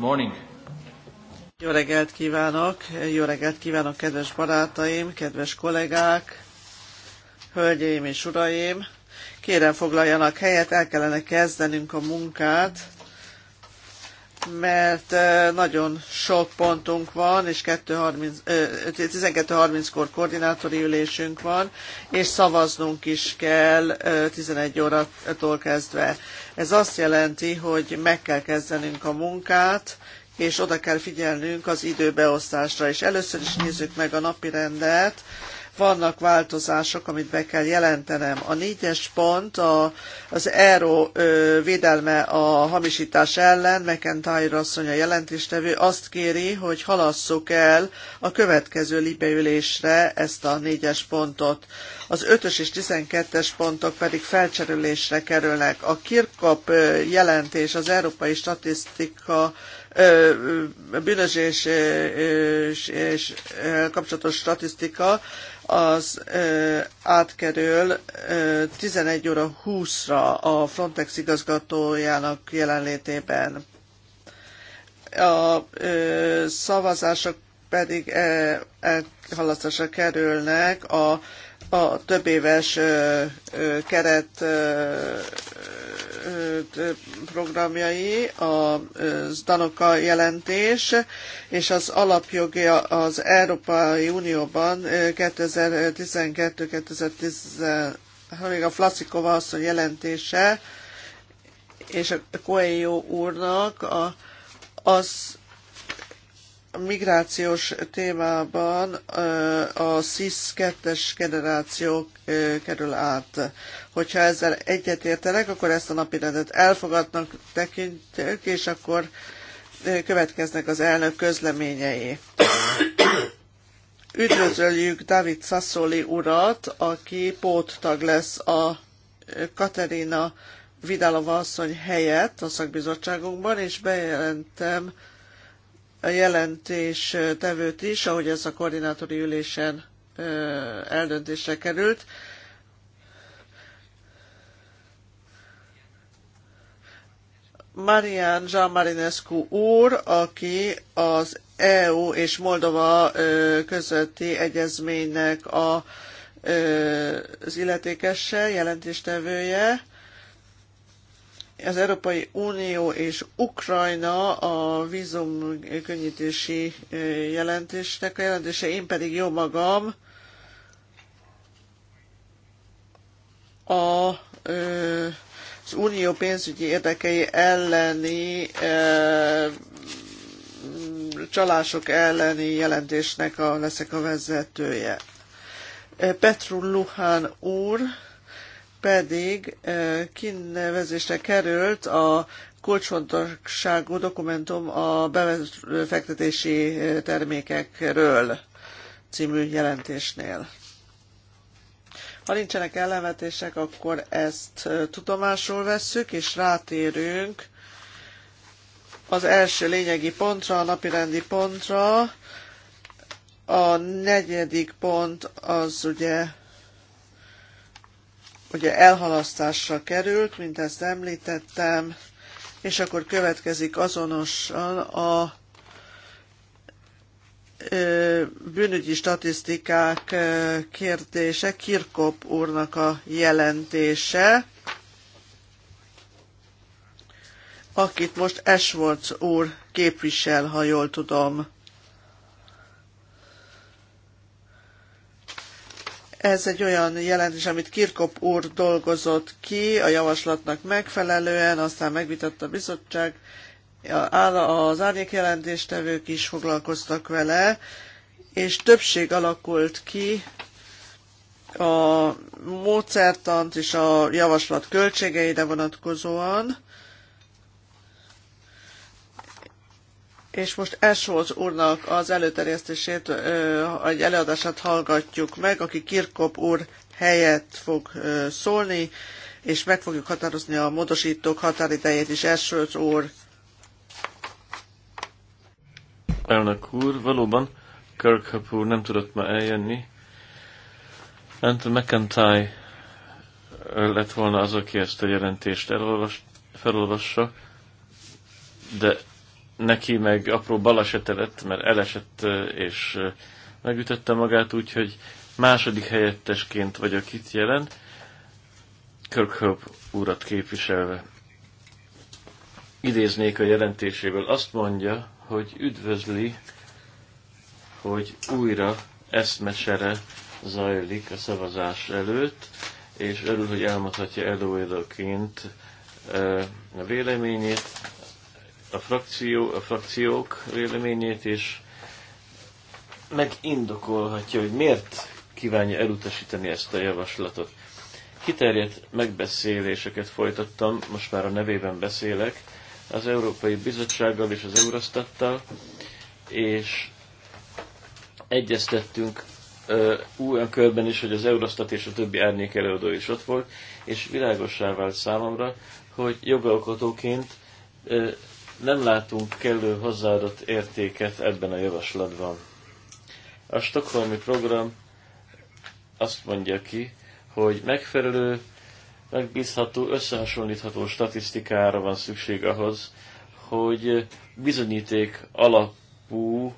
morning. Jó reggelt kívánok, jó reggelt kívánok, kedves barátaim, kedves kollégák, hölgyeim és uraim. Kérem foglaljanak helyet, el kellene kezdenünk a munkát mert nagyon sok pontunk van, és 12.30-kor koordinátori ülésünk van, és szavaznunk is kell 11 órától kezdve. Ez azt jelenti, hogy meg kell kezdenünk a munkát, és oda kell figyelnünk az időbeosztásra. És először is nézzük meg a napi rendet vannak változások, amit be kell jelentenem. A négyes pont a, az ERO ö, védelme a hamisítás ellen, McIntyre asszony a jelentéstevő azt kéri, hogy halasszuk el a következő libeülésre ezt a négyes pontot. Az ötös és tizenkettes pontok pedig felcserülésre kerülnek. A Kirkop jelentés az Európai Statisztika bűnözés és, és kapcsolatos statisztika az ö, átkerül ö, 11 óra 20-ra a Frontex igazgatójának jelenlétében. A ö, szavazások pedig elhalasztásra kerülnek a a több éves keret programjai, a Zdanoka jelentés és az alapjogi az Európai Unióban 2012-2010 még a Flaszikova asszony jelentése és a Coelho úrnak a, az migrációs témában a cis 2-es generáció kerül át. Hogyha ezzel egyetértenek, akkor ezt a napirendet elfogadnak tekintők és akkor következnek az elnök közleményei. Üdvözöljük David Sassoli urat, aki póttag lesz a Katerina Vidalova asszony helyett a szakbizottságunkban, és bejelentem, a jelentés tevőt is, ahogy ez a koordinátori ülésen eldöntésre került. Marian Zsámarinescu úr, aki az EU és Moldova közötti egyezménynek a, az illetékesse, jelentéstevője az Európai Unió és Ukrajna a vízum könnyítési jelentésnek a jelentése, én pedig jó magam a az unió pénzügyi érdekei elleni csalások elleni jelentésnek a, leszek a vezetője. Petru Luhán úr pedig kinevezésre került a kulcsfontosságú dokumentum a befektetési termékekről című jelentésnél. Ha nincsenek ellenvetések, akkor ezt tudomásul vesszük, és rátérünk az első lényegi pontra, a napirendi pontra. A negyedik pont az ugye ugye elhalasztásra került, mint ezt említettem, és akkor következik azonosan a bűnügyi statisztikák kérdése, Kirkop úrnak a jelentése, akit most Esvolc úr képvisel, ha jól tudom. Ez egy olyan jelentés, amit Kirkop úr dolgozott ki a javaslatnak megfelelően, aztán megvitatta a bizottság, az árnyék jelentéstevők is foglalkoztak vele, és többség alakult ki a módszertant és a javaslat költségeire vonatkozóan, és most Esholz úrnak az előterjesztését, egy előadását hallgatjuk meg, aki Kirkop úr helyett fog szólni, és meg fogjuk határozni a módosítók határidejét is. Esholz úr. Elnök úr, valóban Kirkop úr nem tudott ma eljönni. Anthony McIntyre lett volna az, aki ezt a jelentést elolvas, felolvassa, de neki meg apró balesete lett, mert elesett és megütötte magát, úgyhogy második helyettesként vagyok itt jelen, Kirk Hope úrat képviselve. Idéznék a jelentéséből, azt mondja, hogy üdvözli, hogy újra eszmesere zajlik a szavazás előtt, és örül, hogy elmondhatja előadóként a véleményét a frakció, a frakciók véleményét, és megindokolhatja, hogy miért kívánja elutasítani ezt a javaslatot. Kiterjedt megbeszéléseket folytattam, most már a nevében beszélek, az Európai Bizottsággal és az Eurostattal, és egyeztettünk olyan körben is, hogy az Eurostat és a többi árnyék előadó is ott volt, és világosá vált számomra, hogy jogalkotóként nem látunk kellő hozzáadott értéket ebben a javaslatban. A stokholmi program azt mondja ki, hogy megfelelő, megbízható, összehasonlítható statisztikára van szükség ahhoz, hogy bizonyíték alapú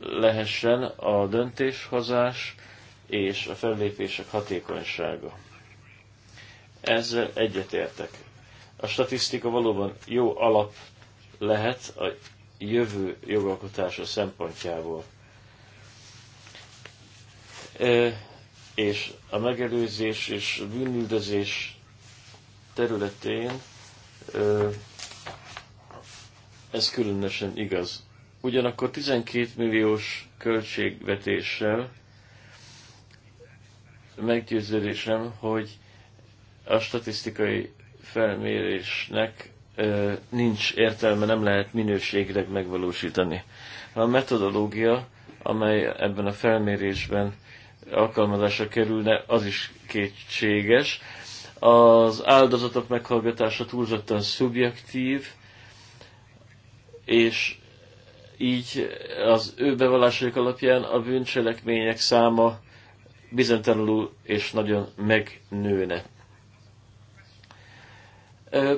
lehessen a döntéshozás és a fellépések hatékonysága. Ezzel egyetértek. A statisztika valóban jó alap lehet a jövő jogalkotása szempontjából. E, és a megelőzés és bűnüldözés területén e, ez különösen igaz. Ugyanakkor 12 milliós költségvetéssel meggyőződésem, hogy a statisztikai felmérésnek nincs értelme, nem lehet minőségre megvalósítani. A metodológia, amely ebben a felmérésben alkalmazásra kerülne, az is kétséges. Az áldozatok meghallgatása túlzottan szubjektív, és így az ő bevallásaik alapján a bűncselekmények száma bizonytalanul és nagyon megnőne.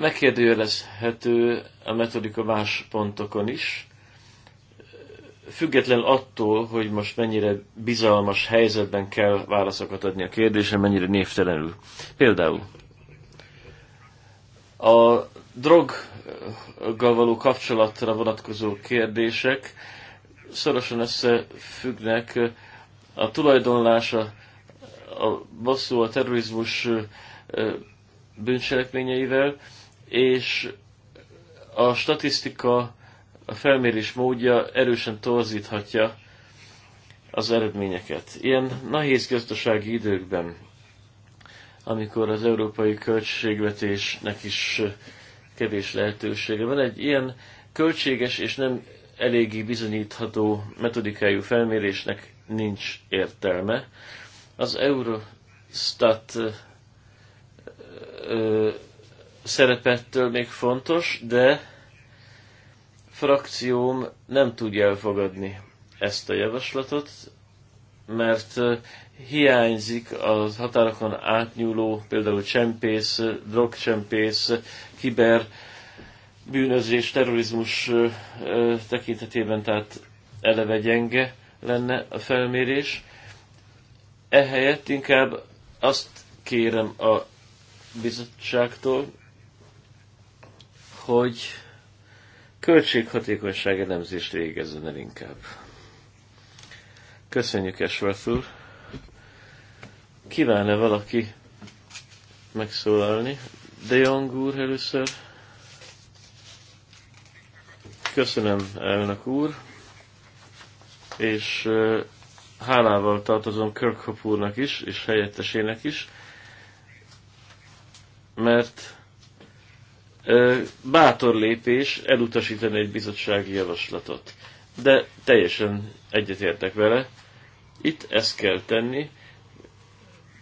Megkérdőjelezhető a metodika más pontokon is, független attól, hogy most mennyire bizalmas helyzetben kell válaszokat adni a kérdésre, mennyire névtelenül. Például a droggal való kapcsolatra vonatkozó kérdések szorosan összefüggnek a tulajdonlása a, a bosszú, a terrorizmus bűncselekményeivel, és a statisztika, a felmérés módja erősen torzíthatja az eredményeket. Ilyen nehéz gazdasági időkben, amikor az európai költségvetésnek is kevés lehetősége van, egy ilyen költséges és nem eléggé bizonyítható metodikájú felmérésnek nincs értelme. Az Eurostat ö, szerepettől még fontos, de frakcióm nem tudja elfogadni ezt a javaslatot, mert hiányzik az határokon átnyúló, például csempész, drogcsempész, kiber bűnözés, terrorizmus tekintetében, tehát eleve gyenge lenne a felmérés. Ehelyett inkább azt kérem a bizottságtól, hogy költséghatékonyság elemzést végezzen el inkább. Köszönjük, Esworth úr! e valaki megszólalni? De Jong úr először. Köszönöm, elnök úr, és hálával tartozom Kirkhope úrnak is, és helyettesének is, mert bátor lépés elutasítani egy bizottsági javaslatot. De teljesen egyetértek vele. Itt ezt kell tenni.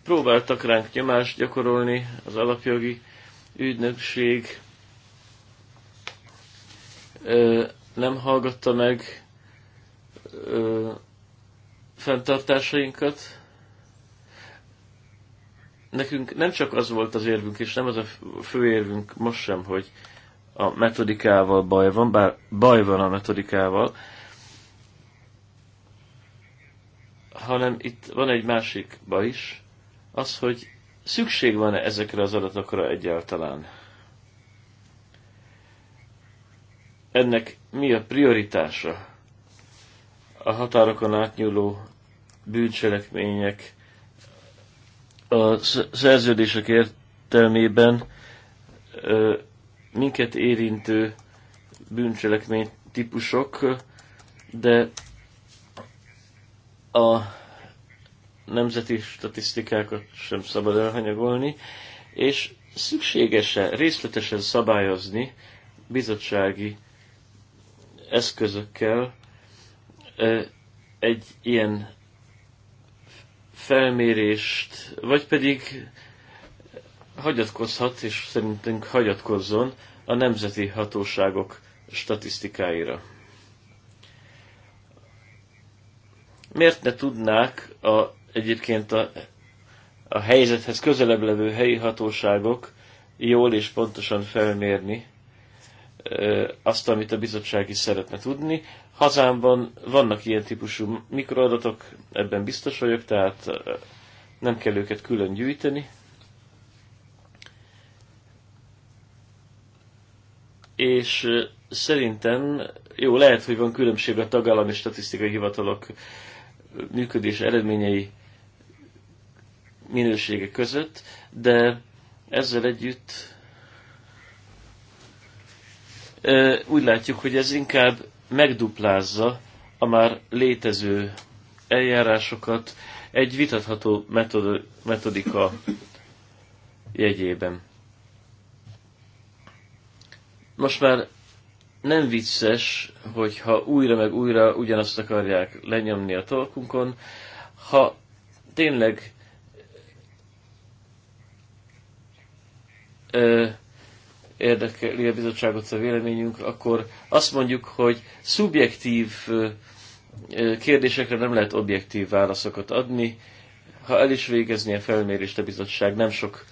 Próbáltak ránk nyomást gyakorolni az alapjogi ügynökség. Nem hallgatta meg fenntartásainkat. Nekünk nem csak az volt az érvünk, és nem az a fő érvünk most sem, hogy a metodikával baj van, bár baj van a metodikával, hanem itt van egy másik baj is, az, hogy szükség van-e ezekre az adatokra egyáltalán. Ennek mi a prioritása? A határokon átnyúló bűncselekmények a szerződések értelmében minket érintő bűncselekmény típusok, de a nemzeti statisztikákat sem szabad elhanyagolni, és szükségesen, részletesen szabályozni bizottsági eszközökkel egy ilyen felmérést, vagy pedig hagyatkozhat, és szerintünk hagyatkozzon a nemzeti hatóságok statisztikáira. Miért ne tudnák a, egyébként a, a helyzethez közelebb levő helyi hatóságok jól és pontosan felmérni azt, amit a bizottság is szeretne tudni, Hazámban vannak ilyen típusú mikroadatok, ebben biztos vagyok, tehát nem kell őket külön gyűjteni. És szerintem, jó, lehet, hogy van különbség a tagállami statisztikai hivatalok működés eredményei minősége között, de ezzel együtt úgy látjuk, hogy ez inkább megduplázza a már létező eljárásokat egy vitatható metod, metodika jegyében. Most már nem vicces, hogyha újra meg újra ugyanazt akarják lenyomni a talkunkon, ha tényleg ö, érdekeli a bizottságot a véleményünk, akkor azt mondjuk, hogy szubjektív kérdésekre nem lehet objektív válaszokat adni. Ha el is végezni a felmérést a bizottság, nem sok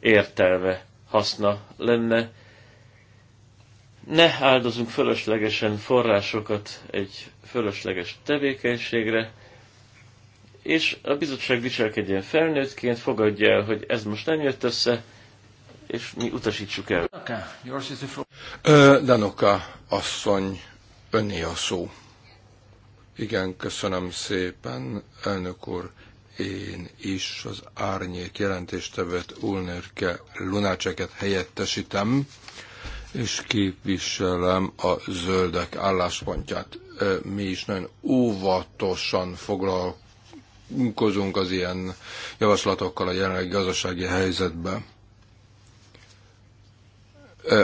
értelme, haszna lenne. Ne áldozunk fölöslegesen forrásokat egy fölösleges tevékenységre, és a bizottság viselkedjen felnőttként, fogadja el, hogy ez most nem jött össze, és mi utasítsuk el. Danoka asszony, önné a szó. Igen, köszönöm szépen, elnök úr. Én is az árnyék jelentéstevet Ulnerke Lunácseket helyettesítem, és képviselem a zöldek álláspontját. Mi is nagyon óvatosan foglalkozunk az ilyen javaslatokkal a jelenlegi gazdasági helyzetben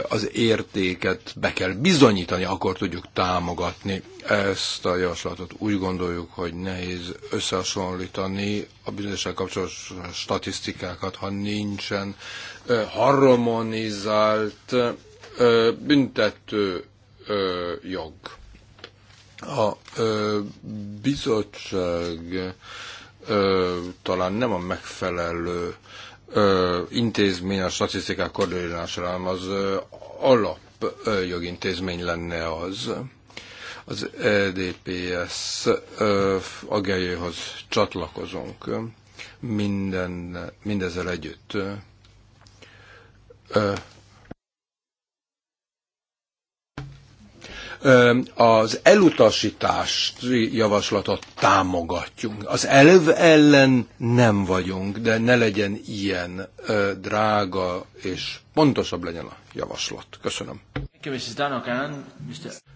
az értéket be kell bizonyítani, akkor tudjuk támogatni ezt a javaslatot. Úgy gondoljuk, hogy nehéz összehasonlítani a bizonyosság kapcsolatos statisztikákat, ha nincsen harmonizált büntető jog. A bizottság talán nem a megfelelő intézmény a statisztikák koordinálására, hanem az jogintézmény lenne az. Az EDPS agályaihoz csatlakozunk minden, mindezzel együtt az elutasítást javaslatot támogatjunk. Az elv ellen nem vagyunk, de ne legyen ilyen drága, és pontosabb legyen a javaslat. Köszönöm.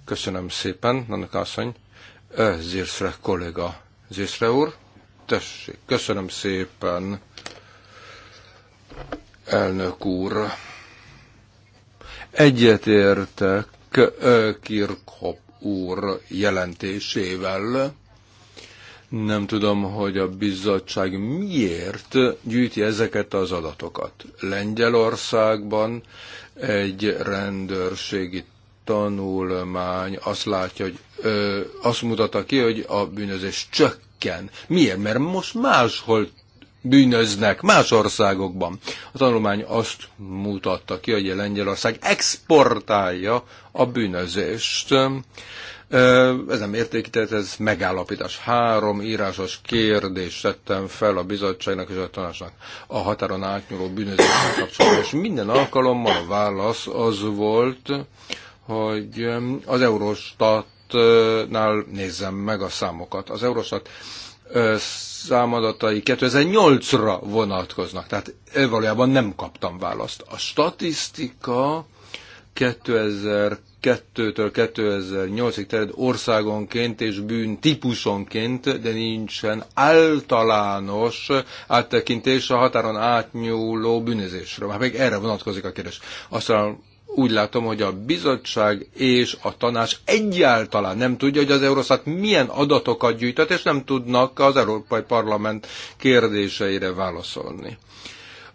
Köszönöm szépen, Nanak asszony. Zirszre kolléga. Zirszre úr, tessék, köszönöm szépen, elnök úr. Egyetértek Kirkhop úr jelentésével. Nem tudom, hogy a bizottság miért gyűjti ezeket az adatokat. Lengyelországban egy rendőrségi tanulmány azt látja, hogy ö, azt mutatta ki, hogy a bűnözés csökken. Miért? Mert most máshol bűnöznek más országokban. A tanulmány azt mutatta ki, hogy a Lengyelország exportálja a bűnözést. Ez nem értékített, ez megállapítás. Három írásos kérdést tettem fel a bizottságnak és a tanácsnak a határon átnyúló bűnözéssel kapcsolatban, és minden alkalommal a válasz az volt, hogy az Eurostatnál nézzem meg a számokat. Az Eurostat számadatai 2008-ra vonatkoznak, tehát valójában nem kaptam választ. A statisztika 2002-től 2008-ig terjed országonként és bűn típusonként, de nincsen általános áttekintés a határon átnyúló bűnözésről. Már még erre vonatkozik a kérdés. Aztán úgy látom, hogy a bizottság és a tanács egyáltalán nem tudja, hogy az Eurostat milyen adatokat gyűjtött, és nem tudnak az Európai Parlament kérdéseire válaszolni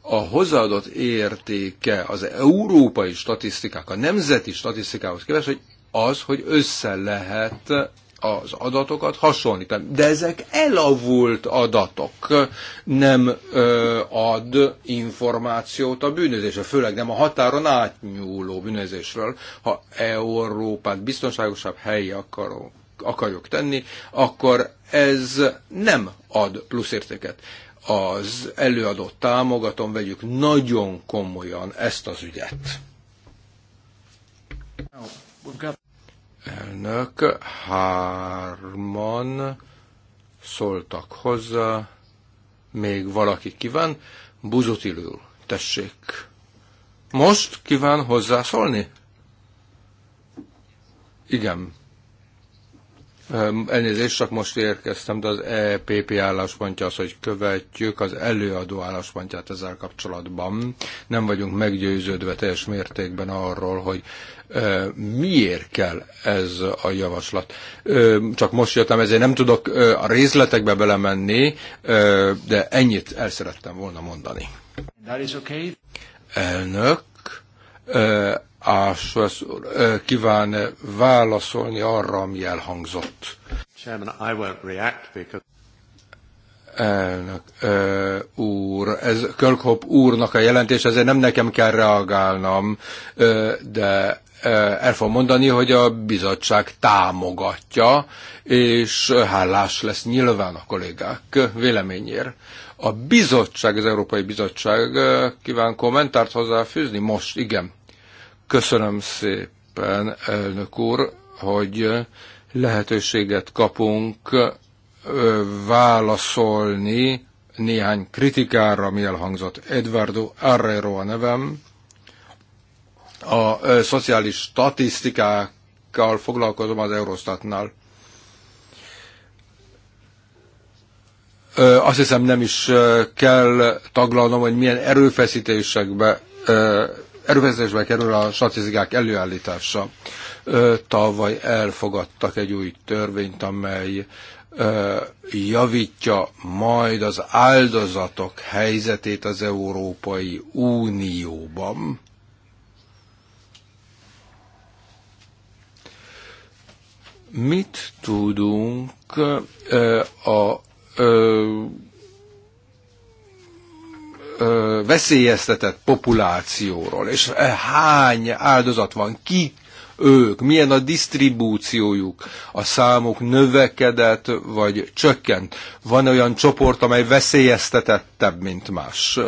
a hozzáadott értéke az európai statisztikák, a nemzeti statisztikához képest, hogy az, hogy össze lehet az adatokat hasonlítani. De ezek elavult adatok, nem ö, ad információt a bűnözésre, főleg nem a határon átnyúló bűnözésről. Ha Európát biztonságosabb helyi akarok, akarjuk tenni, akkor ez nem ad pluszértéket. Az előadott támogatom, vegyük nagyon komolyan ezt az ügyet elnök, hárman szóltak hozzá, még valaki kíván, buzotilül, tessék. Most kíván hozzászólni? Igen. Elnézést, csak most érkeztem, de az EPP álláspontja az, hogy követjük az előadó álláspontját ezzel kapcsolatban. Nem vagyunk meggyőződve teljes mértékben arról, hogy Miért kell ez a javaslat? Csak most jöttem, ezért nem tudok a részletekbe belemenni, de ennyit el szerettem volna mondani. That is okay. Elnök, Ashworth kíván válaszolni arra, ami elhangzott. Chairman, I won't react because... Elnök ö, úr, ez Kölkhop úrnak a jelentés, ezért nem nekem kell reagálnom, ö, de el fogom mondani, hogy a bizottság támogatja, és hálás lesz nyilván a kollégák véleményér. A bizottság, az Európai Bizottság kíván kommentárt hozzáfűzni? Most, igen. Köszönöm szépen, elnök úr, hogy lehetőséget kapunk válaszolni néhány kritikára, mi elhangzott. Eduardo Arrero a nevem a szociális statisztikákkal foglalkozom az Eurostatnál. Azt hiszem nem is kell taglalnom, hogy milyen erőfeszítésekbe, erőfeszítésbe kerül a statisztikák előállítása. Tavaly elfogadtak egy új törvényt, amely javítja majd az áldozatok helyzetét az Európai Unióban Mit tudunk a veszélyeztetett populációról, és e hány áldozat van, ki ők, milyen a disztribúciójuk, a számuk növekedett vagy csökkent, van olyan csoport, amely veszélyeztetettebb, mint más,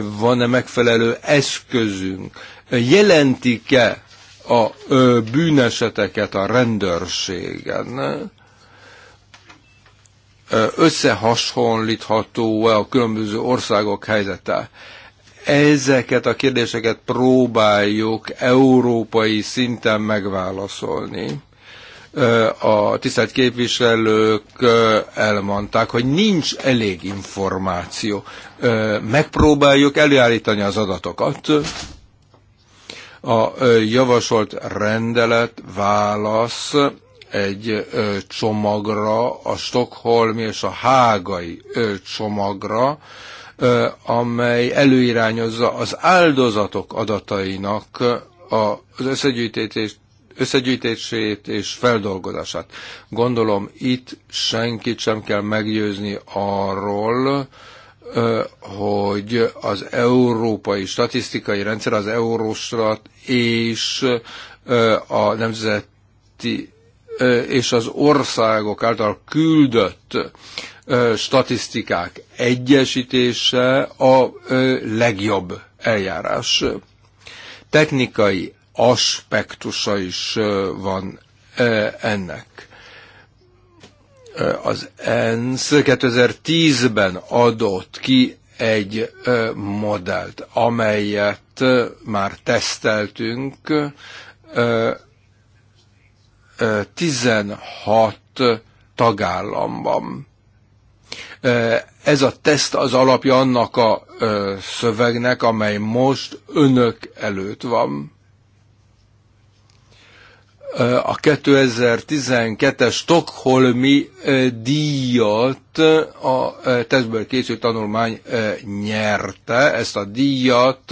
van-e megfelelő eszközünk, jelentik-e a bűneseteket a rendőrségen összehasonlítható-e a különböző országok helyzete. Ezeket a kérdéseket próbáljuk európai szinten megválaszolni. A tisztelt képviselők elmondták, hogy nincs elég információ. Megpróbáljuk előállítani az adatokat, a javasolt rendelet válasz egy csomagra, a Stockholmi és a Hágai csomagra, amely előirányozza az áldozatok adatainak az összegyűjtését, összegyűjtését és feldolgozását. Gondolom itt senkit sem kell meggyőzni arról, hogy az európai statisztikai rendszer, az Eurostat és a nemzeti és az országok által küldött statisztikák egyesítése a legjobb eljárás. Technikai aspektusa is van ennek az ENSZ 2010-ben adott ki egy modellt, amelyet már teszteltünk, 16 tagállamban. Ez a teszt az alapja annak a szövegnek, amely most önök előtt van a 2012-es Stockholmi díjat a testből készült tanulmány nyerte. Ezt a díjat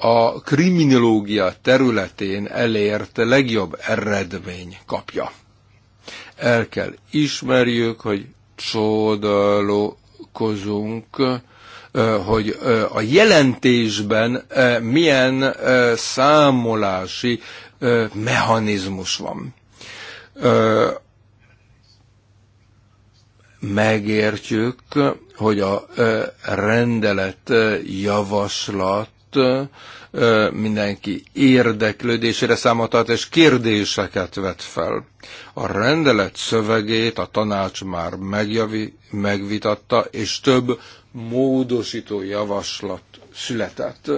a kriminológia területén elért legjobb eredmény kapja. El kell ismerjük, hogy csodálkozunk, hogy a jelentésben milyen számolási mechanizmus van. Megértjük, hogy a rendelet javaslat mindenki érdeklődésére számot ad, és kérdéseket vet fel. A rendelet szövegét a tanács már megjavi, megvitatta, és több módosító javaslat született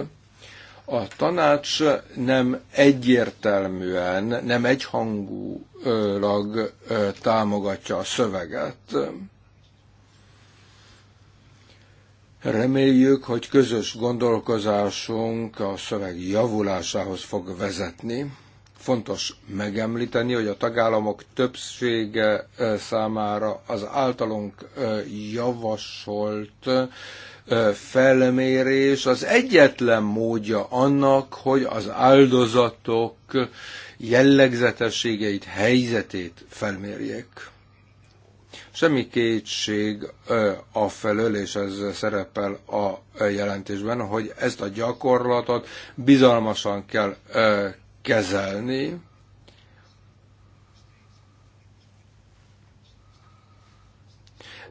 a tanács nem egyértelműen, nem egyhangúlag támogatja a szöveget. Reméljük, hogy közös gondolkozásunk a szöveg javulásához fog vezetni. Fontos megemlíteni, hogy a tagállamok többsége számára az általunk javasolt felmérés az egyetlen módja annak, hogy az áldozatok jellegzetességeit, helyzetét felmérjék. Semmi kétség a felől, és ez szerepel a jelentésben, hogy ezt a gyakorlatot bizalmasan kell kezelni,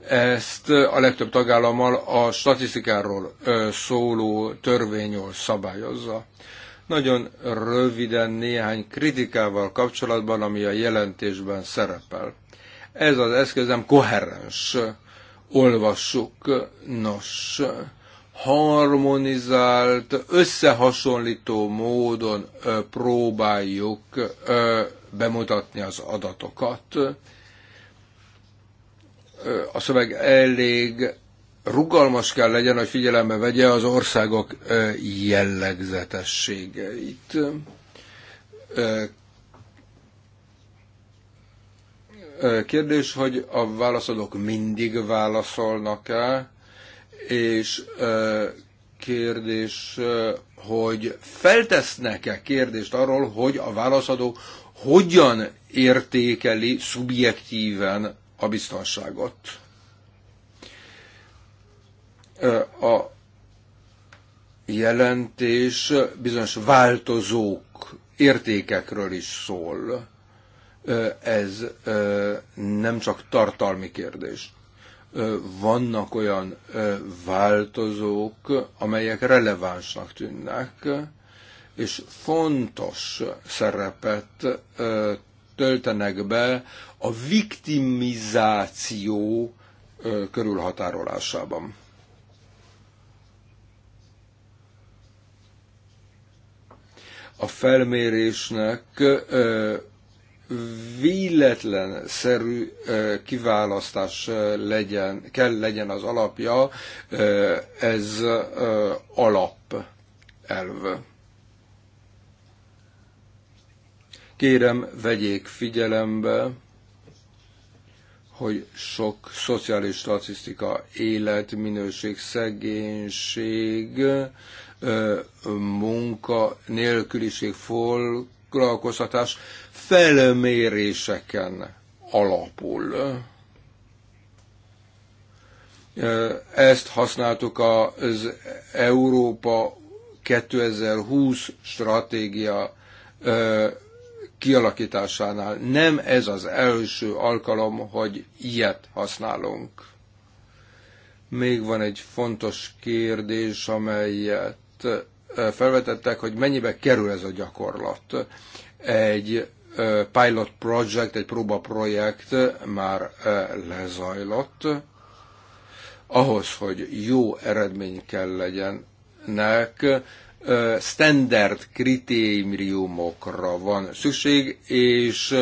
Ezt a legtöbb tagállammal a statisztikáról szóló törvényről szabályozza. Nagyon röviden néhány kritikával kapcsolatban, ami a jelentésben szerepel. Ez az eszközem koherens. Olvassuk. Nos, harmonizált, összehasonlító módon próbáljuk bemutatni az adatokat a szöveg elég rugalmas kell legyen, hogy figyelembe vegye az országok jellegzetességeit. Kérdés, hogy a válaszadók mindig válaszolnak-e, és kérdés, hogy feltesznek-e kérdést arról, hogy a válaszadó hogyan értékeli szubjektíven a biztonságot. A jelentés bizonyos változók, értékekről is szól. Ez nem csak tartalmi kérdés. Vannak olyan változók, amelyek relevánsnak tűnnek, és fontos szerepet töltenek be a viktimizáció körülhatárolásában. A felmérésnek véletlen, szerű kiválasztás legyen, kell legyen az alapja, ez elv. Kérem, vegyék figyelembe, hogy sok szociális statisztika, életminőség, szegénység, munka, nélküliség, foglalkoztatás felméréseken alapul. Ezt használtuk az Európa 2020 stratégia kialakításánál nem ez az első alkalom, hogy ilyet használunk. Még van egy fontos kérdés, amelyet felvetettek, hogy mennyibe kerül ez a gyakorlat. Egy pilot project, egy próba projekt már lezajlott. Ahhoz, hogy jó eredmény kell legyennek, standard kritériumokra van szükség, és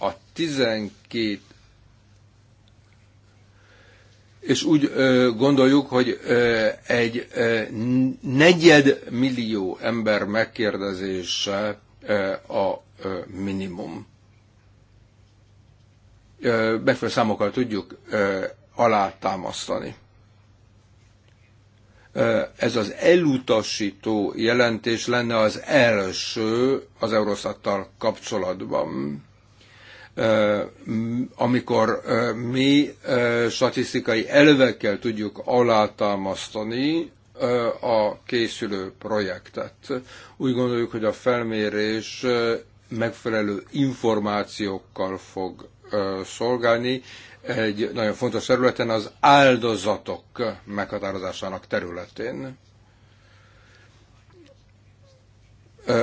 a 12 és úgy gondoljuk, hogy egy negyed millió ember megkérdezése a minimum. Ö, megfelelő számokkal tudjuk alátámasztani. Ez az elutasító jelentés lenne az első az Eurosattal kapcsolatban amikor mi statisztikai elvekkel tudjuk alátámasztani a készülő projektet. Úgy gondoljuk, hogy a felmérés megfelelő információkkal fog szolgálni egy nagyon fontos területen, az áldozatok meghatározásának területén.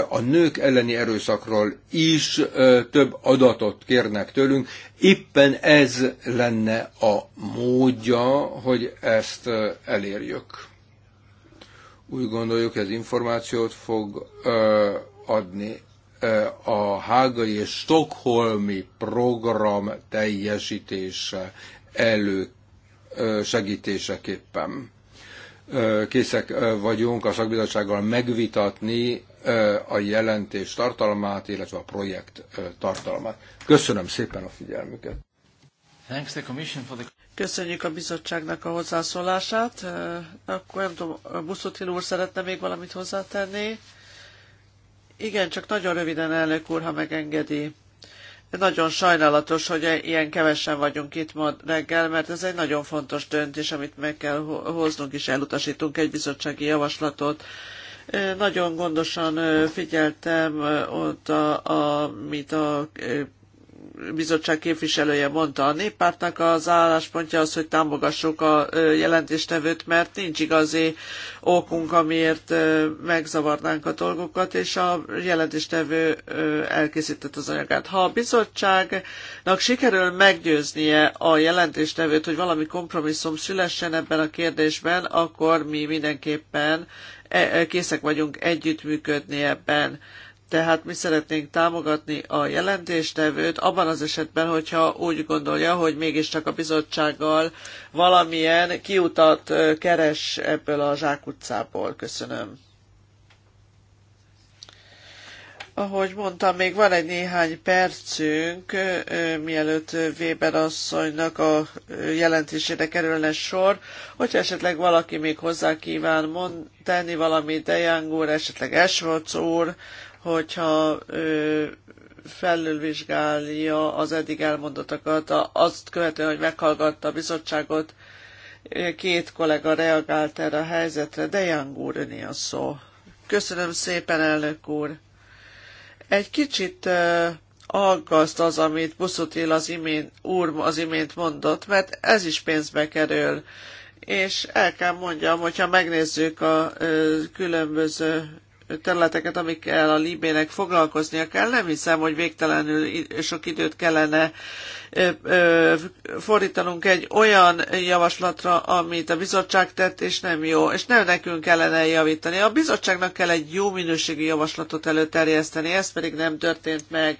A nők elleni erőszakról is több adatot kérnek tőlünk. Éppen ez lenne a módja, hogy ezt elérjük. Úgy gondoljuk, ez információt fog adni a hágai és stokholmi program teljesítése elő segítéseképpen. Készek vagyunk a szakbizottsággal megvitatni a jelentés tartalmát, illetve a projekt tartalmát. Köszönöm szépen a figyelmüket. Köszönjük a bizottságnak a hozzászólását. Akkor nem tudom, Buszotil úr szeretne még valamit hozzátenni. Igen, csak nagyon röviden, elnök úr, ha megengedi. Nagyon sajnálatos, hogy e- ilyen kevesen vagyunk itt ma reggel, mert ez egy nagyon fontos döntés, amit meg kell hoznunk, és elutasítunk egy bizottsági javaslatot. Nagyon gondosan figyeltem ott, a, a, amit a bizottság képviselője mondta, a néppártnak az álláspontja az, hogy támogassuk a jelentéstevőt, mert nincs igazi okunk, amiért megzavarnánk a dolgokat, és a jelentéstevő elkészített az anyagát. Ha a bizottságnak sikerül meggyőznie a jelentéstevőt, hogy valami kompromisszum szülessen ebben a kérdésben, akkor mi mindenképpen e, e, készek vagyunk együttműködni ebben tehát mi szeretnénk támogatni a jelentéstevőt abban az esetben, hogyha úgy gondolja, hogy mégiscsak a bizottsággal valamilyen kiutat keres ebből a zsákutcából. Köszönöm. Ahogy mondtam, még van egy néhány percünk, mielőtt Weber asszonynak a jelentésére kerülne sor. Hogyha esetleg valaki még hozzá kíván mond, tenni valamit, Dejang úr, esetleg Esvac úr, hogyha ö, felülvizsgálja az eddig elmondottakat, azt követően, hogy meghallgatta a bizottságot, két kollega reagált erre a helyzetre, de Jang úr öné a szó. Köszönöm szépen, elnök úr. Egy kicsit ö, aggaszt az, amit Buszutil az imént, úr az imént mondott, mert ez is pénzbe kerül. És el kell mondjam, hogyha megnézzük a ö, különböző területeket, amikkel a Libének foglalkoznia kell. Nem hiszem, hogy végtelenül sok időt kellene fordítanunk egy olyan javaslatra, amit a bizottság tett, és nem jó, és nem nekünk kellene javítani. A bizottságnak kell egy jó minőségű javaslatot előterjeszteni, ez pedig nem történt meg.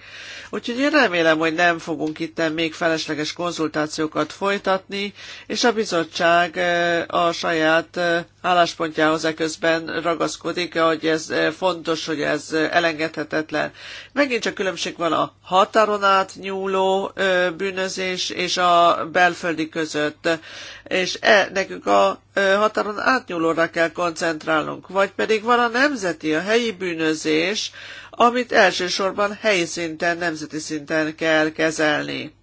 Úgyhogy én remélem, hogy nem fogunk itt még felesleges konzultációkat folytatni, és a bizottság a saját álláspontjához eközben ragaszkodik, hogy ez eh, fontos, hogy ez eh, elengedhetetlen. Megint csak különbség van a határon át nyúló eh, bűnözés és a belföldi között, és e, nekünk a határon átnyúlóra kell koncentrálnunk, vagy pedig van a nemzeti, a helyi bűnözés, amit elsősorban helyi szinten, nemzeti szinten kell kezelni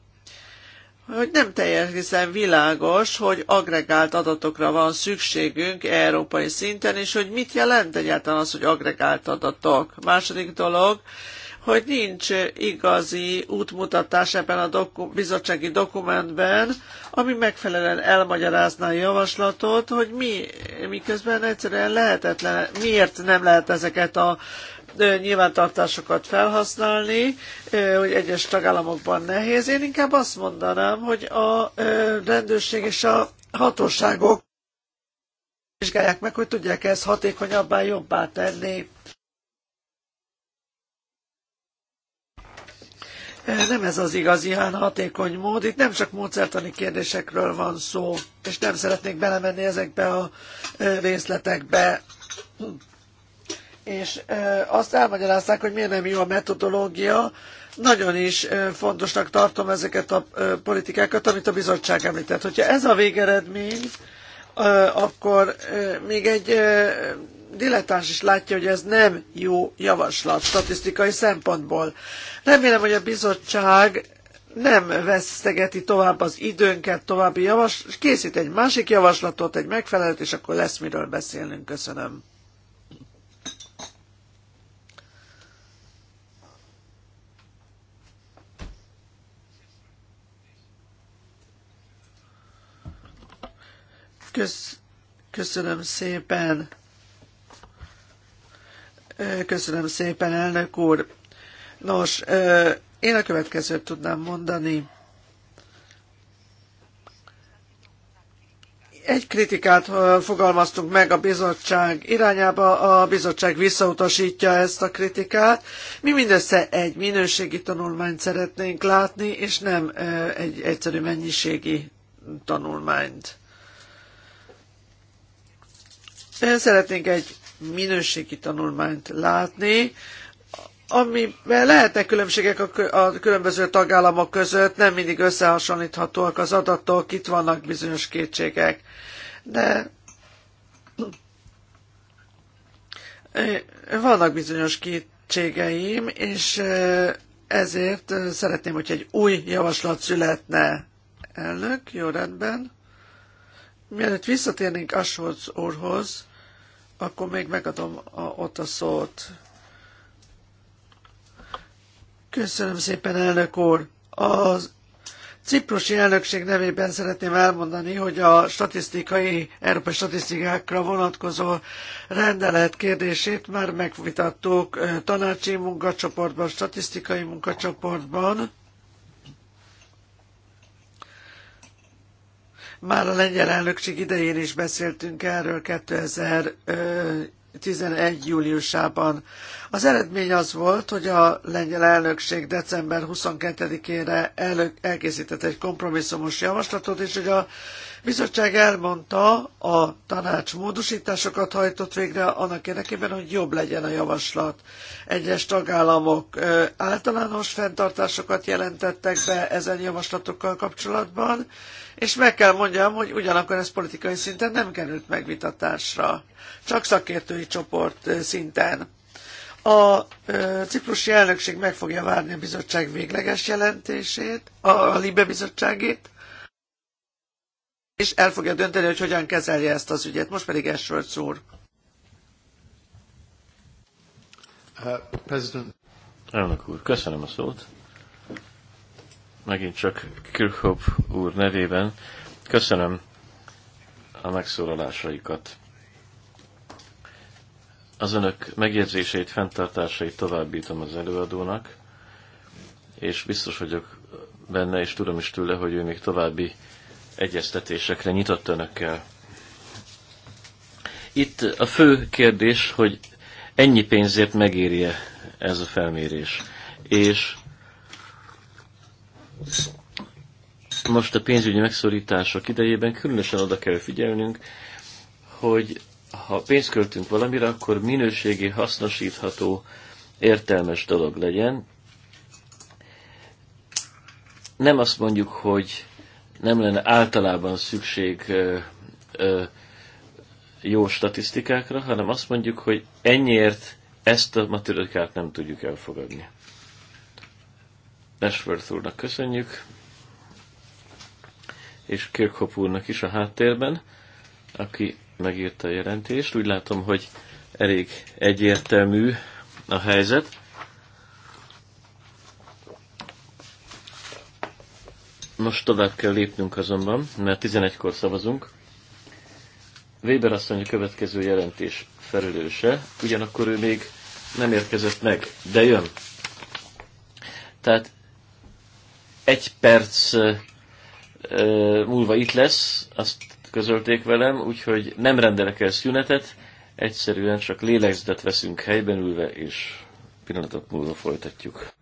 hogy nem teljesen világos, hogy agregált adatokra van szükségünk európai szinten, és hogy mit jelent egyáltalán az, hogy agregált adatok. Második dolog, hogy nincs igazi útmutatás ebben a doku- bizottsági dokumentben, ami megfelelően elmagyarázná a javaslatot, hogy mi, miközben egyszerűen lehetetlen, miért nem lehet ezeket a nyilvántartásokat felhasználni, hogy egyes tagállamokban nehéz. Én inkább azt mondanám, hogy a rendőrség és a hatóságok vizsgálják meg, hogy tudják ezt hatékonyabbá, jobbá tenni. Nem ez az igazi, hanem hatékony mód. Itt nem csak módszertani kérdésekről van szó, és nem szeretnék belemenni ezekbe a részletekbe és azt elmagyarázták, hogy miért nem jó a metodológia. Nagyon is fontosnak tartom ezeket a politikákat, amit a bizottság említett. Hogyha ez a végeredmény, akkor még egy dilettáns is látja, hogy ez nem jó javaslat statisztikai szempontból. Remélem, hogy a bizottság nem vesztegeti tovább az időnket, további javas, készít egy másik javaslatot, egy megfelelőt, és akkor lesz miről beszélnünk. Köszönöm. Kösz, köszönöm szépen. Köszönöm szépen, elnök úr. Nos, én a következőt tudnám mondani. Egy kritikát fogalmaztunk meg a bizottság irányába, a bizottság visszautasítja ezt a kritikát. Mi mindössze egy minőségi tanulmányt szeretnénk látni, és nem egy egyszerű mennyiségi tanulmányt. Szeretnénk egy minőségi tanulmányt látni, amiben lehetnek különbségek a, különböző tagállamok között, nem mindig összehasonlíthatóak az adatok, itt vannak bizonyos kétségek. De vannak bizonyos kétségeim, és ezért szeretném, hogy egy új javaslat születne. Elnök, jó rendben. Mielőtt visszatérnénk Asholz úrhoz, akkor még megadom a, ott a szót. Köszönöm szépen, elnök úr! A ciprusi elnökség nevében szeretném elmondani, hogy a statisztikai, európai statisztikákra vonatkozó rendelet kérdését már megvitattuk tanácsi munkacsoportban, statisztikai munkacsoportban Már a lengyel elnökség idején is beszéltünk erről 2011. júliusában. Az eredmény az volt, hogy a lengyel elnökség december 22-ére elkészített egy kompromisszumos javaslatot, és hogy a bizottság elmondta, a tanács módosításokat hajtott végre annak érdekében, hogy jobb legyen a javaslat. Egyes tagállamok általános fenntartásokat jelentettek be ezen javaslatokkal kapcsolatban, és meg kell mondjam, hogy ugyanakkor ez politikai szinten nem került megvitatásra, csak szakértői csoport szinten. A ciprusi elnökség meg fogja várni a bizottság végleges jelentését, a Libe bizottságét, és el fogja dönteni, hogy hogyan kezelje ezt az ügyet. Most pedig Esrölt úr. Uh, Elnök úr, köszönöm a szót. Megint csak Kirchhoff úr nevében. Köszönöm a megszólalásaikat. Az önök megjegyzéseit, fenntartásait továbbítom az előadónak, és biztos vagyok benne, és tudom is tőle, hogy ő még további egyeztetésekre nyitott önökkel. Itt a fő kérdés, hogy ennyi pénzért megéri-e ez a felmérés. És most a pénzügyi megszorítások idejében különösen oda kell figyelnünk, hogy ha pénzt költünk valamire, akkor minőségi, hasznosítható, értelmes dolog legyen. Nem azt mondjuk, hogy nem lenne általában szükség ö, ö, jó statisztikákra, hanem azt mondjuk, hogy ennyiért ezt a matematikát nem tudjuk elfogadni. Ashworth úrnak köszönjük, és Kirkhope úrnak is a háttérben, aki megírta a jelentést. Úgy látom, hogy elég egyértelmű a helyzet. Most tovább kell lépnünk azonban, mert 11-kor szavazunk. Weber asszony a következő jelentés felelőse, ugyanakkor ő még nem érkezett meg, de jön. Tehát egy perc múlva itt lesz, azt közölték velem, úgyhogy nem rendelek el szünetet, egyszerűen csak lélegzetet veszünk helyben ülve, és pillanatok múlva folytatjuk.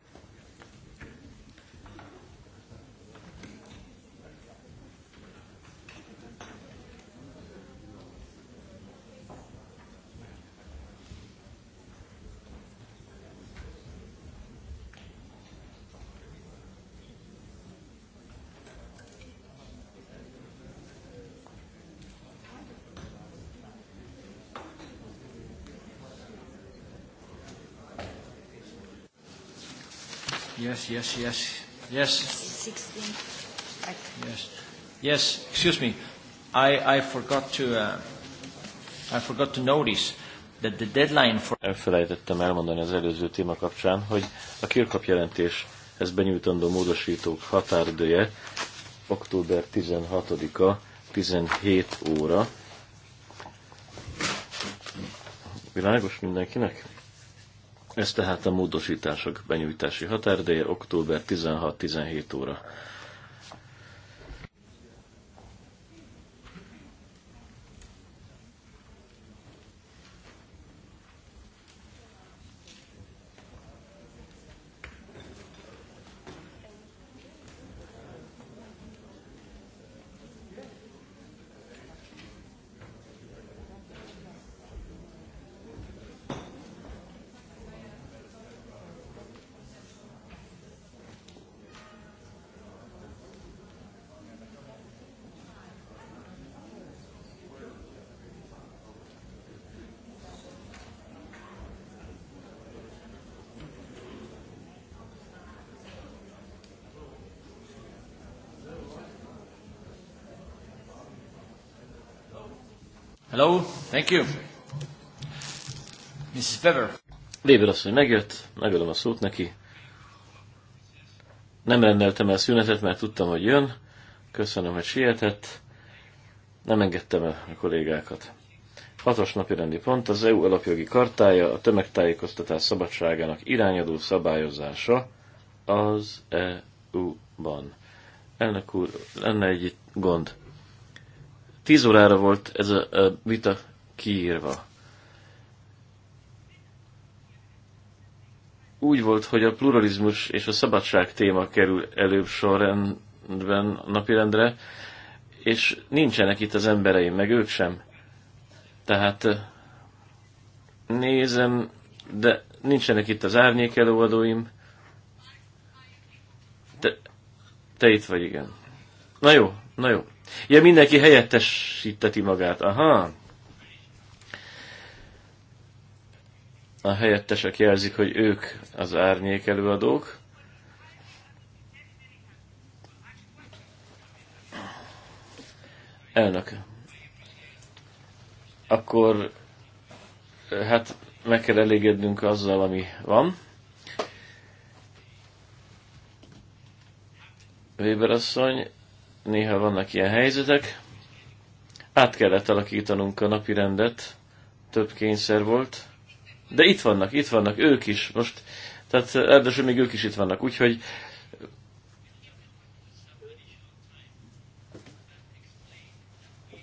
yes, yes, yes. 16. Yes, yes. Excuse me, I I forgot to uh, I forgot to notice that the deadline for. Elfelejtettem elmondani az előző téma kapcsán, hogy a Kirkap jelentés ez benyújtandó módosítók határidője október 16-a 17 óra. Világos mindenkinek? Ez tehát a módosítások benyújtási határideje október 16-17 óra. Hello, thank you. Mrs. Weber. azt, hogy megjött, megadom a szót neki. Nem rendeltem el szünetet, mert tudtam, hogy jön. Köszönöm, hogy sietett. Nem engedtem el a kollégákat. Hatos napi rendi pont az EU alapjogi kartája, a tömegtájékoztatás szabadságának irányadó szabályozása az EU-ban. Elnök úr, lenne egy gond. Tíz órára volt ez a, a vita kiírva. Úgy volt, hogy a pluralizmus és a szabadság téma kerül előbb sorrendben a napirendre, és nincsenek itt az embereim, meg ők sem. Tehát nézem, de nincsenek itt az árnyék előadóim. Te, te itt vagy, igen. Na jó, na jó. Ja, mindenki helyettesíteti magát. Aha. A helyettesek jelzik, hogy ők az árnyék előadók. Elnök. Akkor hát meg kell elégednünk azzal, ami van. Weber asszony, néha vannak ilyen helyzetek. Át kellett alakítanunk a napi rendet, több kényszer volt. De itt vannak, itt vannak, ők is most, tehát erdősül eh, még ők is itt vannak, úgyhogy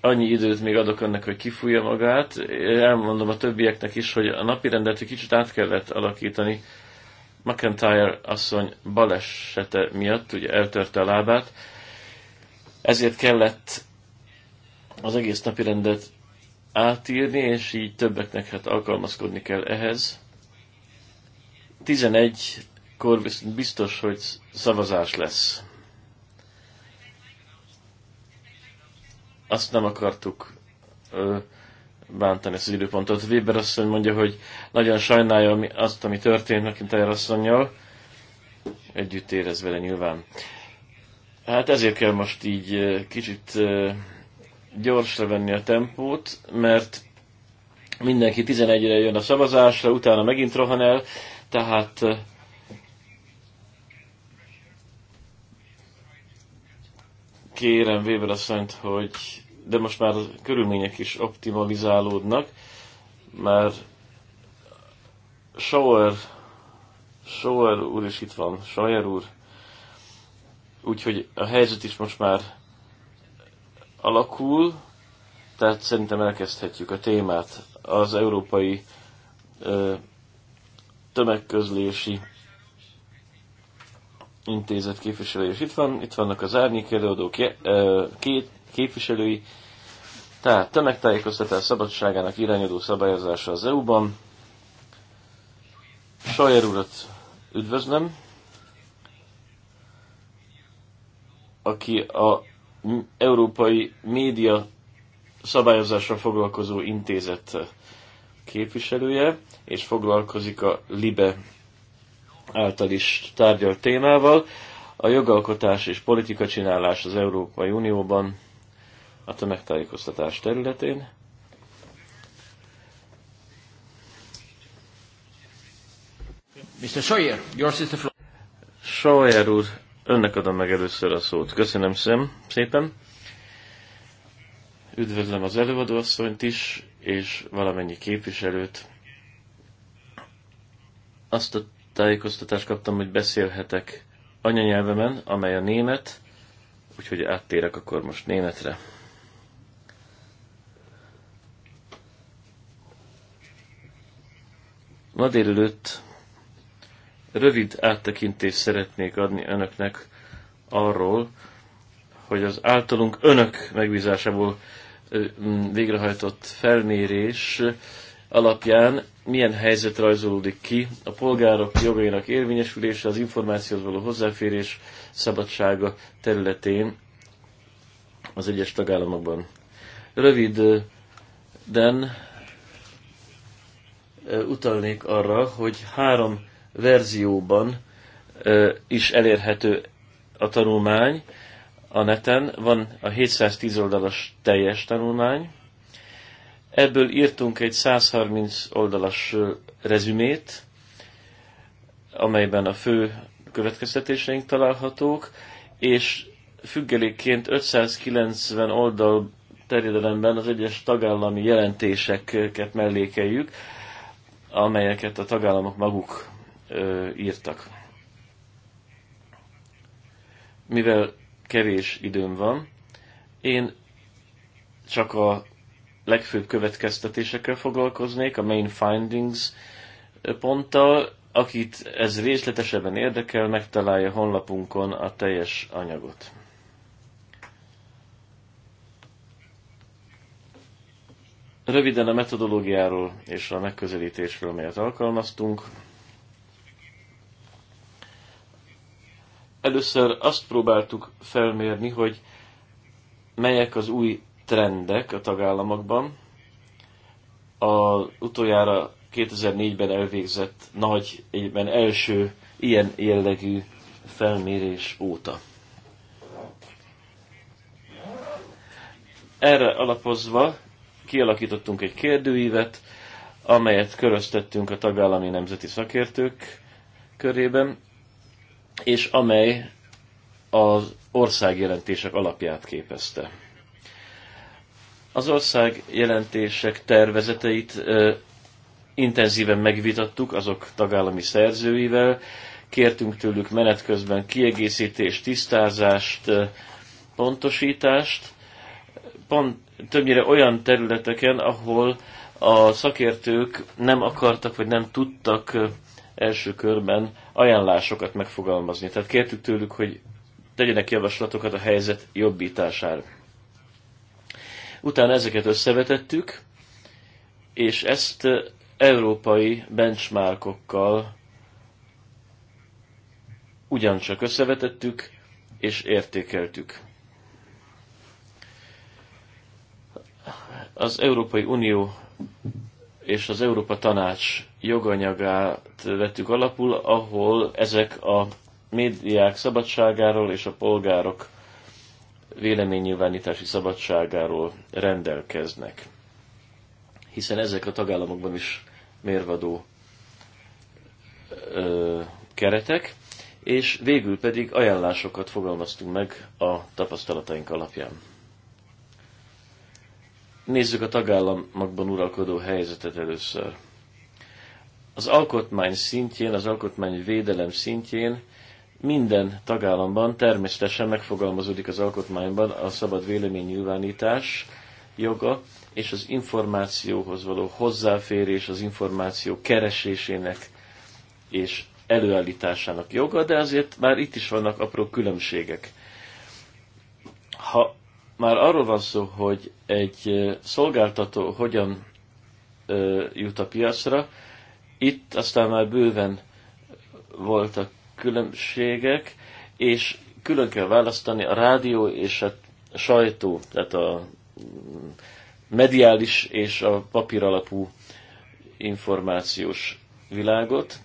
annyi időt még adok önnek, hogy kifújja magát. Elmondom a többieknek is, hogy a napi rendet egy kicsit át kellett alakítani. McIntyre asszony balesete miatt, ugye eltörte a lábát, ezért kellett az egész napi rendet átírni, és így többeknek hát alkalmazkodni kell ehhez. 11-kor viszont biztos, hogy szavazás lesz. Azt nem akartuk ö, bántani ezt az időpontot. Weber asszony mondja, hogy nagyon sajnálja azt, ami történt McIntyre asszonynal. Együtt érez vele nyilván. Hát ezért kell most így kicsit gyorsra venni a tempót, mert mindenki 11-re jön a szavazásra, utána megint rohan el, tehát kérem Weber azt, hogy de most már a körülmények is optimalizálódnak, mert Sauer, Sauer úr is itt van, Sauer úr, Úgyhogy a helyzet is most már alakul, tehát szerintem elkezdhetjük a témát. Az európai ö, tömegközlési intézet képviselői is itt van, itt vannak az árnyék előadók két képviselői, tehát tömegtájékoztatás szabadságának irányadó szabályozása az EU-ban. Sajer urat üdvözlöm! aki a Európai Média szabályozásra foglalkozó intézet képviselője, és foglalkozik a LIBE által is tárgyalt témával. A jogalkotás és politika csinálás az Európai Unióban hát a tömegtájékoztatás területén. Mr. Sawyer, yours is the floor. Sawyer úr, Önnek adom meg először a szót. Köszönöm szem, szépen. Üdvözlöm az előadóasszonyt is, és valamennyi képviselőt. Azt a tájékoztatást kaptam, hogy beszélhetek anyanyelvemen, amely a német, úgyhogy áttérek akkor most németre. Ma délelőtt rövid áttekintést szeretnék adni önöknek arról, hogy az általunk önök megbízásából végrehajtott felmérés alapján milyen helyzet rajzolódik ki a polgárok jogainak érvényesülése, az információhoz való hozzáférés szabadsága területén az egyes tagállamokban. Röviden utalnék arra, hogy három verzióban is elérhető a tanulmány a neten. Van a 710 oldalas teljes tanulmány. Ebből írtunk egy 130 oldalas rezümét, amelyben a fő következtetéseink találhatók, és függelékként 590 oldal terjedelemben az egyes tagállami jelentéseket mellékeljük, amelyeket a tagállamok maguk ö, írtak. Mivel kevés időm van, én csak a legfőbb következtetésekkel foglalkoznék, a main findings ponttal. Akit ez részletesebben érdekel, megtalálja honlapunkon a teljes anyagot. Röviden a metodológiáról és a megközelítésről, amelyet alkalmaztunk. Először azt próbáltuk felmérni, hogy melyek az új trendek a tagállamokban. A utoljára 2004-ben elvégzett nagy, egyben első ilyen jellegű felmérés óta. Erre alapozva kialakítottunk egy kérdőívet, amelyet köröztettünk a tagállami nemzeti szakértők körében, és amely az országjelentések alapját képezte. Az országjelentések tervezeteit ö, intenzíven megvitattuk azok tagállami szerzőivel, kértünk tőlük menet közben kiegészítést, tisztázást, ö, pontosítást, pont többnyire olyan területeken, ahol a szakértők nem akartak vagy nem tudtak első körben ajánlásokat megfogalmazni. Tehát kértük tőlük, hogy tegyenek javaslatokat a helyzet jobbítására. Utána ezeket összevetettük, és ezt eh, európai benchmarkokkal ugyancsak összevetettük és értékeltük. Az Európai Unió és az Európa Tanács joganyagát vettük alapul, ahol ezek a médiák szabadságáról és a polgárok véleménynyilvánítási szabadságáról rendelkeznek. Hiszen ezek a tagállamokban is mérvadó ö, keretek, és végül pedig ajánlásokat fogalmaztunk meg a tapasztalataink alapján. Nézzük a tagállamokban uralkodó helyzetet először. Az alkotmány szintjén, az alkotmány védelem szintjén minden tagállamban természetesen megfogalmazódik az alkotmányban a szabad véleménynyilvánítás joga és az információhoz való hozzáférés, az információ keresésének és előállításának joga, de azért már itt is vannak apró különbségek. Ha már arról van szó, hogy egy szolgáltató hogyan jut a piacra. Itt aztán már bőven voltak különbségek, és külön kell választani a rádió és hát a sajtó, tehát a mm, mediális és a papír alapú információs világot.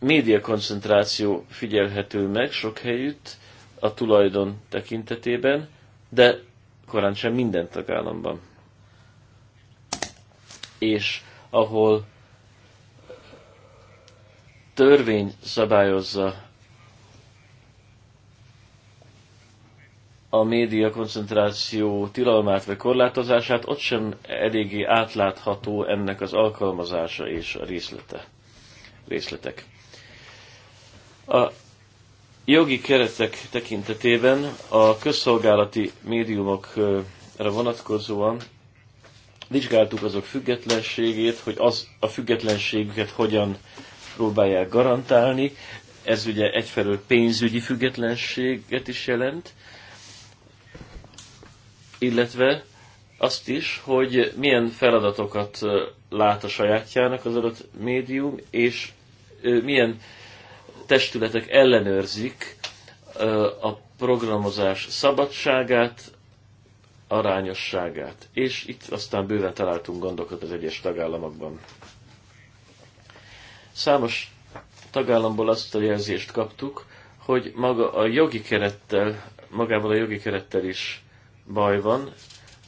Média koncentráció figyelhető meg sok helyütt, a tulajdon tekintetében, de korán sem minden tagállamban. És ahol törvény szabályozza a média koncentráció tilalmát vagy korlátozását, ott sem eléggé átlátható ennek az alkalmazása és a részlete, részletek. A jogi keretek tekintetében a közszolgálati médiumokra vonatkozóan vizsgáltuk azok függetlenségét, hogy az a függetlenségüket hogyan próbálják garantálni. Ez ugye egyfelől pénzügyi függetlenséget is jelent, illetve azt is, hogy milyen feladatokat lát a sajátjának az adott médium, és milyen testületek ellenőrzik a programozás szabadságát, arányosságát. És itt aztán bőven találtunk gondokat az egyes tagállamokban. Számos tagállamból azt a jelzést kaptuk, hogy maga a jogi kerettel, magával a jogi kerettel is baj van,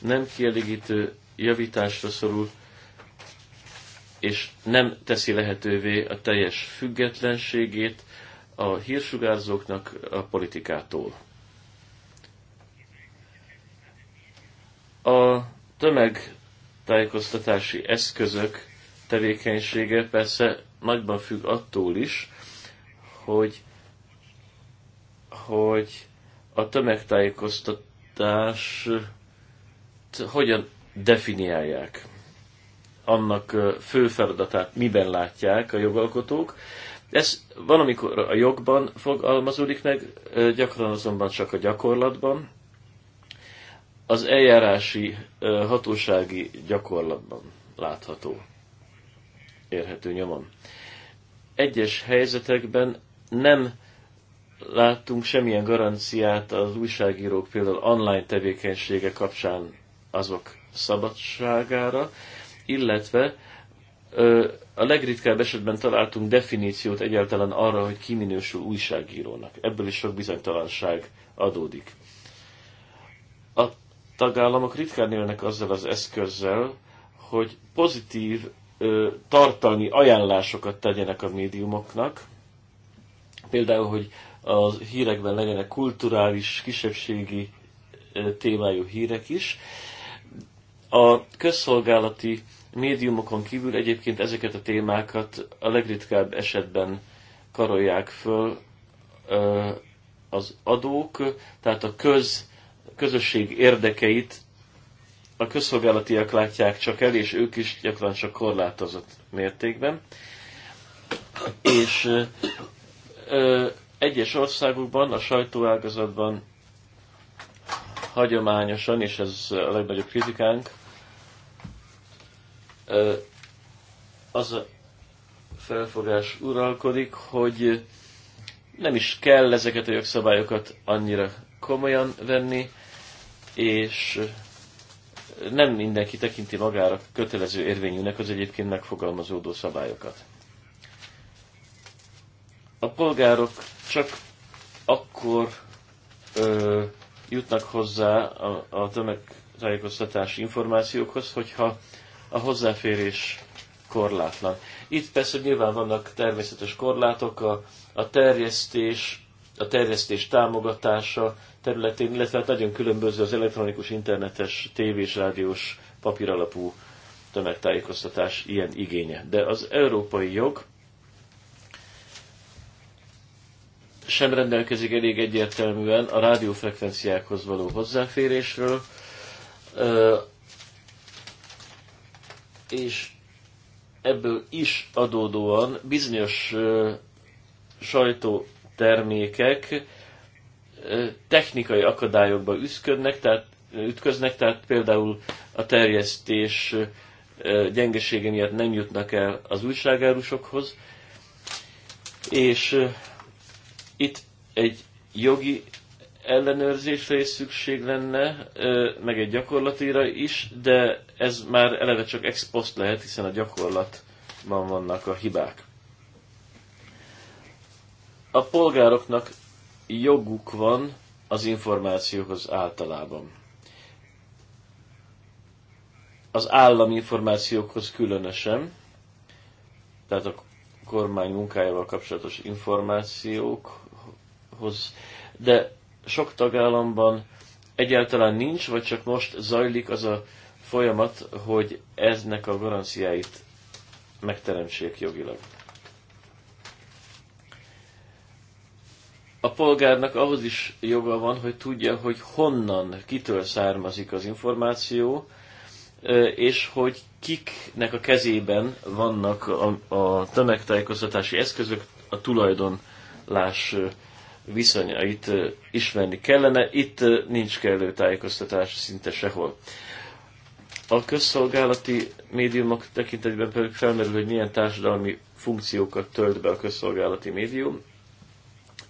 nem kielégítő javításra szorul és nem teszi lehetővé a teljes függetlenségét a hírsugárzóknak a politikától. A tömegtájékoztatási eszközök tevékenysége persze nagyban függ attól is, hogy, hogy a tömegtájékoztatás hogyan definiálják annak fő feladatát miben látják a jogalkotók. Ez valamikor a jogban fogalmazódik meg, gyakran azonban csak a gyakorlatban, az eljárási hatósági gyakorlatban látható, érhető nyomon. Egyes helyzetekben nem láttunk semmilyen garanciát az újságírók például online tevékenysége kapcsán azok szabadságára, illetve a legritkább esetben találtunk definíciót egyáltalán arra, hogy ki minősül újságírónak. Ebből is sok bizonytalanság adódik. A tagállamok ritkán élnek azzal az eszközzel, hogy pozitív ö, tartalmi ajánlásokat tegyenek a médiumoknak, például, hogy a hírekben legyenek kulturális, kisebbségi ö, témájú hírek is. A közszolgálati médiumokon kívül egyébként ezeket a témákat a legritkább esetben karolják föl az adók, tehát a köz, közösség érdekeit a közszolgálatiak látják csak el, és ők is gyakran csak korlátozott mértékben. És ö, egyes országokban, a sajtóágazatban hagyományosan, és ez a legnagyobb kritikánk, az a felfogás uralkodik, hogy nem is kell ezeket a jogszabályokat annyira komolyan venni, és nem mindenki tekinti magára kötelező érvényűnek az egyébként megfogalmazódó szabályokat. A polgárok csak akkor ö, jutnak hozzá a, a tömegtájékoztatási információkhoz, hogyha a hozzáférés korlátlan. Itt persze nyilván vannak természetes korlátok, a, a terjesztés, a terjesztés támogatása területén, illetve hát nagyon különböző az elektronikus, internetes, tévés, rádiós, papíralapú tömegtájékoztatás ilyen igénye. De az európai jog sem rendelkezik elég egyértelműen a rádiófrekvenciákhoz való hozzáférésről, és ebből is adódóan bizonyos sajtótermékek technikai akadályokba üszködnek, tehát, ütköznek, tehát például a terjesztés gyengesége miatt nem jutnak el az újságárusokhoz, és itt egy jogi ellenőrzésre is szükség lenne, meg egy gyakorlatira is, de ez már eleve csak ex post lehet, hiszen a gyakorlatban vannak a hibák. A polgároknak joguk van az információhoz általában. Az állami információkhoz különösen, tehát a kormány munkájával kapcsolatos információkhoz, de sok tagállamban egyáltalán nincs, vagy csak most zajlik az a folyamat, hogy eznek a garanciáit megteremtsék jogilag. A polgárnak ahhoz is joga van, hogy tudja, hogy honnan, kitől származik az információ, és hogy kiknek a kezében vannak a, a tömegtájékoztatási eszközök, a tulajdonlás viszonyait ismerni kellene. Itt nincs kellő tájékoztatás szinte sehol. A közszolgálati médiumok tekintetében pedig felmerül, hogy milyen társadalmi funkciókat tölt be a közszolgálati médium,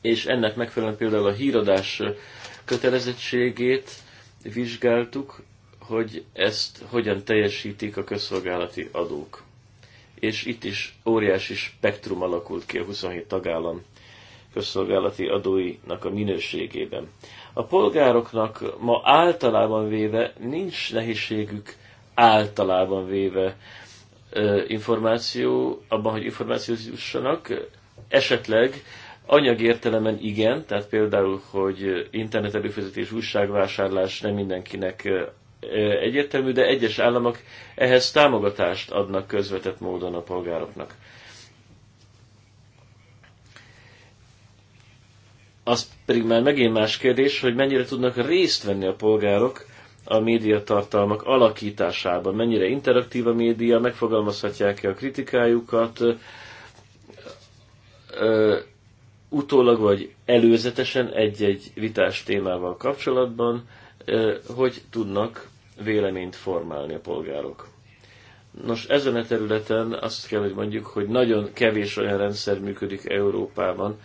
és ennek megfelelően például a híradás kötelezettségét vizsgáltuk, hogy ezt hogyan teljesítik a közszolgálati adók. És itt is óriási spektrum alakult ki a 27 tagállam közszolgálati adóinak a minőségében. A polgároknak ma általában véve nincs nehézségük általában véve információ, abban, hogy információt jussanak, esetleg anyagi értelemen igen, tehát például, hogy internet előfizetés, újságvásárlás nem mindenkinek egyértelmű, de egyes államok ehhez támogatást adnak közvetett módon a polgároknak. Az pedig már megint más kérdés, hogy mennyire tudnak részt venni a polgárok a médiatartalmak alakításában, mennyire interaktív a média, megfogalmazhatják-e a kritikájukat, ö, utólag vagy előzetesen egy-egy vitás témával kapcsolatban, ö, hogy tudnak véleményt formálni a polgárok. Nos, ezen a területen azt kell, hogy mondjuk, hogy nagyon kevés olyan rendszer működik Európában,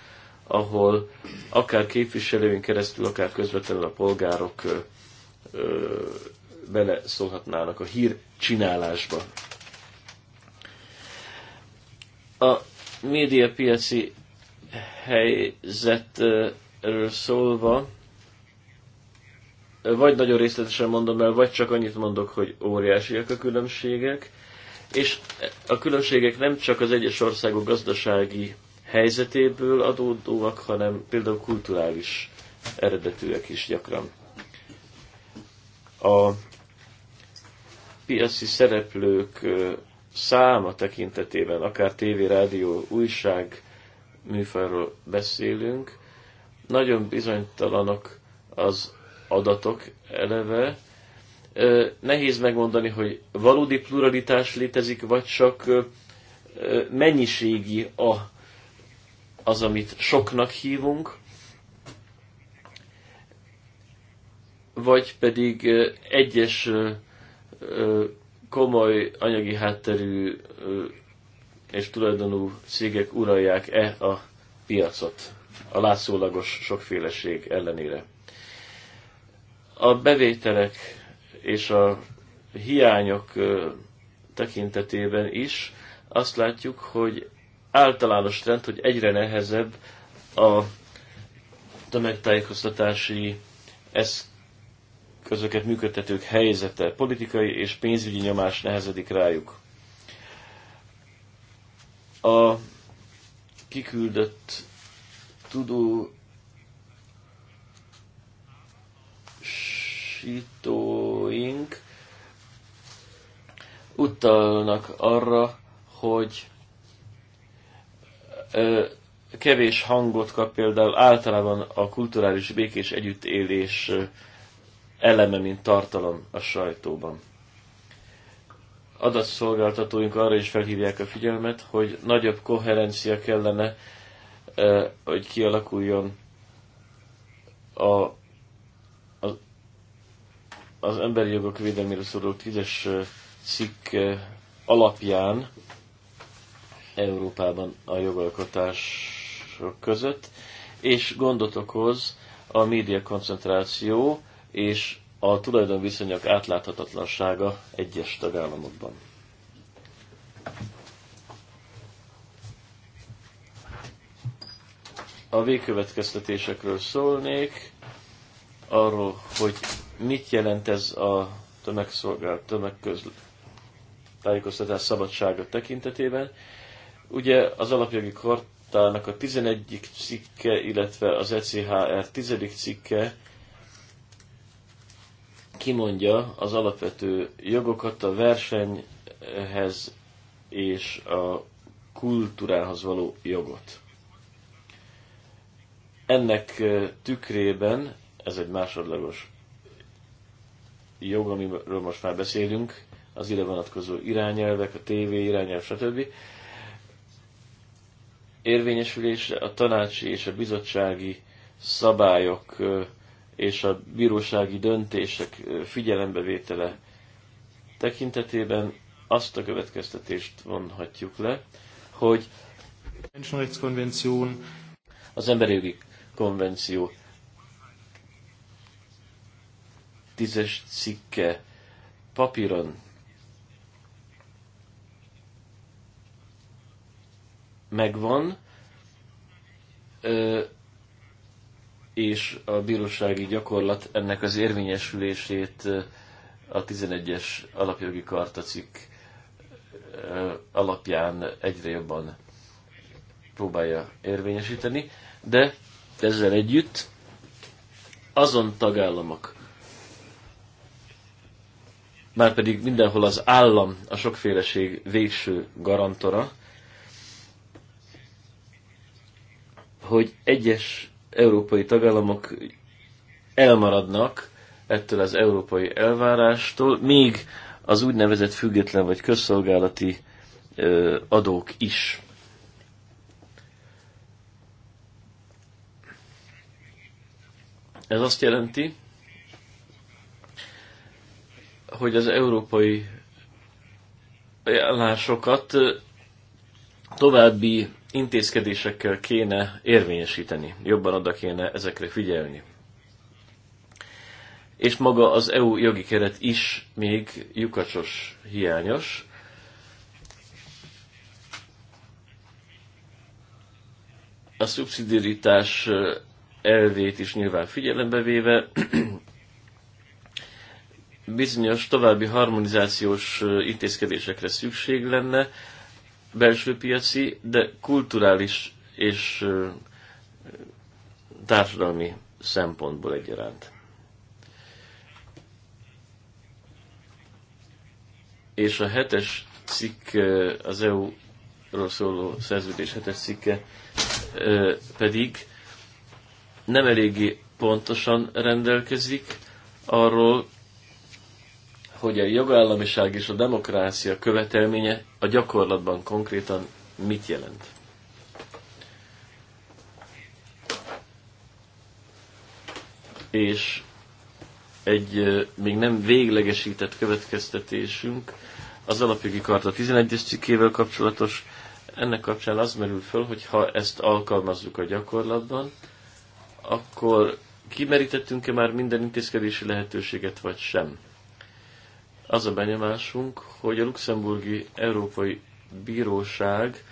ahol akár képviselőink keresztül, akár közvetlenül a polgárok bele szólhatnának a hír csinálásba. A médiapiaci helyzetről szólva, vagy nagyon részletesen mondom el, vagy csak annyit mondok, hogy óriásiak a különbségek, és a különbségek nem csak az egyes országok gazdasági helyzetéből adódóak, hanem például kulturális eredetűek is gyakran. A piaci szereplők száma tekintetében, akár tévé, rádió, újság műfajról beszélünk, nagyon bizonytalanok az adatok eleve. Nehéz megmondani, hogy valódi pluralitás létezik, vagy csak mennyiségi a az, amit soknak hívunk, vagy pedig egyes komoly anyagi hátterű és tulajdonú cégek uralják-e a piacot a látszólagos sokféleség ellenére. A bevételek és a hiányok tekintetében is azt látjuk, hogy általános trend, hogy egyre nehezebb a tömegtájékoztatási eszközöket működtetők helyzete, politikai és pénzügyi nyomás nehezedik rájuk. A kiküldött tudó utalnak arra, hogy kevés hangot kap például általában a kulturális békés együttélés eleme, mint tartalom a sajtóban. Adatszolgáltatóink arra is felhívják a figyelmet, hogy nagyobb koherencia kellene, hogy kialakuljon a, a, az emberi jogok védelmére szóló tízes cikk alapján, Európában a jogalkotások között, és gondot okoz a média koncentráció és a tulajdonviszonyok átláthatatlansága egyes tagállamokban. A végkövetkeztetésekről szólnék, arról, hogy mit jelent ez a tömegszolgált, tömegközl tájékoztatás szabadsága tekintetében, Ugye az alapjogi kortának a 11. cikke, illetve az ECHR 10. cikke kimondja az alapvető jogokat a versenyhez és a kultúrához való jogot. Ennek tükrében, ez egy másodlagos jog, amiről most már beszélünk, az ide vonatkozó irányelvek, a TV irányelv, stb érvényesülésre a tanácsi és a bizottsági szabályok és a bírósági döntések figyelembevétele tekintetében azt a következtetést vonhatjuk le, hogy az emberi jogi konvenció tízes cikke papíron megvan, és a bírósági gyakorlat ennek az érvényesülését a 11-es alapjogi kartacik alapján egyre jobban próbálja érvényesíteni, de ezzel együtt azon tagállamok, már pedig mindenhol az állam a sokféleség végső garantora, hogy egyes európai tagállamok elmaradnak ettől az európai elvárástól, még az úgynevezett független vagy közszolgálati adók is. Ez azt jelenti, hogy az európai ajánlásokat további intézkedésekkel kéne érvényesíteni, jobban oda kéne ezekre figyelni. És maga az EU jogi keret is még lyukacsos, hiányos. A szubszidiaritás eh, elvét is nyilván figyelembe véve, bizonyos további harmonizációs eh, intézkedésekre szükség lenne, belső piaci, de kulturális és társadalmi szempontból egyaránt. És a hetes cikk, az EU-ról szóló szerződés hetes cikke pedig nem eléggé pontosan rendelkezik arról, hogy a jogállamiság és a demokrácia követelménye a gyakorlatban konkrétan mit jelent. És egy még nem véglegesített következtetésünk az alapjogi karta 11 cikkével kapcsolatos. Ennek kapcsán az merül föl, hogy ha ezt alkalmazzuk a gyakorlatban, akkor kimerítettünk-e már minden intézkedési lehetőséget, vagy sem? az a benyomásunk, hogy a luxemburgi Európai Bíróság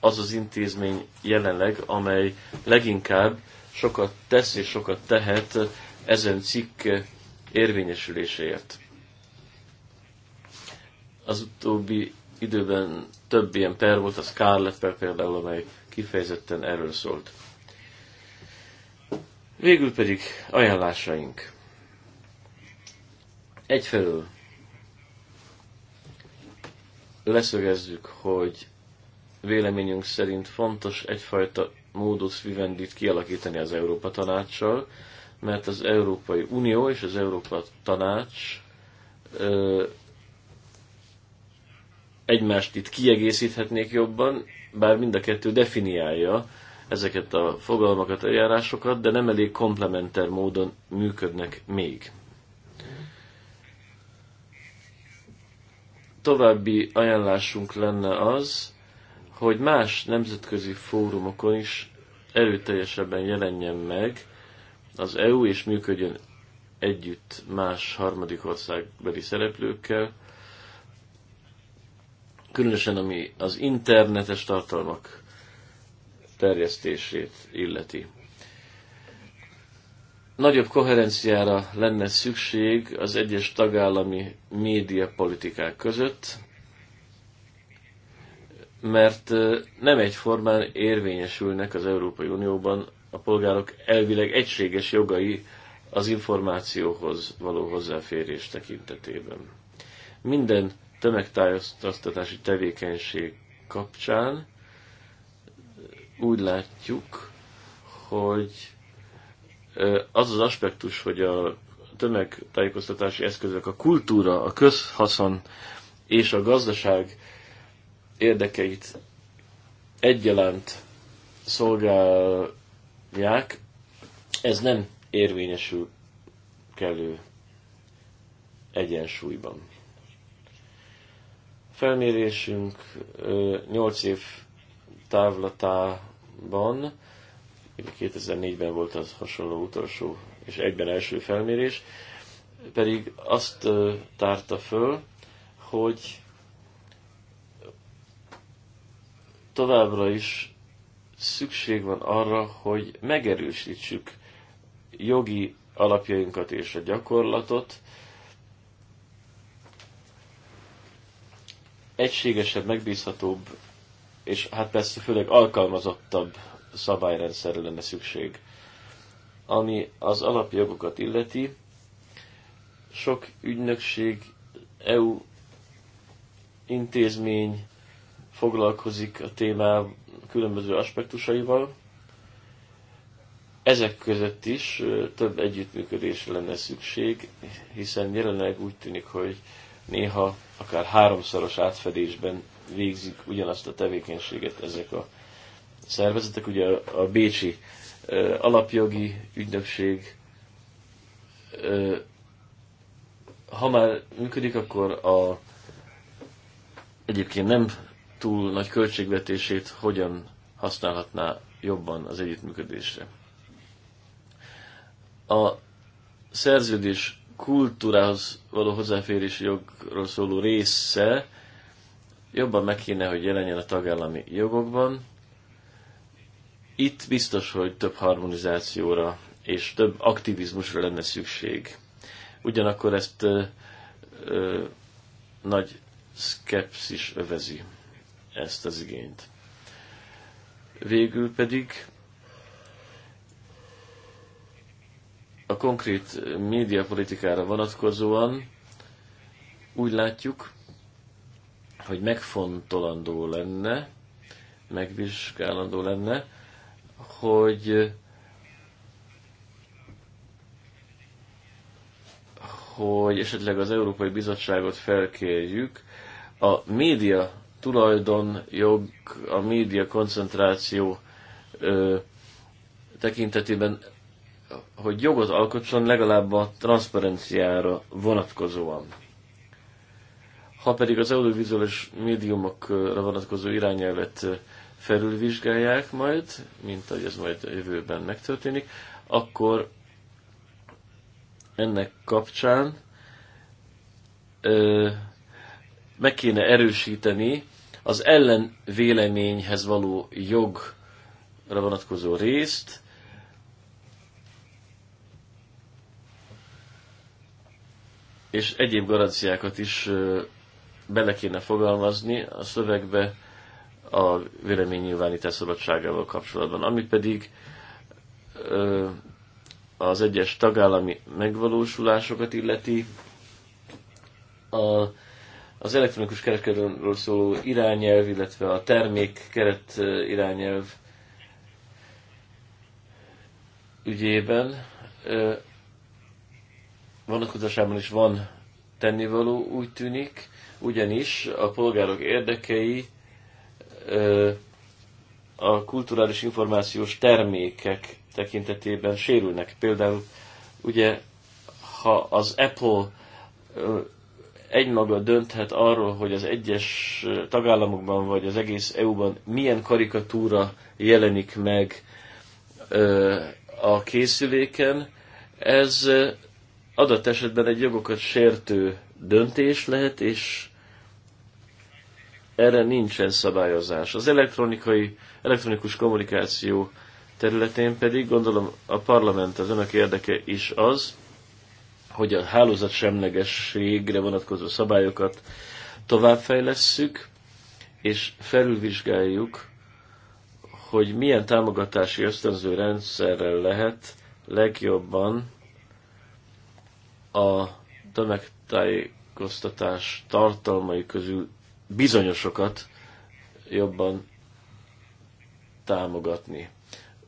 az az intézmény jelenleg, amely leginkább sokat tesz és sokat tehet ezen cikk érvényesüléséért. Az utóbbi időben több ilyen per volt, a Scarlett per például, amely kifejezetten erről szólt. Végül pedig ajánlásaink. Egyfelől leszögezzük, hogy véleményünk szerint fontos egyfajta módus vivendit kialakítani az Európa Tanácssal, mert az Európai Unió és az Európa Tanács ö, egymást itt kiegészíthetnék jobban, bár mind a kettő definiálja ezeket a fogalmakat, eljárásokat, de nem elég komplementer módon működnek még. További ajánlásunk lenne az, hogy más nemzetközi fórumokon is erőteljesebben jelenjen meg az EU, és működjön együtt más harmadik országbeli szereplőkkel, különösen ami az internetes tartalmak terjesztését illeti nagyobb koherenciára lenne szükség az egyes tagállami médiapolitikák között, mert nem egyformán érvényesülnek az Európai Unióban a polgárok elvileg egységes jogai az információhoz való hozzáférés tekintetében. Minden tömegtájékoztatási tevékenység kapcsán úgy látjuk, hogy az az aspektus, hogy a tömegtájékoztatási eszközök a kultúra, a közhaszon és a gazdaság érdekeit egyaránt szolgálják, ez nem érvényesül kellő egyensúlyban. Felmérésünk 8 év távlatában 2004-ben volt az hasonló utolsó és egyben első felmérés, pedig azt tárta föl, hogy továbbra is szükség van arra, hogy megerősítsük jogi alapjainkat és a gyakorlatot, egységesebb, megbízhatóbb, és hát persze főleg alkalmazottabb szabályrendszerre lenne szükség. Ami az alapjogokat illeti, sok ügynökség, EU intézmény foglalkozik a témával különböző aspektusaival. Ezek között is több együttműködésre lenne szükség, hiszen jelenleg úgy tűnik, hogy néha akár háromszoros átfedésben végzik ugyanazt a tevékenységet ezek a szervezetek, ugye a, a Bécsi ö, alapjogi ügynökség, ö, ha már működik, akkor a egyébként nem túl nagy költségvetését hogyan használhatná jobban az együttműködésre. A szerződés kultúrához való hozzáférési jogról szóló része jobban meg kéne, hogy jelenjen a tagállami jogokban, itt biztos, hogy több harmonizációra és több aktivizmusra lenne szükség. Ugyanakkor ezt ö, ö, nagy szkepszis övezi ezt az igényt. Végül pedig a konkrét médiapolitikára vonatkozóan úgy látjuk, hogy megfontolandó lenne, megvizsgálandó lenne, hogy hogy esetleg az Európai Bizottságot felkérjük a média tulajdon jog, a média koncentráció ö, tekintetében, hogy jogot alkotson legalább a transzparenciára vonatkozóan. Ha pedig az audiovizuális médiumokra vonatkozó irányelvet felülvizsgálják majd, mint ahogy ez majd a jövőben megtörténik, akkor ennek kapcsán ö, meg kéne erősíteni az ellen véleményhez való jogra vonatkozó részt, és egyéb garanciákat is bele kéne fogalmazni a szövegbe a véleménynyilvánítás szabadságával kapcsolatban. Ami pedig ö, az egyes tagállami megvalósulásokat illeti, a, az elektronikus kereskedelemről szóló irányelv, illetve a termék keret irányelv ügyében vonatkozásában is van tennivaló, úgy tűnik, ugyanis a polgárok érdekei a kulturális információs termékek tekintetében sérülnek. Például ugye, ha az Apple egymaga dönthet arról, hogy az egyes tagállamokban vagy az egész EU-ban milyen karikatúra jelenik meg a készüléken, ez adat esetben egy jogokat sértő döntés lehet, és erre nincsen szabályozás. Az elektronikai, elektronikus kommunikáció területén pedig gondolom a parlament az önök érdeke is az, hogy a hálózat semlegességre vonatkozó szabályokat továbbfejlesszük, és felülvizsgáljuk, hogy milyen támogatási ösztönző rendszerrel lehet legjobban a tömegtájékoztatás tartalmai közül bizonyosokat jobban támogatni.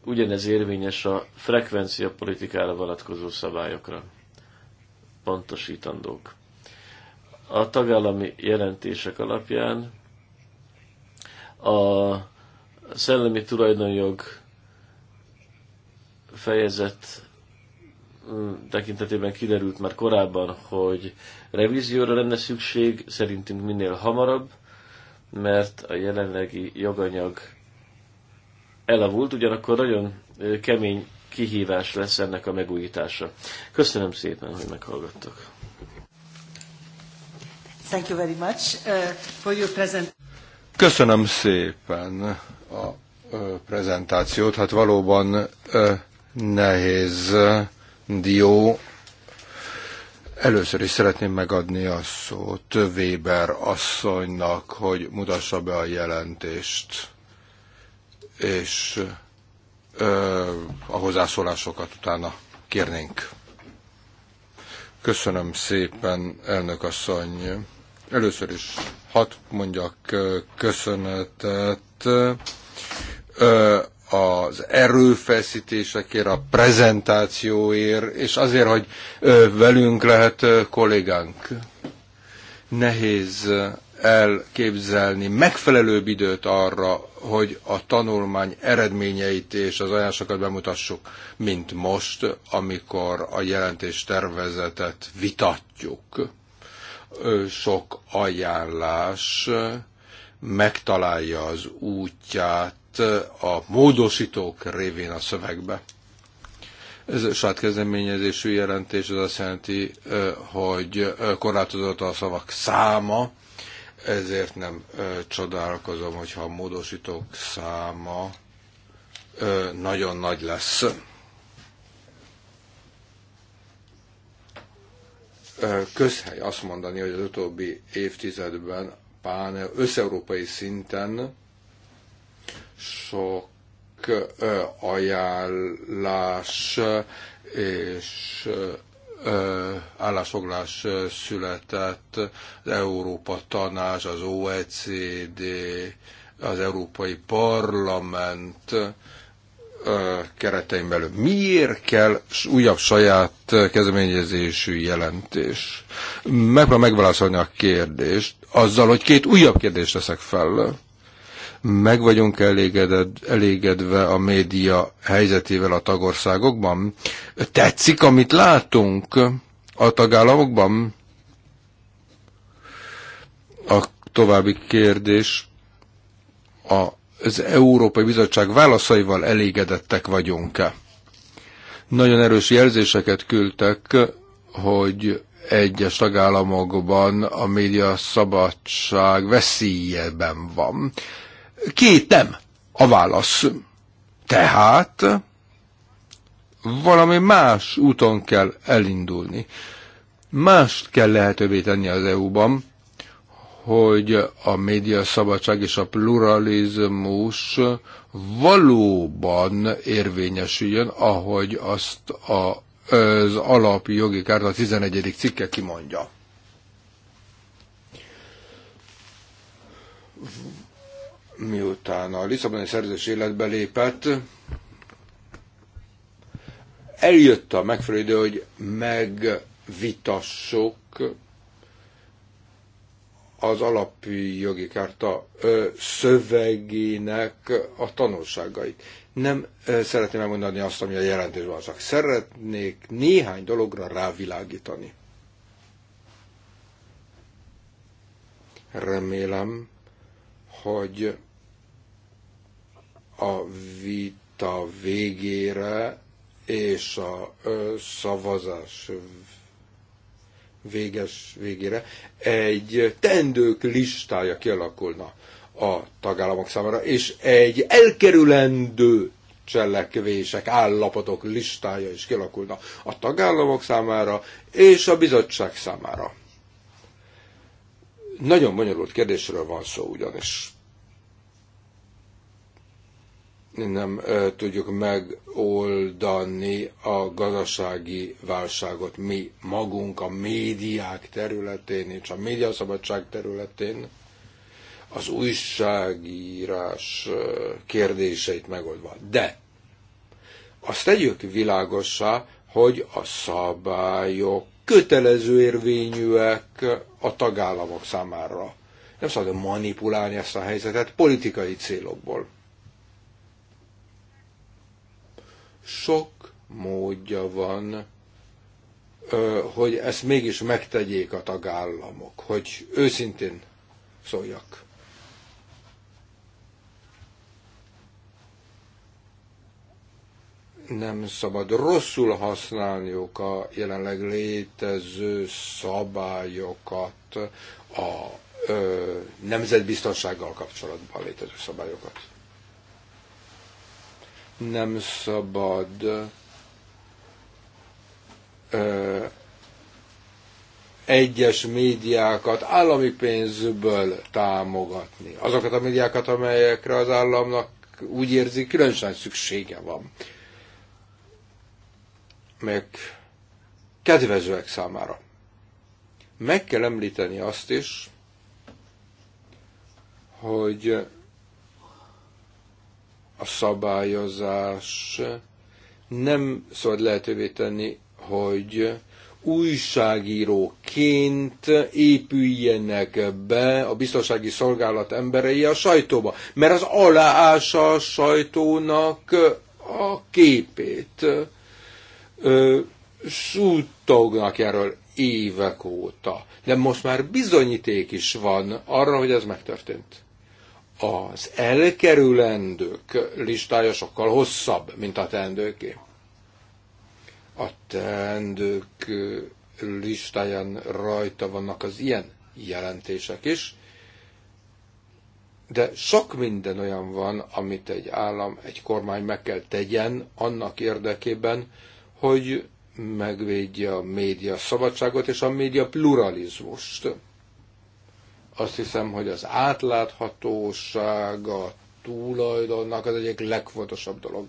Ugyanez érvényes a frekvencia politikára vonatkozó szabályokra. Pontosítandók. A tagállami jelentések alapján a szellemi tulajdonjog fejezet tekintetében kiderült már korábban, hogy revízióra lenne szükség, szerintünk minél hamarabb, mert a jelenlegi joganyag elavult, ugyanakkor nagyon kemény kihívás lesz ennek a megújítása. Köszönöm szépen, hogy meghallgattak. Thank you very much uh, for your present. Köszönöm szépen a prezentációt. Hát valóban nehéz Dió. Először is szeretném megadni a szót Weber asszonynak, hogy mutassa be a jelentést, és ö, a hozzászólásokat utána kérnénk. Köszönöm szépen, elnök asszony. Először is hat mondjak köszönetet az erőfeszítésekért, a prezentációért, és azért, hogy velünk lehet kollégánk. Nehéz elképzelni megfelelőbb időt arra, hogy a tanulmány eredményeit és az ajánlásokat bemutassuk, mint most, amikor a jelentés tervezetet vitatjuk. Sok ajánlás megtalálja az útját a módosítók révén a szövegbe. Ez a saját kezdeményezésű jelentés, ez azt jelenti, hogy korlátozott a szavak száma, ezért nem csodálkozom, hogyha a módosítók száma nagyon nagy lesz. Közhely azt mondani, hogy az utóbbi évtizedben páne összeurópai szinten sok ajánlás és állásfoglás született az Európa Tanács, az OECD, az Európai Parlament keretein belül. Miért kell újabb saját kezdeményezésű jelentés? Megpróbál megválaszolni a kérdést azzal, hogy két újabb kérdést teszek fel meg vagyunk elégeded, elégedve a média helyzetével a tagországokban? Tetszik, amit látunk a tagállamokban? A további kérdés a az Európai Bizottság válaszaival elégedettek vagyunk-e. Nagyon erős jelzéseket küldtek, hogy egyes tagállamokban a média szabadság veszélyeben van. Két nem a válasz. Tehát valami más úton kell elindulni. Mást kell lehetővé tenni az EU-ban, hogy a média szabadság és a pluralizmus valóban érvényesüljön, ahogy azt a, az alapjogi a 11. cikke kimondja miután a Lisszaboni szerződés életbe lépett, eljött a megfelelő idő, hogy megvitassuk az alapjogi kárta szövegének a tanulságait. Nem szeretném megmondani azt, ami a jelentés van, csak szeretnék néhány dologra rávilágítani. Remélem, hogy a vita végére és a szavazás véges végére egy tendők listája kialakulna a tagállamok számára, és egy elkerülendő cselekvések, állapotok listája is kialakulna a tagállamok számára és a bizottság számára. Nagyon bonyolult kérdésről van szó ugyanis nem tudjuk megoldani a gazdasági válságot mi magunk a médiák területén és a médiaszabadság területén az újságírás kérdéseit megoldva. De azt tegyük világossá, hogy a szabályok kötelező érvényűek a tagállamok számára. Nem szabad manipulálni ezt a helyzetet politikai célokból Sok módja van, hogy ezt mégis megtegyék a tagállamok, hogy őszintén szóljak. nem szabad rosszul használniuk a jelenleg létező szabályokat, a ö, nemzetbiztonsággal kapcsolatban létező szabályokat. Nem szabad ö, egyes médiákat állami pénzből támogatni. Azokat a médiákat, amelyekre az államnak úgy érzi, különösen szüksége van. Meg kedvezőek számára. Meg kell említeni azt is, hogy a szabályozás nem szabad lehetővé tenni, hogy újságíróként épüljenek be a biztonsági szolgálat emberei a sajtóba, mert az aláása a sajtónak a képét. Sútognak erről évek óta, de most már bizonyíték is van arra, hogy ez megtörtént. Az elkerülendők listája sokkal hosszabb, mint a teendőké. A teendők listáján rajta vannak az ilyen jelentések is, de sok minden olyan van, amit egy állam, egy kormány meg kell tegyen annak érdekében, hogy megvédje a média szabadságot és a média pluralizmust. Azt hiszem, hogy az a tulajdonnak az egyik legfontosabb dolog.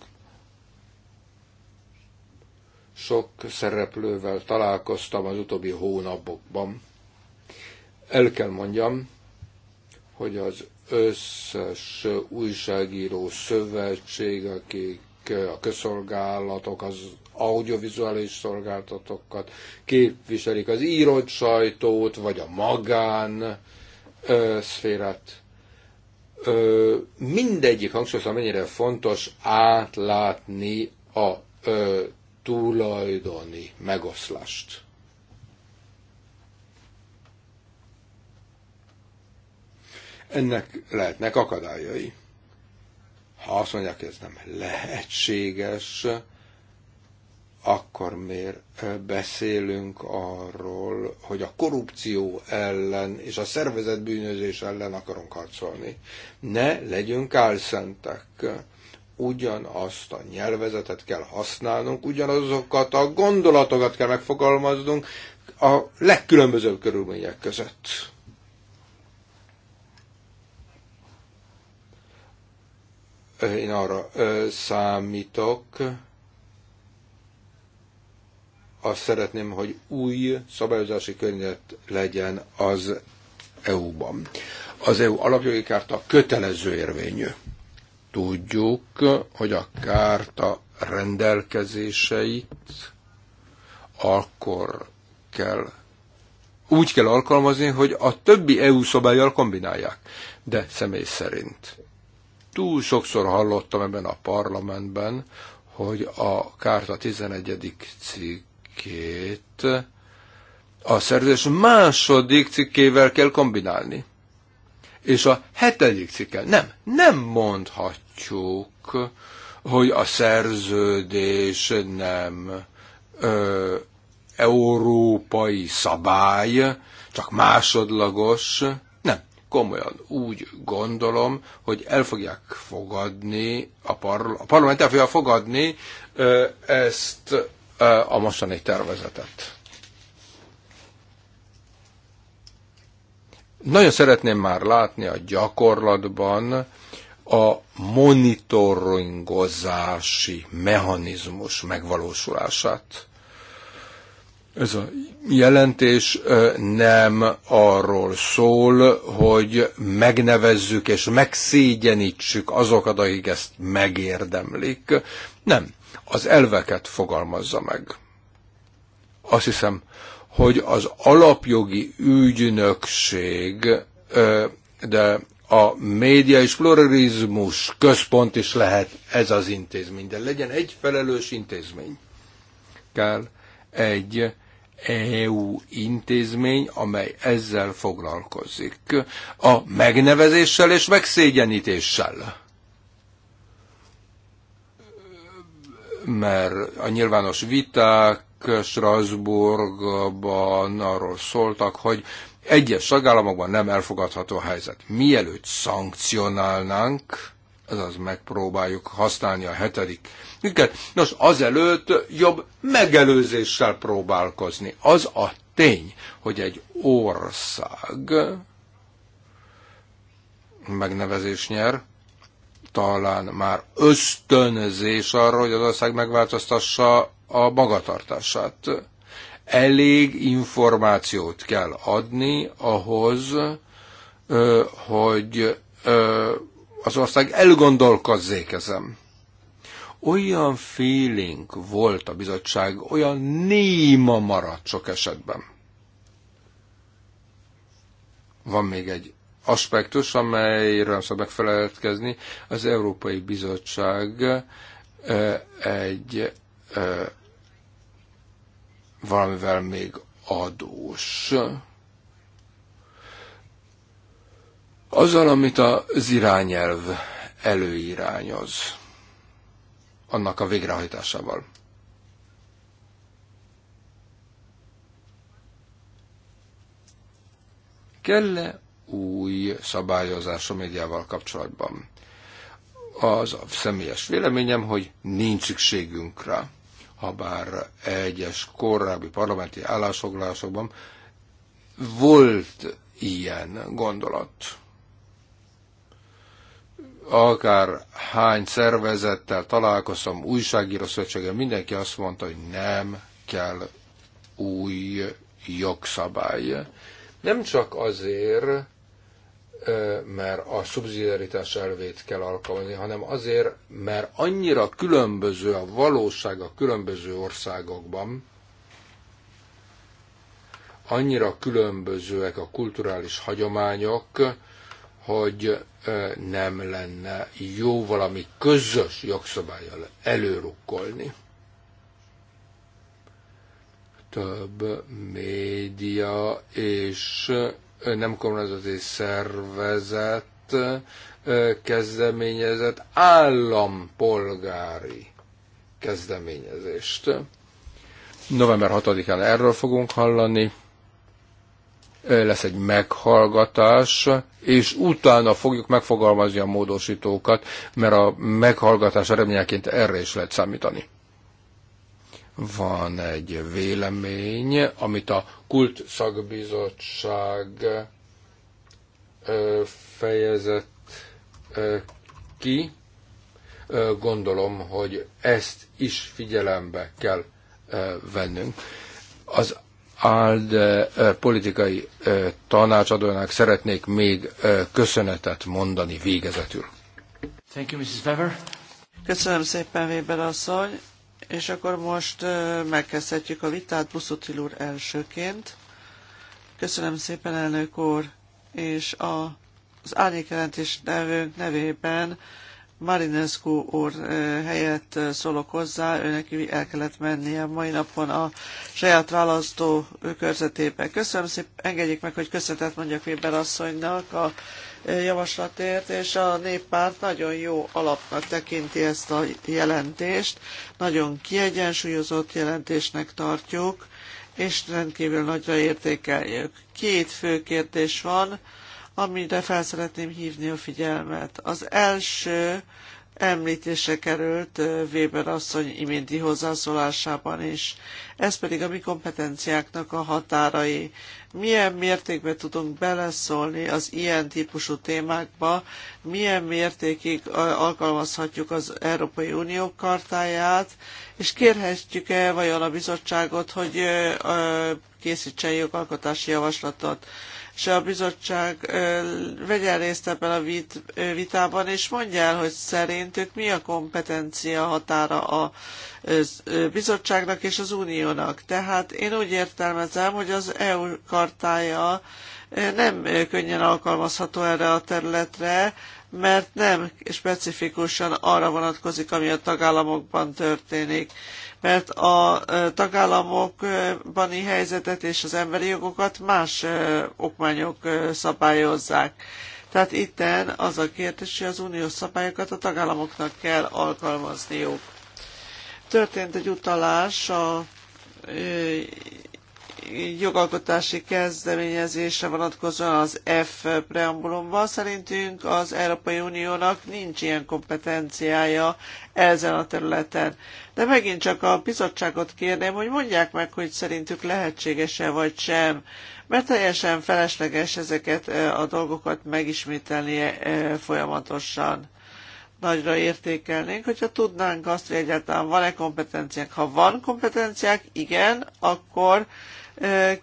Sok szereplővel találkoztam az utóbbi hónapokban. El kell mondjam, hogy az összes újságíró szövetség, akik a közszolgálatok, az audiovizuális szolgáltatókat képviselik, az írott sajtót, vagy a magán ö, szférát. Ö, mindegyik hangsúlyozza, mennyire fontos átlátni a ö, tulajdoni megoszlást. Ennek lehetnek akadályai. Ha azt mondják, ez nem lehetséges, akkor miért beszélünk arról, hogy a korrupció ellen és a szervezetbűnözés bűnözés ellen akarunk harcolni. Ne legyünk álszentek. Ugyanazt a nyelvezetet kell használnunk, ugyanazokat a gondolatokat kell megfogalmaznunk a legkülönbözőbb körülmények között. Én arra számítok, azt szeretném, hogy új szabályozási környezet legyen az EU-ban. Az EU alapjogi kárta kötelező érvényű. Tudjuk, hogy a kárta rendelkezéseit akkor kell úgy kell alkalmazni, hogy a többi EU szabályjal kombinálják. De személy szerint. Túl sokszor hallottam ebben a parlamentben, hogy a kárta 11. cikk cikkét a szerződés második cikkével kell kombinálni. És a hetedik cikkel nem, nem mondhatjuk, hogy a szerződés nem ö, európai szabály, csak másodlagos. Nem, komolyan úgy gondolom, hogy el fogják fogadni, a, parl- a parlament el fogja fogadni ö, ezt a mostani tervezetet. Nagyon szeretném már látni a gyakorlatban a monitoringozási mechanizmus megvalósulását. Ez a jelentés nem arról szól, hogy megnevezzük és megszégyenítsük azokat, akik ezt megérdemlik. Nem az elveket fogalmazza meg. Azt hiszem, hogy az alapjogi ügynökség, de a média és pluralizmus központ is lehet ez az intézmény, de legyen egy felelős intézmény. Kell egy EU intézmény, amely ezzel foglalkozik. A megnevezéssel és megszégyenítéssel. mert a nyilvános viták Strasbourgban arról szóltak, hogy egyes tagállamokban nem elfogadható a helyzet. Mielőtt szankcionálnánk, azaz megpróbáljuk használni a hetedik minket. Nos, azelőtt jobb megelőzéssel próbálkozni. Az a tény, hogy egy ország megnevezés nyer, talán már ösztönzés arra, hogy az ország megváltoztassa a magatartását. Elég információt kell adni ahhoz, hogy az ország elgondolkozzék ezen. Olyan feeling volt a bizottság, olyan néma maradt sok esetben. Van még egy aspektus, amelyről nem szabad megfelelkezni, az Európai Bizottság egy valamivel még adós. Azzal, amit az irányelv előirányoz, annak a végrehajtásával. kell -e új szabályozás a médiával kapcsolatban. Az a személyes véleményem, hogy nincs szükségünk rá, habár egyes korábbi parlamenti állásfoglalásokban volt ilyen gondolat. Akár hány szervezettel találkozom, újságíró szövetséggel, mindenki azt mondta, hogy nem kell új jogszabály. Nem csak azért, mert a szubszidiaritás elvét kell alkalmazni, hanem azért, mert annyira különböző a valóság a különböző országokban, annyira különbözőek a kulturális hagyományok, hogy nem lenne jó valami közös jogszabályjal előrukkolni. Több média és nem kormányzati szervezet kezdeményezett állampolgári kezdeményezést. November 6-án erről fogunk hallani. Lesz egy meghallgatás, és utána fogjuk megfogalmazni a módosítókat, mert a meghallgatás eredményeként erre is lehet számítani. Van egy vélemény, amit a Kult Szakbizottság fejezett ki. Gondolom, hogy ezt is figyelembe kell vennünk. Az ALD politikai tanácsadónak szeretnék még köszönetet mondani végezetül. Thank you, Mrs. Weber. Köszönöm szépen, Weber asszony. És akkor most megkezdhetjük a vitát Buszutil úr elsőként. Köszönöm szépen, elnök úr, és a, az árnyékjelentés nevünk nevében Marinescu úr helyett szólok hozzá, őnek el kellett mennie mai napon a saját választó körzetébe. Köszönöm szépen, engedjék meg, hogy köszönetet mondjak Weber asszonynak a javaslatért, és a néppárt nagyon jó alapnak tekinti ezt a jelentést. Nagyon kiegyensúlyozott jelentésnek tartjuk, és rendkívül nagyra értékeljük. Két fő kérdés van, amire fel szeretném hívni a figyelmet. Az első említésre került Weber asszony iménti hozzászólásában is. Ez pedig a mi kompetenciáknak a határai. Milyen mértékben tudunk beleszólni az ilyen típusú témákba, milyen mértékig alkalmazhatjuk az Európai Unió kartáját, és kérhetjük-e vajon a bizottságot, hogy készítsen jogalkotási javaslatot se a bizottság vegyen részt ebben a vitában, és mondja el, hogy szerintük mi a kompetencia határa a bizottságnak és az uniónak. Tehát én úgy értelmezem, hogy az EU kartája nem könnyen alkalmazható erre a területre, mert nem specifikusan arra vonatkozik, ami a tagállamokban történik mert a tagállamokbani helyzetet és az emberi jogokat más okmányok szabályozzák. Tehát itten az a kérdés, hogy az uniós szabályokat a tagállamoknak kell alkalmazniuk. Történt egy utalás a jogalkotási kezdeményezésre vonatkozóan az F preambulumban. Szerintünk az Európai Uniónak nincs ilyen kompetenciája ezen a területen. De megint csak a bizottságot kérném, hogy mondják meg, hogy szerintük lehetséges-e vagy sem, mert teljesen felesleges ezeket a dolgokat megismételni folyamatosan. Nagyra értékelnénk, hogyha tudnánk azt, hogy egyáltalán van-e kompetenciák. Ha van kompetenciák, igen, akkor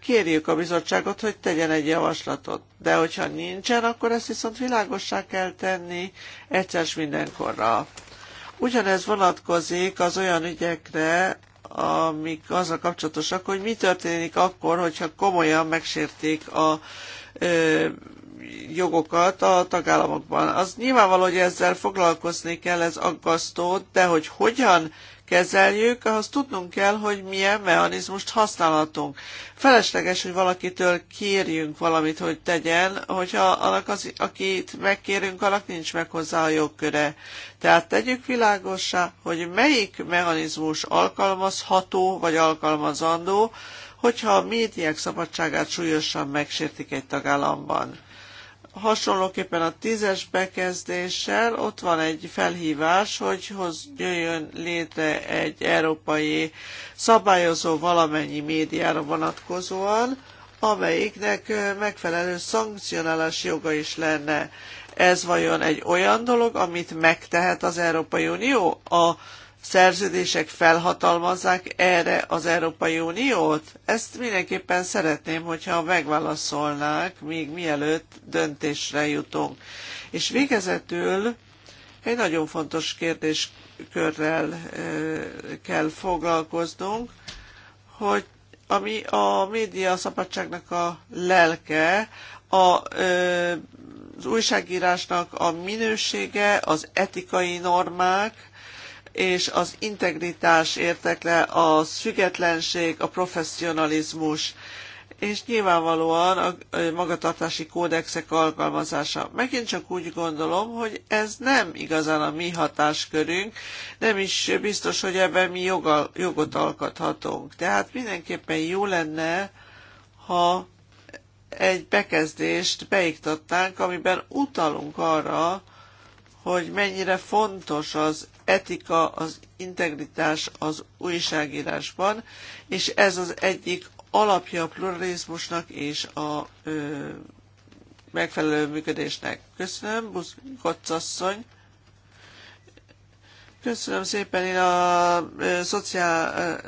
kérjük a bizottságot, hogy tegyen egy javaslatot. De hogyha nincsen, akkor ezt viszont világossá kell tenni egyszer mindenkorra. Ugyanez vonatkozik az olyan ügyekre, amik azzal kapcsolatosak, hogy mi történik akkor, hogyha komolyan megsértik a ö, jogokat a tagállamokban. Az nyilvánvaló, hogy ezzel foglalkozni kell, ez aggasztó, de hogy hogyan kezeljük, ahhoz tudnunk kell, hogy milyen mechanizmust használhatunk. Felesleges, hogy valakitől kérjünk valamit, hogy tegyen, hogyha annak az, akit megkérünk, annak nincs meg hozzá a jogköre. Tehát tegyük világossá, hogy melyik mechanizmus alkalmazható vagy alkalmazandó, hogyha a médiák szabadságát súlyosan megsértik egy tagállamban. Hasonlóképpen a tízes bekezdéssel ott van egy felhívás, hogy jöjjön létre egy európai szabályozó valamennyi médiára vonatkozóan, amelyiknek megfelelő szankcionálási joga is lenne. Ez vajon egy olyan dolog, amit megtehet az Európai Unió? A szerződések felhatalmazzák erre az Európai Uniót? Ezt mindenképpen szeretném, hogyha megválaszolnák, még mielőtt döntésre jutunk. És végezetül egy nagyon fontos kérdéskörrel kell foglalkoznunk, hogy ami a média szabadságnak a lelke, a, az újságírásnak a minősége, az etikai normák, és az integritás értekle, a függetlenség, a professzionalizmus, és nyilvánvalóan a magatartási kódexek alkalmazása. Megint csak úgy gondolom, hogy ez nem igazán a mi hatáskörünk, nem is biztos, hogy ebben mi jogal, jogot alkathatunk. Tehát mindenképpen jó lenne, ha egy bekezdést beiktatnánk, amiben utalunk arra, hogy mennyire fontos az etika, az integritás az újságírásban, és ez az egyik alapja a pluralizmusnak és a ö, megfelelő működésnek. Köszönöm, Busz Kocasszony. Köszönöm szépen, én a szociál,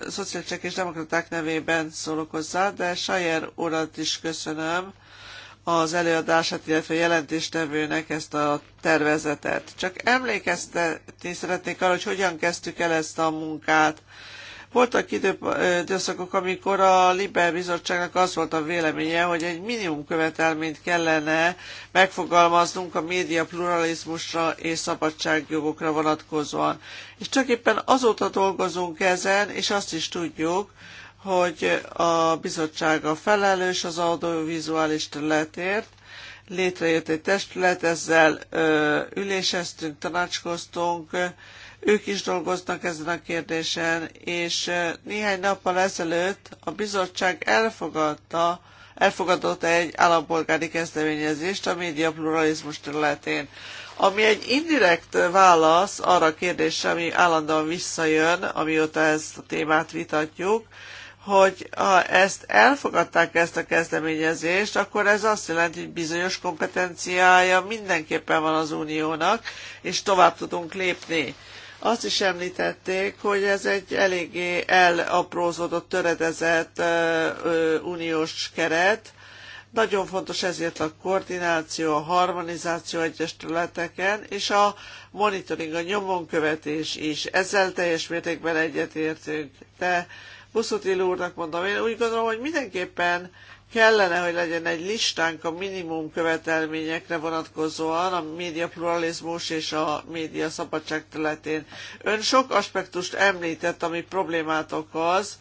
és demokraták nevében szólok hozzá, de Sajer urat is köszönöm az előadását, illetve jelentéstevőnek ezt a tervezetet. Csak emlékeztetni szeretnék arra, hogy hogyan kezdtük el ezt a munkát. Voltak időszakok, amikor a Liber Bizottságnak az volt a véleménye, hogy egy minimum követelményt kellene megfogalmaznunk a média pluralizmusra és szabadságjogokra vonatkozóan. És csak éppen azóta dolgozunk ezen, és azt is tudjuk, hogy a bizottság a felelős az audiovizuális területért, létrejött egy testület, ezzel ö, üléseztünk, tanácskoztunk, ők is dolgoznak ezen a kérdésen, és ö, néhány nappal ezelőtt a bizottság elfogadta, elfogadott egy állampolgári kezdeményezést a média pluralizmus területén, ami egy indirekt válasz arra a kérdésre, ami állandóan visszajön, amióta ezt a témát vitatjuk, hogy ha ezt elfogadták ezt a kezdeményezést, akkor ez azt jelenti, hogy bizonyos kompetenciája mindenképpen van az uniónak, és tovább tudunk lépni. Azt is említették, hogy ez egy eléggé elaprózódott, töredezett ö, ö, uniós keret. Nagyon fontos ezért a koordináció, a harmonizáció egyes területeken, és a monitoring, a nyomonkövetés is. Ezzel teljes mértékben egyetértünk. De Buszotil úrnak mondom, én úgy gondolom, hogy mindenképpen kellene, hogy legyen egy listánk a minimum követelményekre vonatkozóan a média pluralizmus és a média szabadság területén. Ön sok aspektust említett, ami problémát okoz,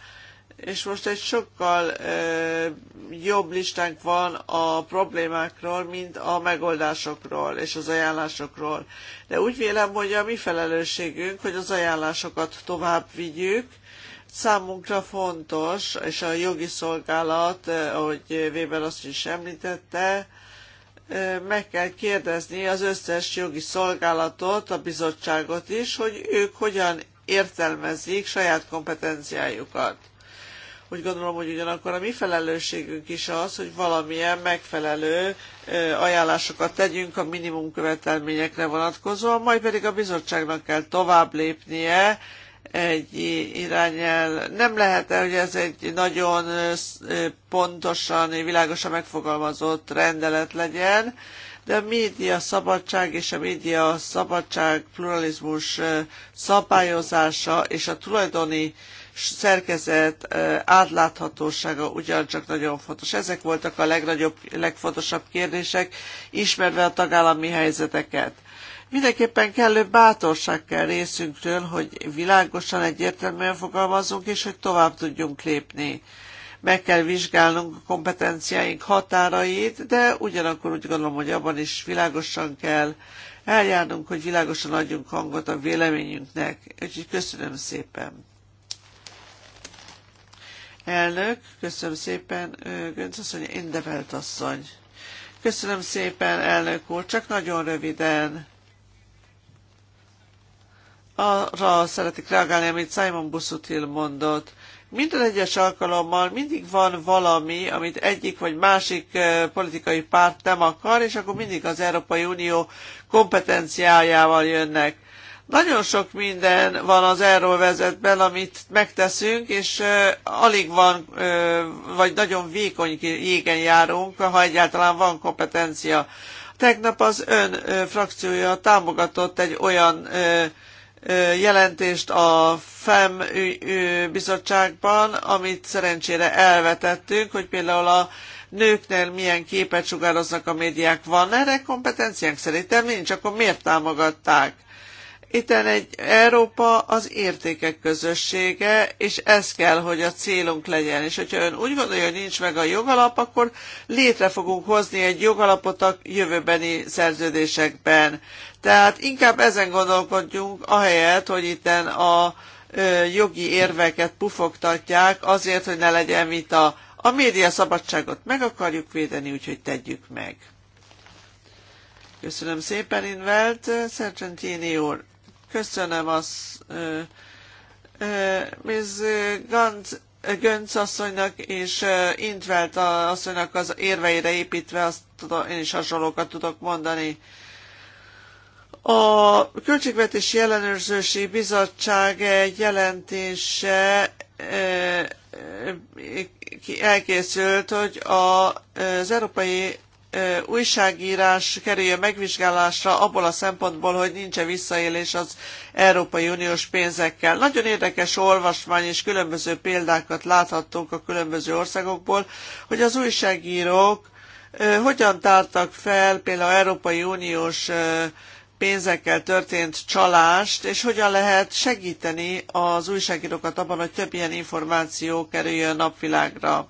és most egy sokkal ö, jobb listánk van a problémákról, mint a megoldásokról és az ajánlásokról. De úgy vélem, hogy a mi felelősségünk, hogy az ajánlásokat tovább vigyük, Számunkra fontos, és a jogi szolgálat, eh, ahogy Weber azt is említette, eh, meg kell kérdezni az összes jogi szolgálatot, a bizottságot is, hogy ők hogyan értelmezik saját kompetenciájukat. Úgy gondolom, hogy ugyanakkor a mi felelősségünk is az, hogy valamilyen megfelelő eh, ajánlásokat tegyünk a minimum követelményekre vonatkozóan, majd pedig a bizottságnak kell tovább lépnie, egy irányel. Nem lehet -e, hogy ez egy nagyon pontosan, világosan megfogalmazott rendelet legyen, de a média szabadság és a média szabadság pluralizmus szabályozása és a tulajdoni szerkezet átláthatósága ugyancsak nagyon fontos. Ezek voltak a legnagyobb, legfontosabb kérdések, ismerve a tagállami helyzeteket. Mindenképpen kellő bátorság kell részünkről, hogy világosan, egyértelműen fogalmazunk, és hogy tovább tudjunk lépni. Meg kell vizsgálnunk a kompetenciáink határait, de ugyanakkor úgy gondolom, hogy abban is világosan kell eljárnunk, hogy világosan adjunk hangot a véleményünknek. Úgyhogy köszönöm szépen. Elnök, köszönöm szépen, Gönc asszony, Indevelt asszony. Köszönöm szépen, elnök úr, csak nagyon röviden arra szeretik reagálni, amit Simon Busuttil mondott. Minden egyes alkalommal mindig van valami, amit egyik vagy másik eh, politikai párt nem akar, és akkor mindig az Európai Unió kompetenciájával jönnek. Nagyon sok minden van az Euróvezetben, amit megteszünk, és eh, alig van, eh, vagy nagyon vékony jégen járunk, ha egyáltalán van kompetencia. Tegnap az ön frakciója támogatott egy olyan jelentést a FEM bizottságban, amit szerencsére elvetettünk, hogy például a nőknél milyen képet sugároznak a médiák. Van erre kompetenciánk? Szerintem nincs, akkor miért támogatták? Itt egy Európa az értékek közössége, és ez kell, hogy a célunk legyen. És hogyha ön úgy gondolja, hogy nincs meg a jogalap, akkor létre fogunk hozni egy jogalapot a jövőbeni szerződésekben. Tehát inkább ezen gondolkodjunk, ahelyett, hogy itt a jogi érveket pufogtatják azért, hogy ne legyen vita. A média szabadságot meg akarjuk védeni, úgyhogy tegyük meg. Köszönöm szépen, Invelt Szercsentini úr. Köszönöm az Ms. Gantz, Gönc asszonynak és Intvelt asszonynak az érveire építve, azt tudom, én is hasonlókat tudok mondani. A Költségvetési Ellenőrzősi Bizottság egy jelentése elkészült, hogy az európai újságírás kerüljön megvizsgálásra abból a szempontból, hogy nincsen visszaélés az Európai Uniós pénzekkel. Nagyon érdekes olvasmány és különböző példákat láthattunk a különböző országokból, hogy az újságírók hogyan tártak fel például Európai Uniós pénzekkel történt csalást, és hogyan lehet segíteni az újságírókat abban, hogy több ilyen információ kerüljön napvilágra.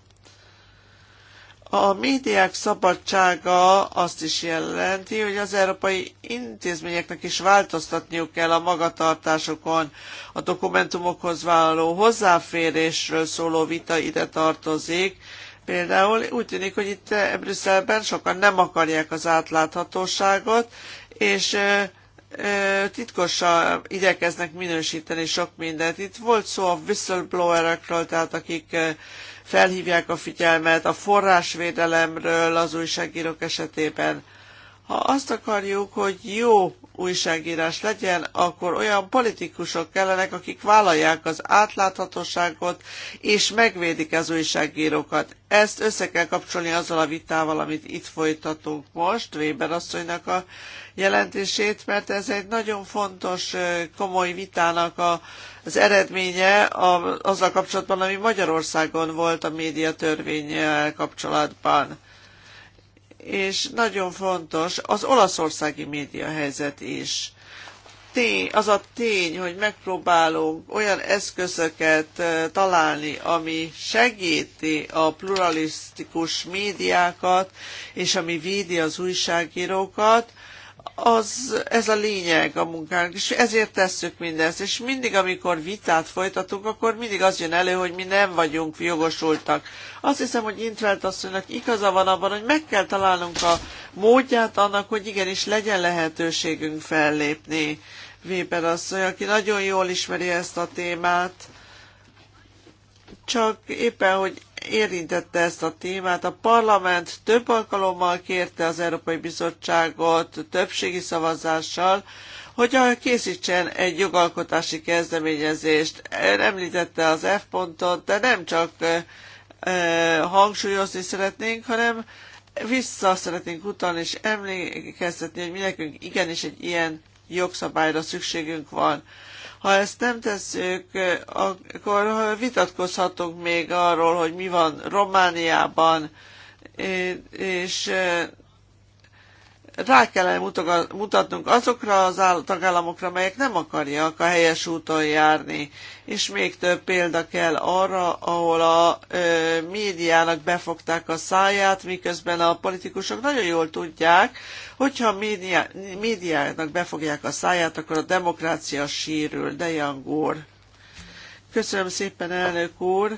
A médiák szabadsága azt is jelenti, hogy az európai intézményeknek is változtatniuk kell a magatartásokon. A dokumentumokhoz váló hozzáférésről szóló vita ide tartozik. Például úgy tűnik, hogy itt eh, Brüsszelben sokan nem akarják az átláthatóságot, és titkossal igyekeznek minősíteni sok mindent. Itt volt szó a whistleblowerekről, tehát akik felhívják a figyelmet, a forrásvédelemről az újságírók esetében. Ha azt akarjuk, hogy jó újságírás legyen, akkor olyan politikusok kellenek, akik vállalják az átláthatóságot, és megvédik az újságírókat. Ezt össze kell kapcsolni azzal a vitával, amit itt folytatunk most, Weber asszonynak a jelentését, mert ez egy nagyon fontos, komoly vitának a, az eredménye a, azzal kapcsolatban, ami Magyarországon volt a médiatörvényel kapcsolatban. És nagyon fontos az olaszországi média helyzet is tény, az a tény, hogy megpróbálunk olyan eszközöket találni, ami segíti a pluralisztikus médiákat, és ami védi az újságírókat, az, ez a lényeg a munkánk, és ezért tesszük mindezt. És mindig, amikor vitát folytatunk, akkor mindig az jön elő, hogy mi nem vagyunk jogosultak. Azt hiszem, hogy Intvelt asszonynak igaza van abban, hogy meg kell találnunk a módját annak, hogy igenis legyen lehetőségünk fellépni. Weber asszony, aki nagyon jól ismeri ezt a témát, csak éppen, hogy érintette ezt a témát. A parlament több alkalommal kérte az Európai Bizottságot többségi szavazással, hogy készítsen egy jogalkotási kezdeményezést. Ön említette az F pontot, de nem csak hangsúlyozni szeretnénk, hanem vissza szeretnénk utalni és emlékeztetni, hogy mi nekünk igenis egy ilyen jogszabályra szükségünk van. Ha ezt nem tesszük, akkor vitatkozhatunk még arról, hogy mi van Romániában, és rá kellene mutatnunk azokra az tagállamokra, melyek nem akarják a helyes úton járni. És még több példa kell arra, ahol a ö, médiának befogták a száját, miközben a politikusok nagyon jól tudják, hogyha a médiá, médiának befogják a száját, akkor a demokrácia sírül, De Jangúr. Köszönöm szépen, elnök úr!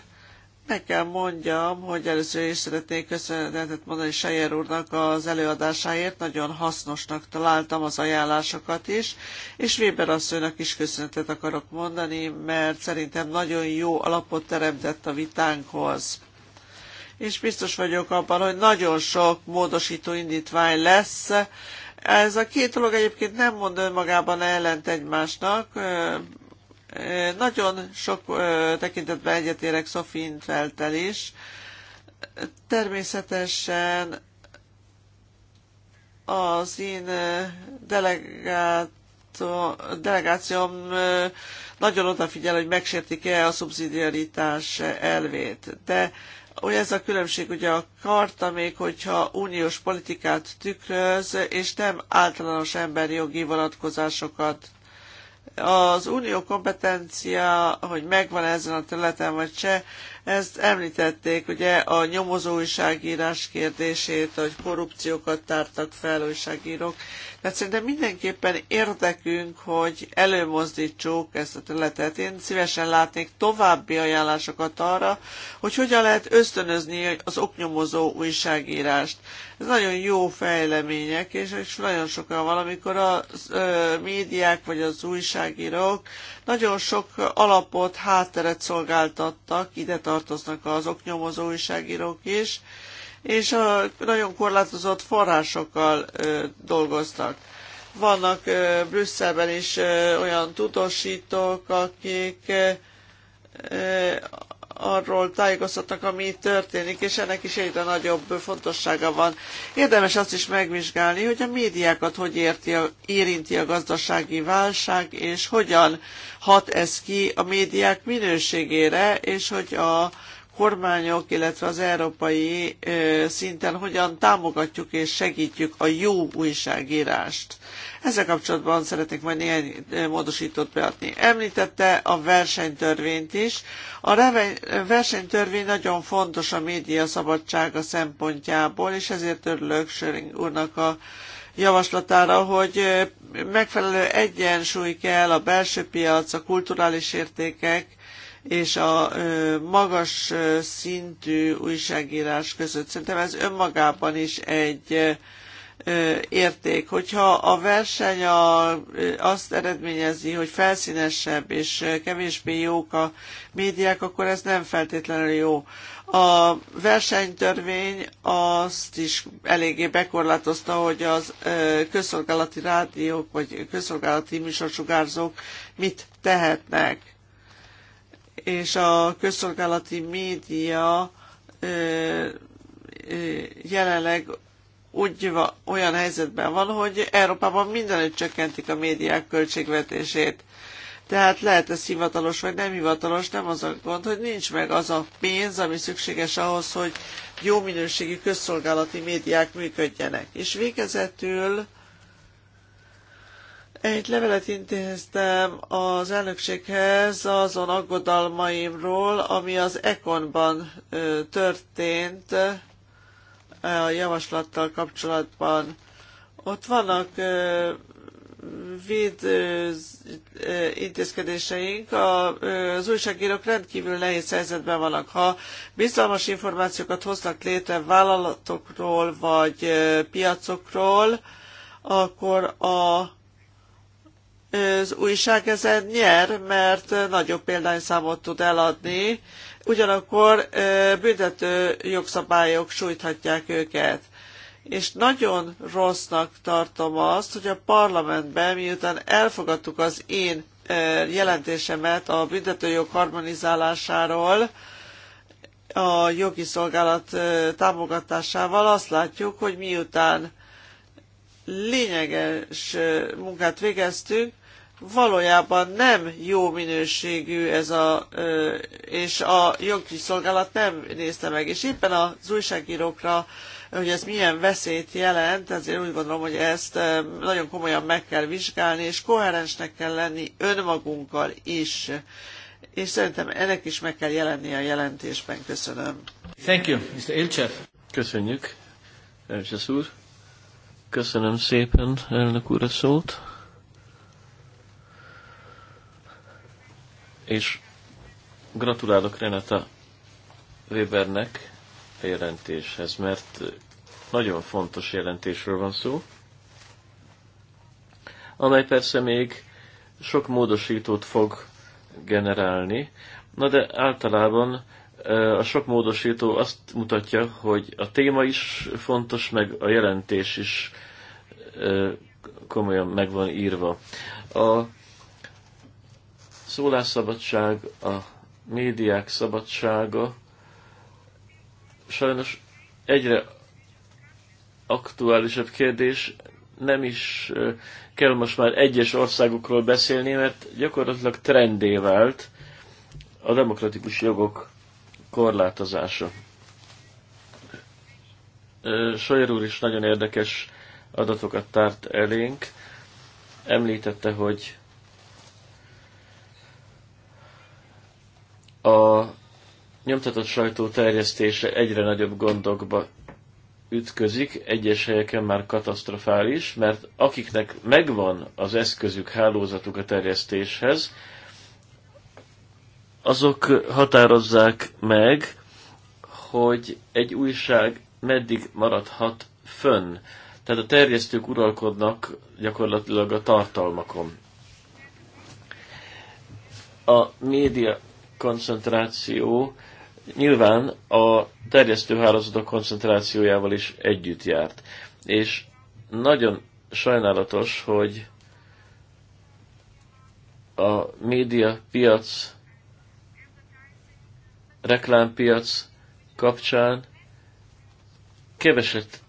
Meg kell mondjam, hogy először is szeretnék köszönetet mondani Sejer úrnak az előadásáért, nagyon hasznosnak találtam az ajánlásokat is, és Weber asszonynak is köszönetet akarok mondani, mert szerintem nagyon jó alapot teremtett a vitánkhoz. És biztos vagyok abban, hogy nagyon sok módosító indítvány lesz, ez a két dolog egyébként nem mond önmagában ellent egymásnak, nagyon sok tekintetben egyetérek Sofin feltel is. Természetesen az én delegáció delegációm nagyon odafigyel, hogy megsértik-e a szubszidiaritás elvét. De hogy ez a különbség ugye a karta még, hogyha uniós politikát tükröz, és nem általános emberi jogi vonatkozásokat az unió kompetencia, hogy megvan ezen a területen vagy se, ezt említették, ugye a nyomozó újságírás kérdését, hogy korrupciókat tártak fel újságírók, tehát szerintem mindenképpen érdekünk, hogy előmozdítsuk ezt a területet. Én szívesen látnék további ajánlásokat arra, hogy hogyan lehet ösztönözni az oknyomozó újságírást. Ez nagyon jó fejlemények, és, és nagyon sokan valamikor a médiák vagy az újságírók nagyon sok alapot, hátteret szolgáltattak, ide tartoznak az oknyomozó újságírók is, és a nagyon korlátozott forrásokkal dolgoztak. Vannak Brüsszelben is olyan tudósítók, akik arról tájékoztatnak, ami történik, és ennek is egyre nagyobb fontossága van. Érdemes azt is megvizsgálni, hogy a médiákat hogy érti a, érinti a gazdasági válság, és hogyan hat ez ki a médiák minőségére, és hogy a kormányok, illetve az európai szinten hogyan támogatjuk és segítjük a jó újságírást. Ezzel kapcsolatban szeretnék majd néhány módosítót beadni. Említette a versenytörvényt is. A versenytörvény nagyon fontos a média szabadsága szempontjából, és ezért örülök Söring úrnak a javaslatára, hogy megfelelő egyensúly kell a belső piac, a kulturális értékek és a magas szintű újságírás között. Szerintem ez önmagában is egy érték. Hogyha a verseny azt eredményezi, hogy felszínesebb és kevésbé jók a médiák, akkor ez nem feltétlenül jó. A versenytörvény azt is eléggé bekorlátozta, hogy az közszolgálati rádiók vagy közszolgálati műsorsugárzók mit tehetnek és a közszolgálati média jelenleg úgy olyan helyzetben van, hogy Európában mindenütt csökkentik a médiák költségvetését. Tehát lehet ez hivatalos vagy nem hivatalos, nem az a gond, hogy nincs meg az a pénz, ami szükséges ahhoz, hogy jó minőségű közszolgálati médiák működjenek. És végezetül egy levelet intéztem az elnökséghez azon aggodalmaimról, ami az Ekonban történt a javaslattal kapcsolatban. Ott vannak véd intézkedéseink, az újságírók rendkívül nehéz helyzetben vannak. Ha bizalmas információkat hoznak létre vállalatokról vagy piacokról, akkor a az újság ezen nyer, mert nagyobb példányszámot tud eladni, ugyanakkor büntető jogszabályok sújthatják őket. És nagyon rossznak tartom azt, hogy a parlamentben, miután elfogadtuk az én jelentésemet a büntetőjog harmonizálásáról, a jogi szolgálat támogatásával azt látjuk, hogy miután lényeges munkát végeztünk, valójában nem jó minőségű ez a, és a jogi szolgálat nem nézte meg, és éppen az újságírókra, hogy ez milyen veszélyt jelent, ezért úgy gondolom, hogy ezt nagyon komolyan meg kell vizsgálni, és koherensnek kell lenni önmagunkkal is. És szerintem ennek is meg kell jelenni a jelentésben. Köszönöm. Thank you, Mr. Ilchev. Köszönjük, Elcsesz úr. Köszönöm szépen, elnök úr, a szót. és gratulálok Renata Webernek a jelentéshez, mert nagyon fontos jelentésről van szó, amely persze még sok módosítót fog generálni. Na de általában a sok módosító azt mutatja, hogy a téma is fontos, meg a jelentés is komolyan meg van írva. A szólásszabadság, a médiák szabadsága sajnos egyre aktuálisabb kérdés, nem is kell most már egyes országokról beszélni, mert gyakorlatilag trendé vált a demokratikus jogok korlátozása. Sajer úr is nagyon érdekes adatokat tárt elénk. Említette, hogy A nyomtatott sajtó terjesztése egyre nagyobb gondokba ütközik, egyes helyeken már katasztrofális, mert akiknek megvan az eszközük, hálózatuk a terjesztéshez, azok határozzák meg, hogy egy újság meddig maradhat fönn. Tehát a terjesztők uralkodnak gyakorlatilag a tartalmakon. A média koncentráció nyilván a hálózatok koncentrációjával is együtt járt. És nagyon sajnálatos, hogy a média piac, reklámpiac kapcsán keveset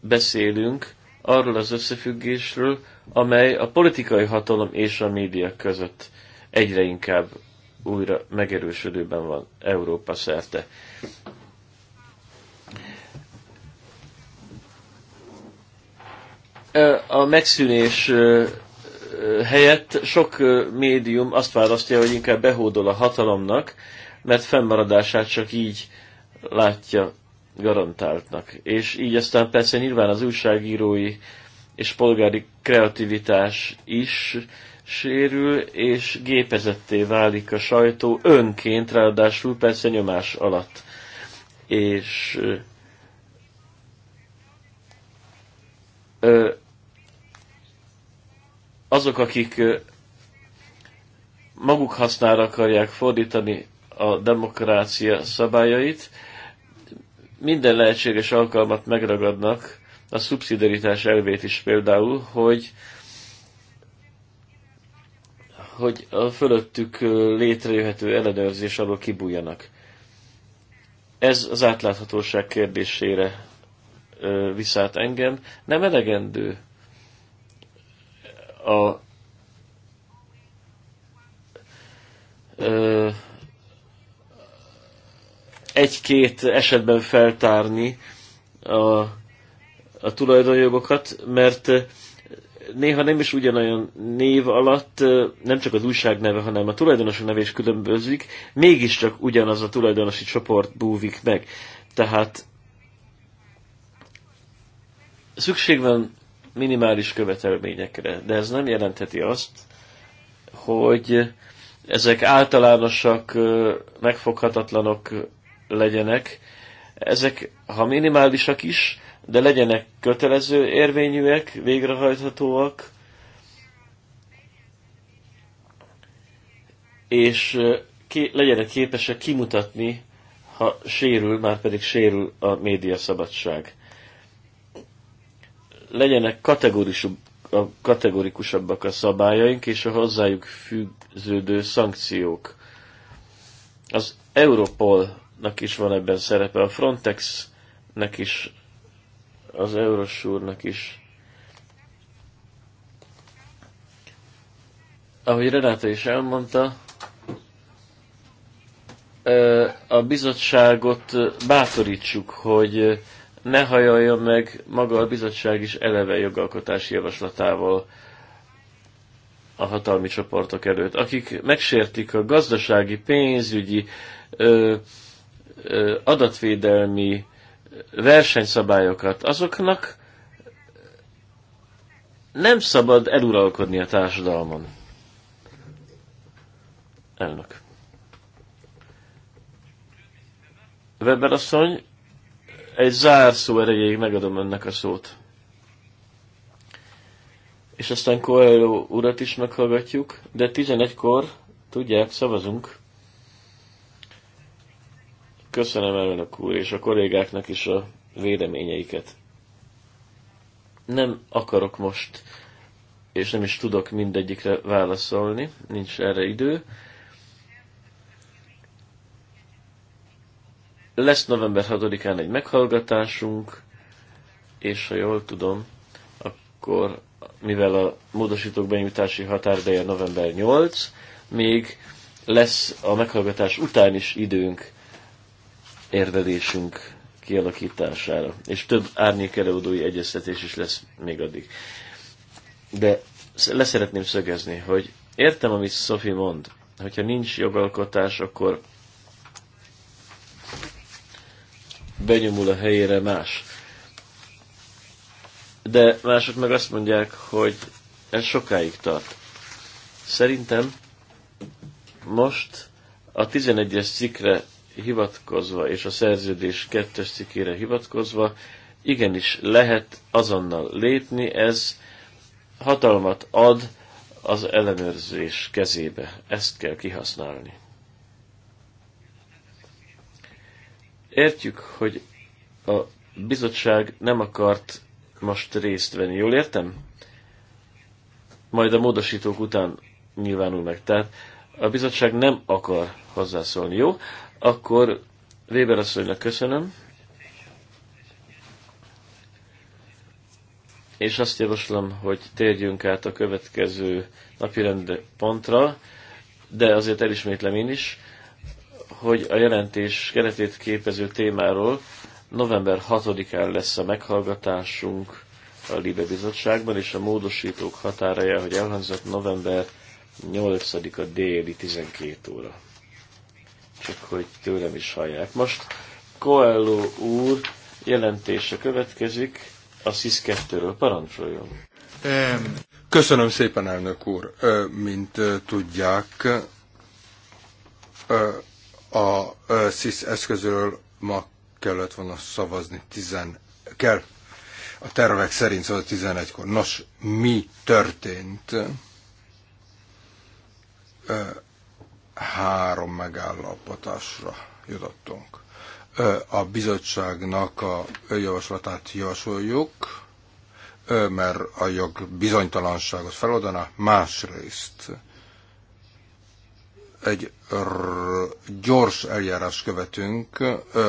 beszélünk arról az összefüggésről, amely a politikai hatalom és a média között egyre inkább újra megerősödőben van Európa szerte. A megszűnés helyett sok médium azt választja, hogy inkább behódol a hatalomnak, mert fennmaradását csak így látja garantáltnak. És így aztán persze nyilván az újságírói és polgári kreativitás is sérül, és gépezetté válik a sajtó önként, ráadásul persze nyomás alatt. És ö, azok, akik maguk hasznára akarják fordítani a demokrácia szabályait, minden lehetséges alkalmat megragadnak, a szubszidaritás elvét is például, hogy hogy a fölöttük létrejöhető ellenőrzés alól kibújjanak. Ez az átláthatóság kérdésére viszát engem. Nem elegendő a egy-két esetben feltárni a, a tulajdonjogokat, mert néha nem is ugyanolyan név alatt, nem csak az újság neve, hanem a tulajdonosok neve is különbözik, mégiscsak ugyanaz a tulajdonosi csoport búvik meg. Tehát szükség van minimális követelményekre, de ez nem jelentheti azt, hogy ezek általánosak, megfoghatatlanok legyenek. Ezek, ha minimálisak is, de legyenek kötelező érvényűek, végrehajthatóak, és ké, legyenek képesek kimutatni, ha sérül, már pedig sérül a média szabadság. Legyenek kategorikusabbak a szabályaink és a hozzájuk fűződő szankciók. Az Europolnak is van ebben szerepe, a Frontexnek is az úrnak is. Ahogy Renáta is elmondta, a bizottságot bátorítsuk, hogy ne hajoljon meg maga a bizottság is eleve jogalkotási javaslatával a hatalmi csoportok előtt, akik megsértik a gazdasági, pénzügyi, ö, ö, adatvédelmi versenyszabályokat, azoknak nem szabad eluralkodni a társadalmon. Elnök. Weber asszony, egy zárszó erejéig megadom önnek a szót. És aztán Coelho urat is meghallgatjuk, de 11-kor, tudják, szavazunk. Köszönöm elnök úr, és a kollégáknak is a véleményeiket. Nem akarok most, és nem is tudok mindegyikre válaszolni, nincs erre idő. Lesz november 6-án egy meghallgatásunk, és ha jól tudom, akkor mivel a módosítók benyújtási határideje november 8, még lesz a meghallgatás után is időnk érvelésünk kialakítására. És több árnyék előadói egyeztetés is lesz még addig. De leszeretném szögezni, hogy értem, amit Szofi mond, hogyha nincs jogalkotás, akkor benyomul a helyére más. De mások meg azt mondják, hogy ez sokáig tart. Szerintem most a 11-es cikre hivatkozva és a szerződés kettes cikkére hivatkozva igenis lehet azonnal lépni, ez hatalmat ad az ellenőrzés kezébe. Ezt kell kihasználni. Értjük, hogy a bizottság nem akart most részt venni, jól értem? Majd a módosítók után nyilvánul meg. Tehát a bizottság nem akar hozzászólni, jó? Akkor Weber asszonynak köszönöm. És azt javaslom, hogy térjünk át a következő napirend pontra, de azért elismétlem én is, hogy a jelentés keretét képező témáról november 6-án lesz a meghallgatásunk a Libe Bizottságban, és a módosítók határaja, hogy elhangzott november 8-a déli 12 óra csak hogy tőlem is hallják. Most Coelho úr jelentése következik a SZISZ 2-ről. Parancsoljon! Köszönöm szépen, elnök úr! Mint tudják, a SZISZ eszközről ma kellett volna szavazni, tizen, kell a tervek szerint szóval 11-kor. Nos, mi történt? három megállapotásra jutottunk. A bizottságnak a javaslatát javasoljuk, mert a jog bizonytalanságot feloldaná, másrészt egy gyors eljárás követünk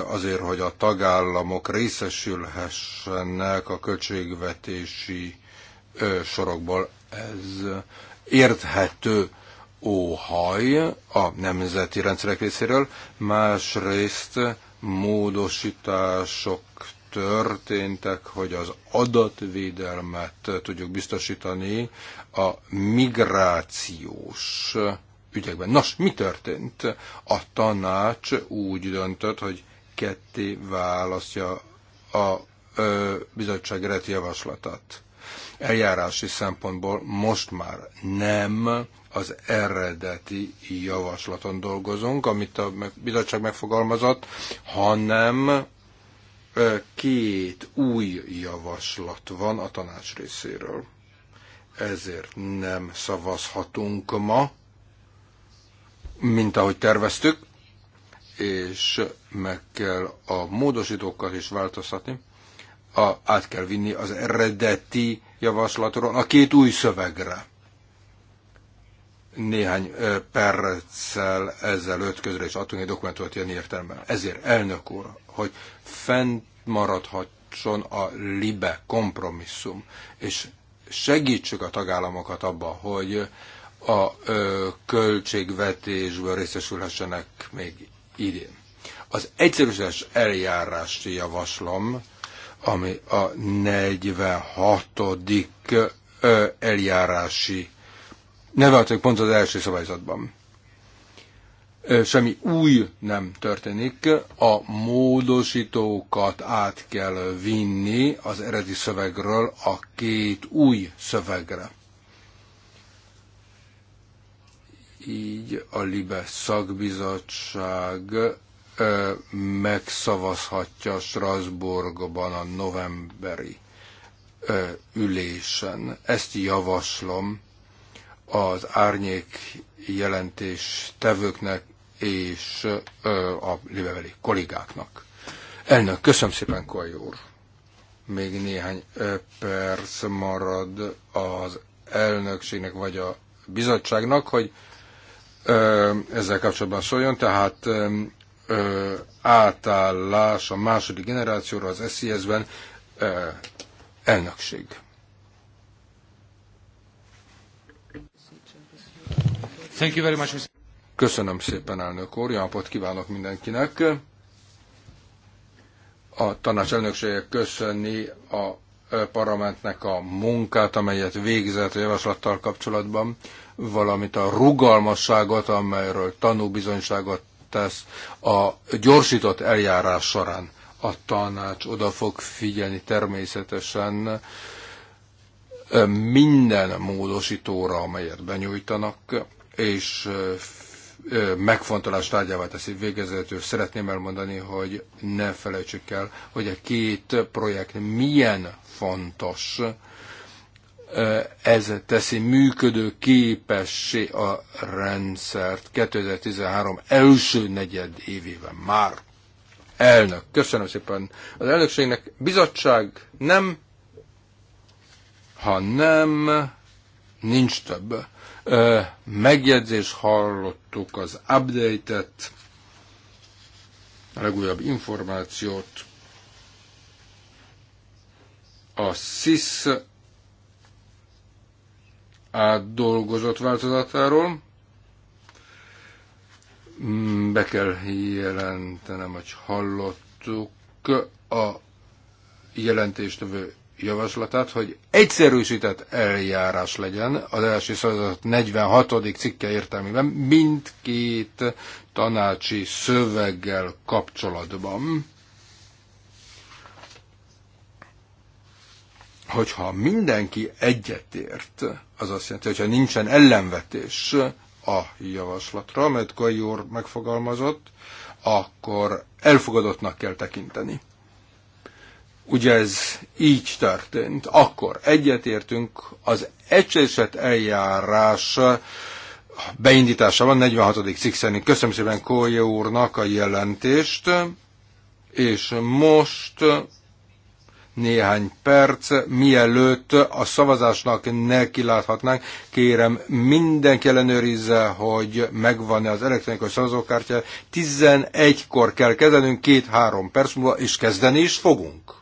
azért, hogy a tagállamok részesülhessenek a költségvetési sorokból. Ez érthető óhaj a nemzeti rendszerek részéről, másrészt módosítások történtek, hogy az adatvédelmet tudjuk biztosítani a migrációs ügyekben. Nos, mi történt? A tanács úgy döntött, hogy ketté választja a ö, bizottság eredeti javaslatát. Eljárási szempontból most már nem az eredeti javaslaton dolgozunk, amit a bizottság megfogalmazott, hanem két új javaslat van a tanács részéről. Ezért nem szavazhatunk ma, mint ahogy terveztük, és meg kell a módosítókkal is változtatni, a, át kell vinni az eredeti javaslatról a két új szövegre néhány perccel ezelőtt közre is adtunk egy dokumentumot ilyen értelemben. Ezért elnök úr, hogy fent maradhatson a libe kompromisszum, és segítsük a tagállamokat abba, hogy a ö, költségvetésből részesülhessenek még idén. Az egyszerűséges eljárást javaslom, ami a 46. Ö, eljárási neveltek pont az első szabályzatban. Semmi új nem történik, a módosítókat át kell vinni az eredeti szövegről a két új szövegre. Így a Libe szakbizottság ö, megszavazhatja Strasbourgban a novemberi ö, ülésen. Ezt javaslom az árnyék jelentés tevőknek és a liveveli kollégáknak. Elnök, köszönöm szépen, Koljó úr. Még néhány perc marad az elnökségnek vagy a bizottságnak, hogy ezzel kapcsolatban szóljon, tehát ö, átállás a második generációra az SZIS-ben elnökség. Thank you very much, Mr. Köszönöm szépen, elnök úr. Jó napot kívánok mindenkinek. A tanács elnöksége köszönni a parlamentnek a munkát, amelyet végzett a javaslattal kapcsolatban, valamint a rugalmasságot, amelyről tanúbizonyságot tesz a gyorsított eljárás során. A tanács oda fog figyelni természetesen minden módosítóra, amelyet benyújtanak és megfontolás tárgyává teszi végezetül. Szeretném elmondani, hogy ne felejtsük el, hogy a két projekt milyen fontos. Ez teszi működő képessé a rendszert 2013 első negyed évében már. Elnök, köszönöm szépen az elnökségnek. Bizottság nem, ha nem, nincs több megjegyzés hallottuk az update-et, a legújabb információt. A SIS átdolgozott változatáról. Mm, be kell jelentenem, hogy hallottuk a jelentéstevő javaslatát, hogy egyszerűsített eljárás legyen az első szavazat 46. cikke értelmében mindkét tanácsi szöveggel kapcsolatban. Hogyha mindenki egyetért, az azt jelenti, hogyha nincsen ellenvetés a javaslatra, amelyet Kajor megfogalmazott, akkor elfogadottnak kell tekinteni. Ugye ez így történt. Akkor egyetértünk az egységeset eljárás beindításában, 46. cikk szerint. Köszönöm szépen Kólya úrnak a jelentést, és most néhány perc, mielőtt a szavazásnak nekiláthatnánk. Kérem, mindenki ellenőrizze, hogy megvan-e az elektronikus szavazókártya. 11-kor kell kezdenünk, két-három perc múlva, és kezdeni is fogunk.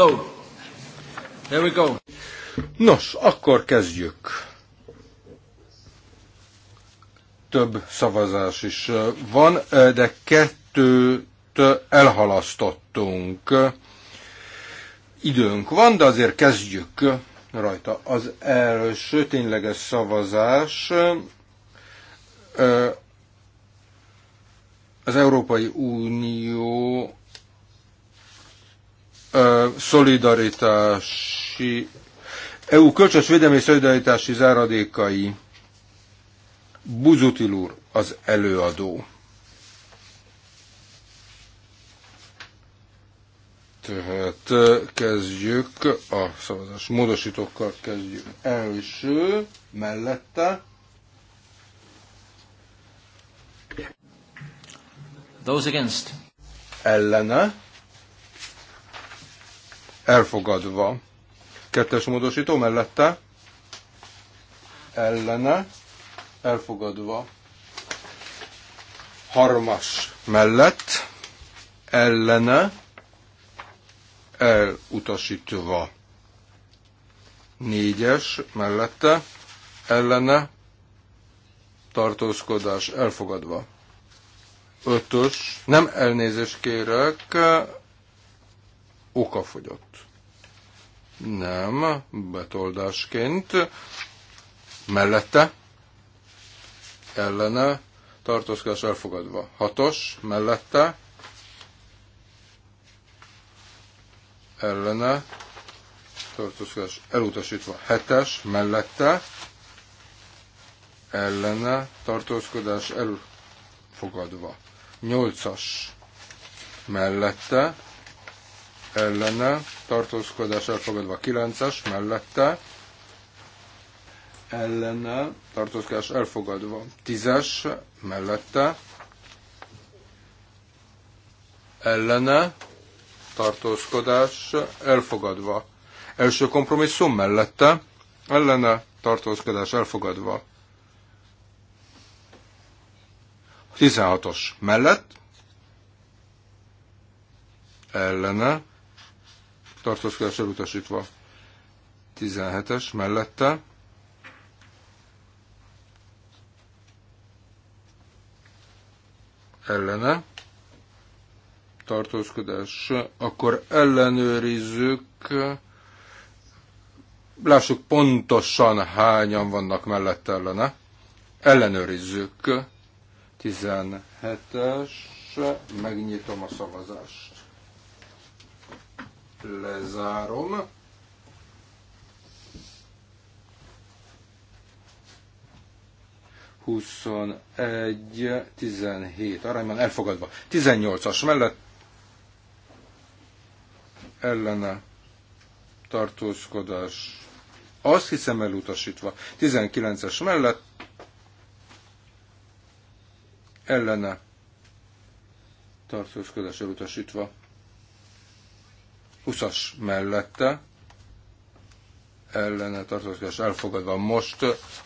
So, here we go. Nos, akkor kezdjük. Több szavazás is van, de kettőt elhalasztottunk. Időnk van, de azért kezdjük rajta. Az első tényleges szavazás az Európai Unió szolidaritási, EU kölcsös védelmi szolidaritási záradékai. Buzutil úr az előadó. Tehát kezdjük a szavazás módosítókkal kezdjük. Első mellette. Those against. Ellene elfogadva. Kettes módosító mellette, ellene, elfogadva. Harmas mellett, ellene, elutasítva. Négyes mellette, ellene, tartózkodás elfogadva. Ötös, nem elnézést kérek, okafogyott. Nem, betoldásként. Mellette, ellene, tartózkodás elfogadva. Hatos, mellette, ellene, tartózkodás elutasítva. Hetes, mellette, ellene, tartózkodás elfogadva. Nyolcas, mellette, ellene, tartózkodás elfogadva 9-es, mellette, ellene, tartózkodás elfogadva 10-es, mellette, ellene, tartózkodás elfogadva. Első kompromisszum mellette, ellene, tartózkodás elfogadva. 16-os mellett, ellene, tartózkodás elutasítva. 17-es mellette. Ellene tartózkodás, akkor ellenőrizzük, lássuk pontosan hányan vannak mellette ellene. Ellenőrizzük. 17-es, megnyitom a szavazást. Lezárom. Huszonegy, tizenhét arányban elfogadva. 18-as mellett ellene tartózkodás. Azt hiszem elutasítva. 19-es mellett ellene tartózkodás elutasítva. 20-as mellette ellene tartozás elfogadva. Most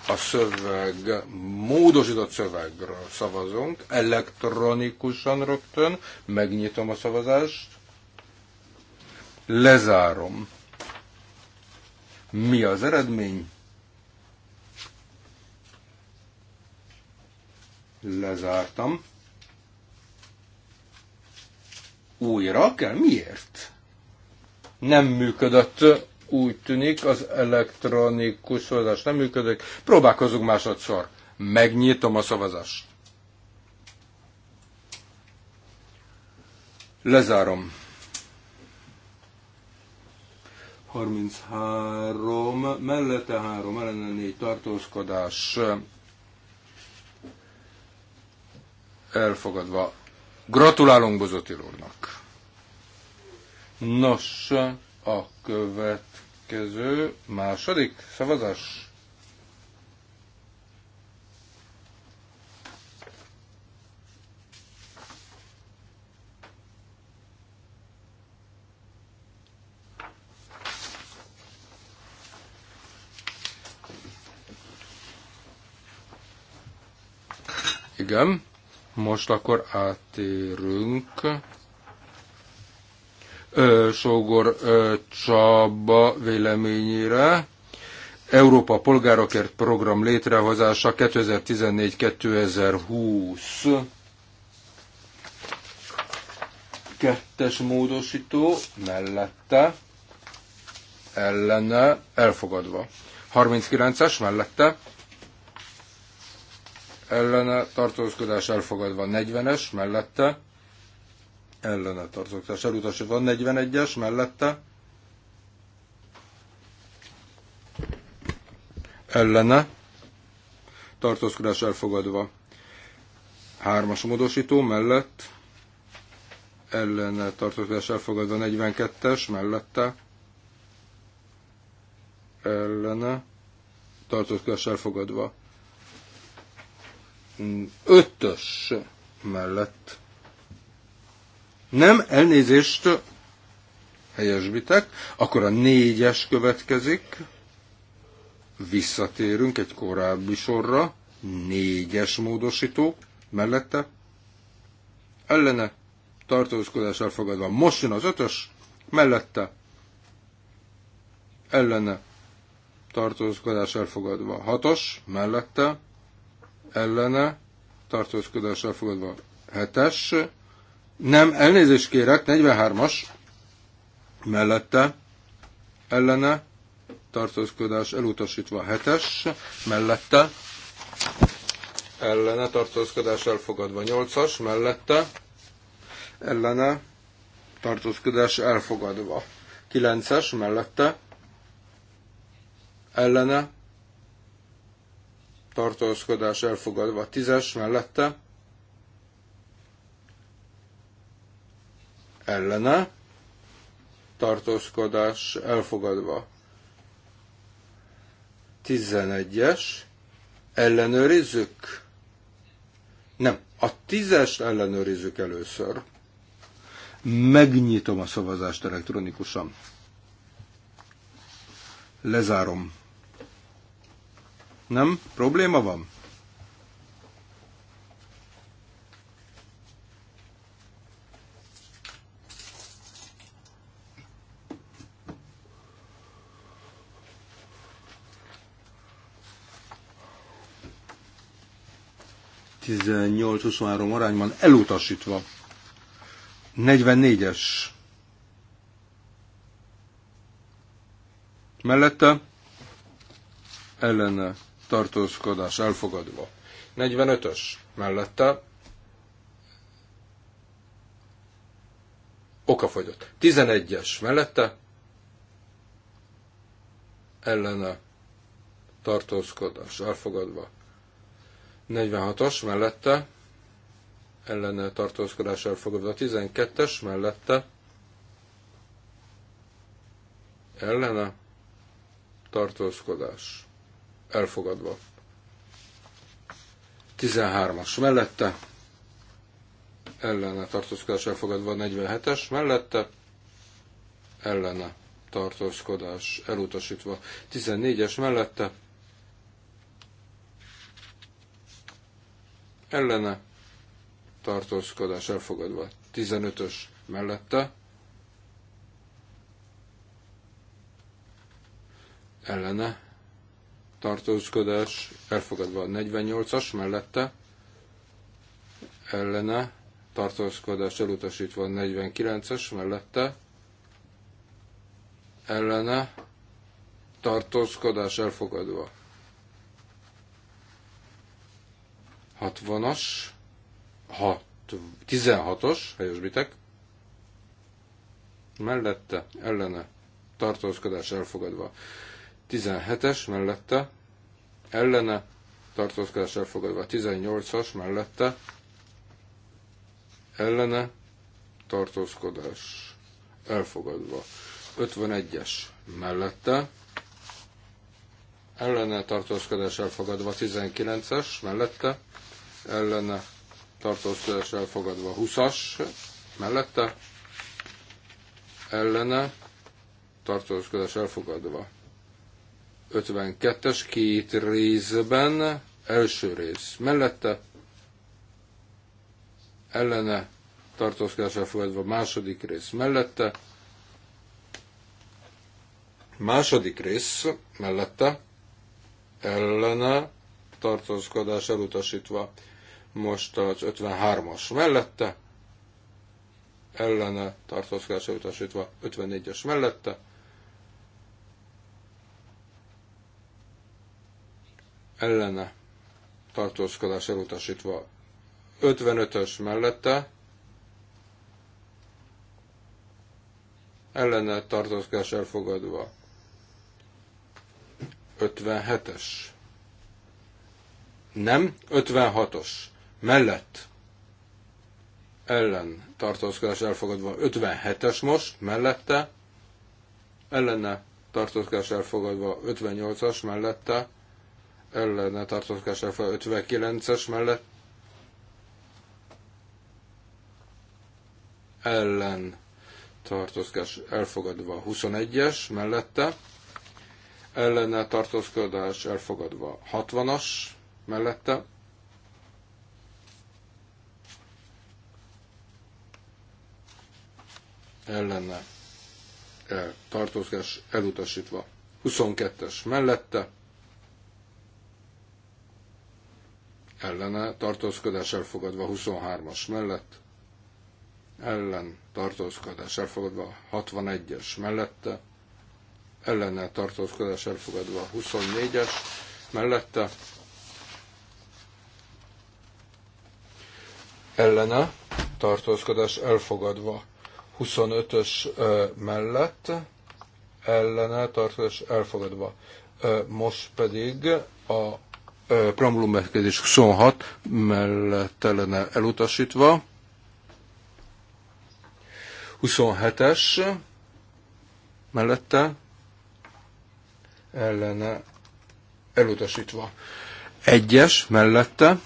a szöveg, módosított szövegről szavazunk, elektronikusan rögtön, megnyitom a szavazást, lezárom. Mi az eredmény? Lezártam. Újra kell? Miért? nem működött, úgy tűnik, az elektronikus szavazás nem működik. Próbálkozunk másodszor. Megnyitom a szavazást. Lezárom. 33, mellette 3, ellene 4 tartózkodás elfogadva. Gratulálunk Bozotil úrnak! Nos, a következő második szavazás. Igen, most akkor átérünk Sógor Csaba véleményére. Európa Polgárokért Program létrehozása 2014-2020. Kettes módosító mellette, ellene, elfogadva. 39-es mellette, ellene, tartózkodás elfogadva. 40-es mellette, ellene tartózkodás elutasítva. 41-es mellette ellene tartózkodás elfogadva. Hármas módosító mellett ellene tartózkodás elfogadva 42-es mellette ellene tartózkodás elfogadva. Ötös mellett nem, elnézést helyesbitek. Akkor a négyes következik. Visszatérünk egy korábbi sorra. Négyes módosító mellette. Ellene tartózkodás elfogadva. Most jön az ötös, mellette ellene tartózkodás elfogadva. Hatos, mellette ellene tartózkodás elfogadva. Hetes, nem, elnézést kérek, 43-as mellette ellene tartózkodás elutasítva 7-es, mellette ellene tartózkodás elfogadva 8-as, mellette ellene tartózkodás elfogadva 9-es, mellette ellene tartózkodás elfogadva 10-es, mellette ellene, tartózkodás elfogadva. 11-es, ellenőrizzük? Nem, a 10-est ellenőrizzük először. Megnyitom a szavazást elektronikusan. Lezárom. Nem? Probléma van? 18-23 arányban elutasítva. 44-es. Mellette ellene tartózkodás elfogadva. 45-ös mellette okafogyott. 11-es mellette ellene tartózkodás elfogadva. 46-os mellette ellene tartózkodás elfogadva. 12-es mellette ellene tartózkodás elfogadva. 13-as mellette ellene tartózkodás elfogadva. 47-es mellette ellene tartózkodás elutasítva. 14-es mellette ellene tartózkodás elfogadva 15-ös mellette, ellene tartózkodás elfogadva 48-as mellette, ellene tartózkodás elutasítva 49-es mellette, ellene tartózkodás elfogadva 60-as, 16-os, helyesbitek, mellette, ellene, tartózkodás elfogadva. 17-es mellette, ellene, tartózkodás elfogadva. 18-as mellette, ellene, tartózkodás elfogadva. 51-es mellette, ellene tartózkodás elfogadva 19-es mellette, ellene tartózkodás elfogadva 20-as mellette ellene tartózkodás elfogadva 52-es két részben első rész mellette ellene tartózkodás elfogadva második rész mellette második rész mellette ellene tartózkodás elutasítva most az 53-as mellette, ellene tartózkodásra utasítva 54-es mellette, ellene tartózkodás elutasítva 55-ös mellette, ellene tartózkodás elfogadva 57-es. Nem, 56-os mellett ellen tartózkodás elfogadva 57-es most, mellette ellene tartózkodás elfogadva 58-as, mellette ellene tartózkodás elfogadva 59-es, mellett ellen tartózkodás elfogadva 21-es, mellette ellene tartózkodás elfogadva 60-as, mellette ellene e, tartózkás elutasítva. 22-es mellette ellene tartózkodás elfogadva 23-as mellett, ellen tartózkodás elfogadva 61-es mellette, ellene tartózkodás elfogadva 24-es mellette, ellene tartózkodás elfogadva 25-ös mellett ellene tartozás elfogadva. Most pedig a preambulum 26 mellett ellene elutasítva. 27-es mellette ellene elutasítva. Egyes mellette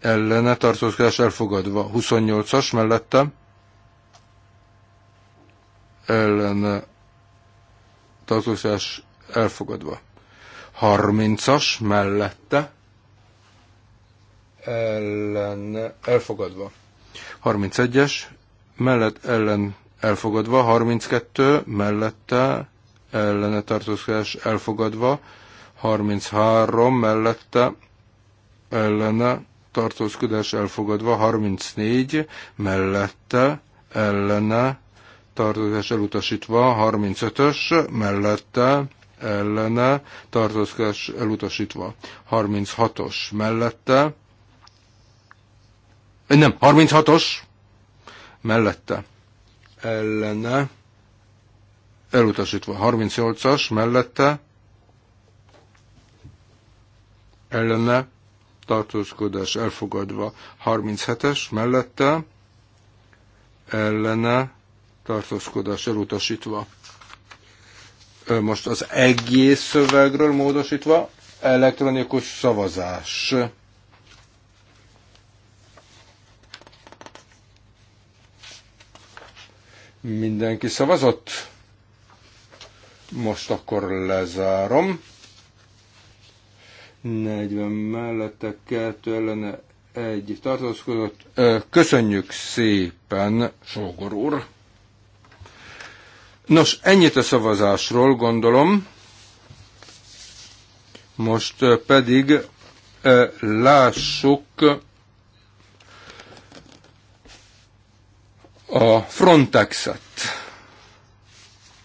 ellene tartózkodás elfogadva. 28-as mellette ellen tartózkodás elfogadva. 30-as mellette ellen elfogadva. 31-es mellett ellen elfogadva, 32 mellette ellene tartózkodás elfogadva, 33 mellette ellene tartózkodás elfogadva, 34 mellette ellene tartozás elutasítva, 35-ös mellette ellene tartozás elutasítva, 36-os mellette, eh, nem, 36-os mellette ellene elutasítva, 38-as mellette ellene tartózkodás elfogadva, 37-es mellette ellene tartózkodás elutasítva. Most az egész szövegről módosítva elektronikus szavazás. Mindenki szavazott? Most akkor lezárom. 40 mellette, 2 ellene, egy tartózkodott. Köszönjük szépen, Sógor úr! Nos, ennyit a szavazásról, gondolom. Most pedig lássuk a Frontexet.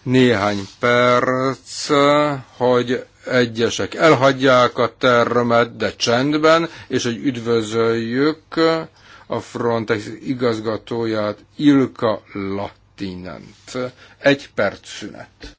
Néhány perc, hogy egyesek elhagyják a termet, de csendben, és hogy üdvözöljük a Frontex igazgatóját, Ilka Lat kontinent. Egy perc szünet.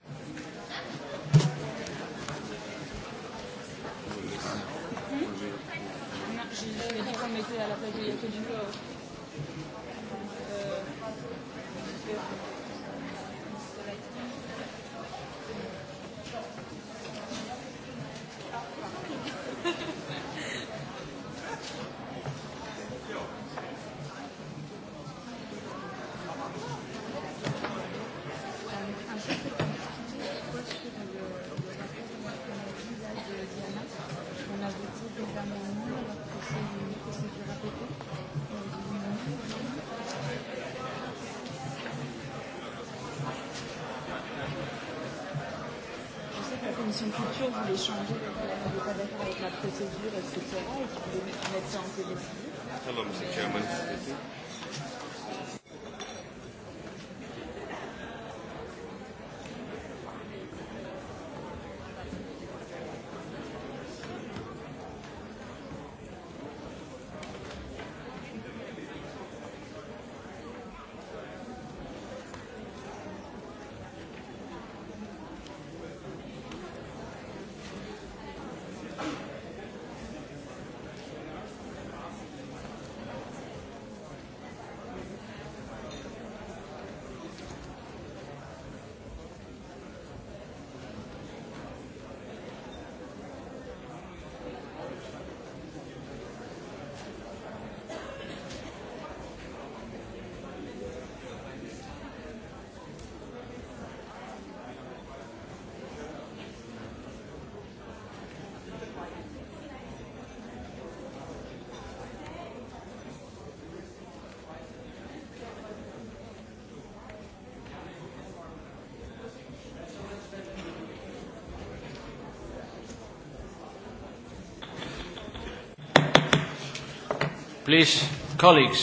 please, colleagues.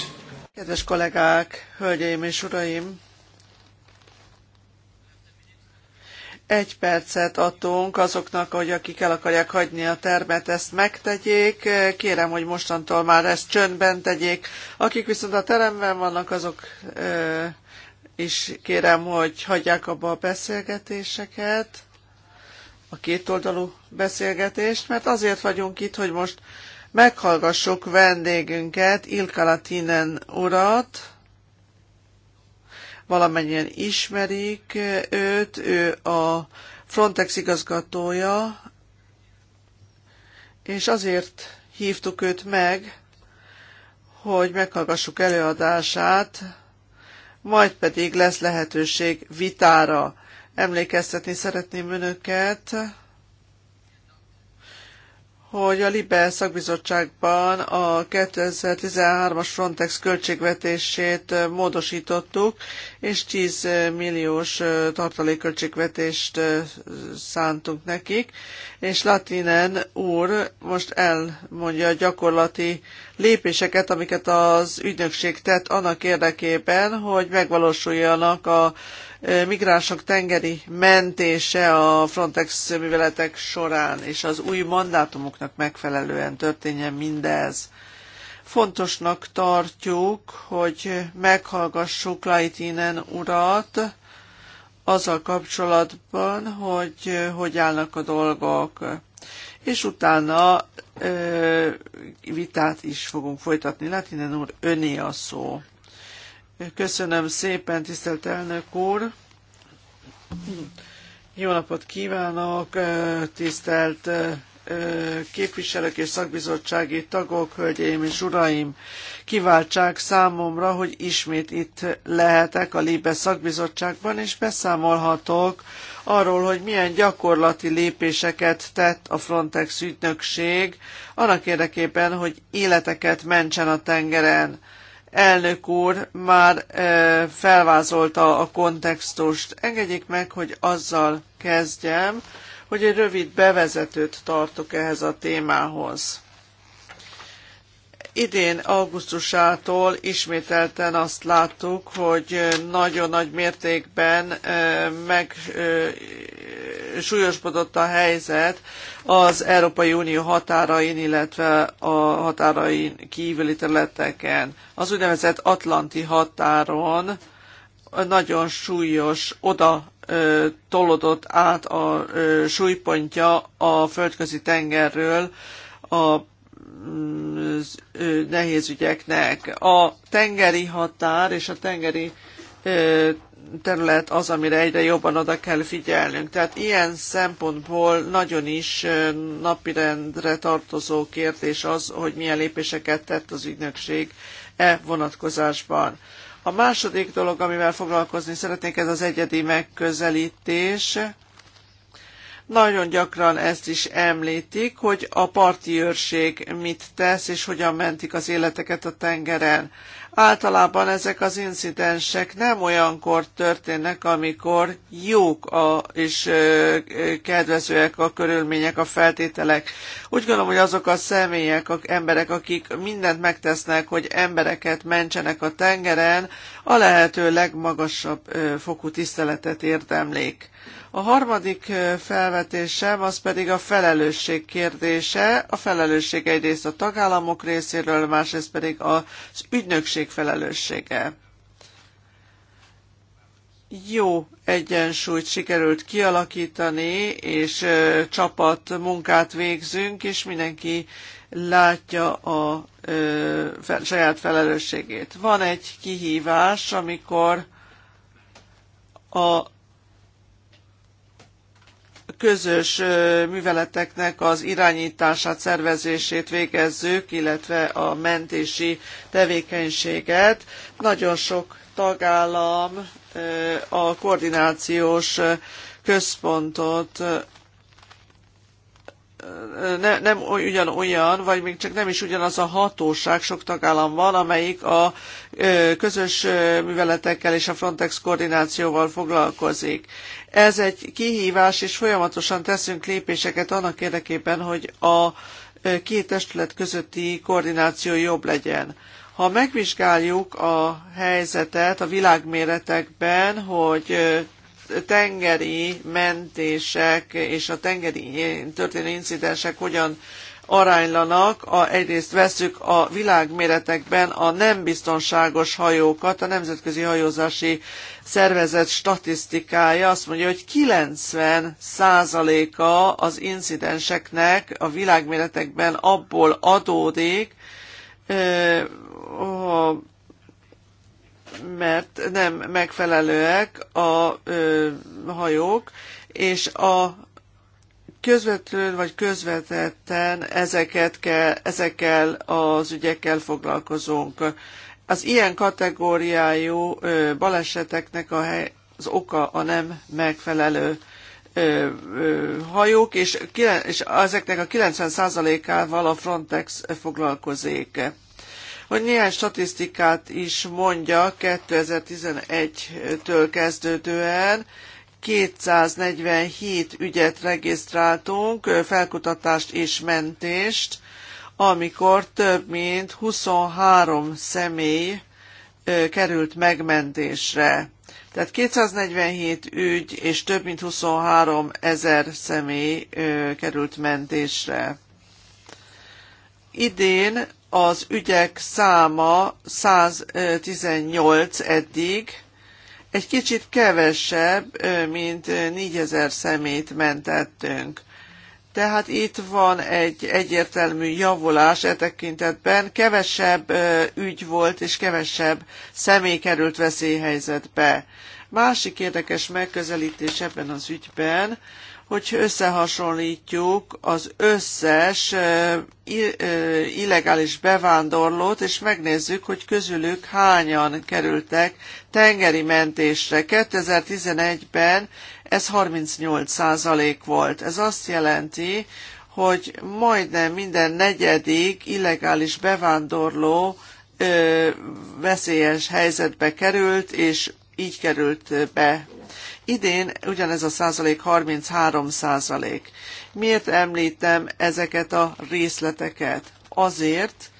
Kedves kollégák, hölgyeim és uraim! Egy percet adtunk azoknak, hogy akik el akarják hagyni a termet, ezt megtegyék. Kérem, hogy mostantól már ezt csöndben tegyék. Akik viszont a teremben vannak, azok ö, is kérem, hogy hagyják abba a beszélgetéseket, a kétoldalú beszélgetést, mert azért vagyunk itt, hogy most meghallgassuk vendégünket, Ilka Latinen urat, valamennyien ismerik őt, ő a Frontex igazgatója, és azért hívtuk őt meg, hogy meghallgassuk előadását, majd pedig lesz lehetőség vitára. Emlékeztetni szeretném önöket, hogy a Libe szakbizottságban a 2013-as Frontex költségvetését módosítottuk, és 10 milliós tartalékköltségvetést szántunk nekik, és Latinen úr most elmondja a gyakorlati lépéseket, amiket az ügynökség tett annak érdekében, hogy megvalósuljanak a migránsok tengeri mentése a Frontex műveletek során, és az új mandátumoknak megfelelően történjen mindez. Fontosnak tartjuk, hogy meghallgassuk Laitinen urat azzal kapcsolatban, hogy hogy állnak a dolgok, és utána ö, vitát is fogunk folytatni. Laitinen úr, öné a szó. Köszönöm szépen, tisztelt elnök úr! Jó napot kívánok, tisztelt képviselők és szakbizottsági tagok, hölgyeim és uraim! Kiváltság számomra, hogy ismét itt lehetek a Libe szakbizottságban, és beszámolhatok arról, hogy milyen gyakorlati lépéseket tett a Frontex ügynökség annak érdekében, hogy életeket mentsen a tengeren elnök úr már felvázolta a kontextust. Engedjék meg, hogy azzal kezdjem, hogy egy rövid bevezetőt tartok ehhez a témához. Idén augusztusától ismételten azt láttuk, hogy nagyon nagy mértékben meg súlyosbodott a helyzet az Európai Unió határain, illetve a határain kívüli területeken. Az úgynevezett Atlanti határon nagyon súlyos oda tolódott át a súlypontja a földközi tengerről a nehéz ügyeknek. A tengeri határ és a tengeri terület az, amire egyre jobban oda kell figyelnünk. Tehát ilyen szempontból nagyon is napirendre tartozó kérdés az, hogy milyen lépéseket tett az ügynökség e vonatkozásban. A második dolog, amivel foglalkozni szeretnék, ez az egyedi megközelítés nagyon gyakran ezt is említik, hogy a parti őrség mit tesz, és hogyan mentik az életeket a tengeren. Általában ezek az incidensek nem olyankor történnek, amikor jók a, és ö, kedvezőek a körülmények, a feltételek. Úgy gondolom, hogy azok a személyek, az emberek, akik mindent megtesznek, hogy embereket mentsenek a tengeren, a lehető legmagasabb ö, fokú tiszteletet érdemlik. A harmadik felvetésem az pedig a felelősség kérdése. A felelősség egyrészt a tagállamok részéről, másrészt pedig az ügynökség felelőssége jó egyensúlyt sikerült kialakítani, és csapat munkát végzünk, és mindenki látja a ö, saját felelősségét. Van egy kihívás, amikor a közös műveleteknek az irányítását, szervezését végezzük, illetve a mentési tevékenységet. Nagyon sok tagállam a koordinációs központot ne, nem ugyanolyan, vagy még csak nem is ugyanaz a hatóság sok tagállam van, amelyik a közös műveletekkel és a Frontex koordinációval foglalkozik. Ez egy kihívás, és folyamatosan teszünk lépéseket annak érdekében, hogy a két testület közötti koordináció jobb legyen. Ha megvizsgáljuk a helyzetet a világméretekben, hogy tengeri mentések és a tengeri történő incidensek hogyan aránylanak, a, egyrészt veszük a világméretekben a nem biztonságos hajókat, a Nemzetközi Hajózási Szervezet statisztikája azt mondja, hogy 90 százaléka az incidenseknek a világméretekben abból adódik, mert nem megfelelőek a hajók, és a közvetlenül vagy közvetetten ezeket kell, ezekkel az ügyekkel foglalkozunk. Az ilyen kategóriájú baleseteknek a hely, az oka a nem megfelelő hajók, és, és ezeknek a 90%-ával a Frontex foglalkozik. Hogy néhány statisztikát is mondja 2011-től kezdődően, 247 ügyet regisztráltunk, felkutatást és mentést, amikor több mint 23 személy került megmentésre. Tehát 247 ügy és több mint 23 ezer személy került mentésre. Idén az ügyek száma 118 eddig, egy kicsit kevesebb, mint 4000 szemét mentettünk. Tehát itt van egy egyértelmű javulás e tekintetben, kevesebb ügy volt és kevesebb személy került veszélyhelyzetbe. Másik érdekes megközelítés ebben az ügyben, hogy összehasonlítjuk az összes illegális bevándorlót, és megnézzük, hogy közülük hányan kerültek tengeri mentésre. 2011-ben ez 38 százalék volt. Ez azt jelenti, hogy majdnem minden negyedik illegális bevándorló ö, veszélyes helyzetbe került, és így került be Idén ugyanez a százalék 33 százalék. Miért említem ezeket a részleteket? Azért,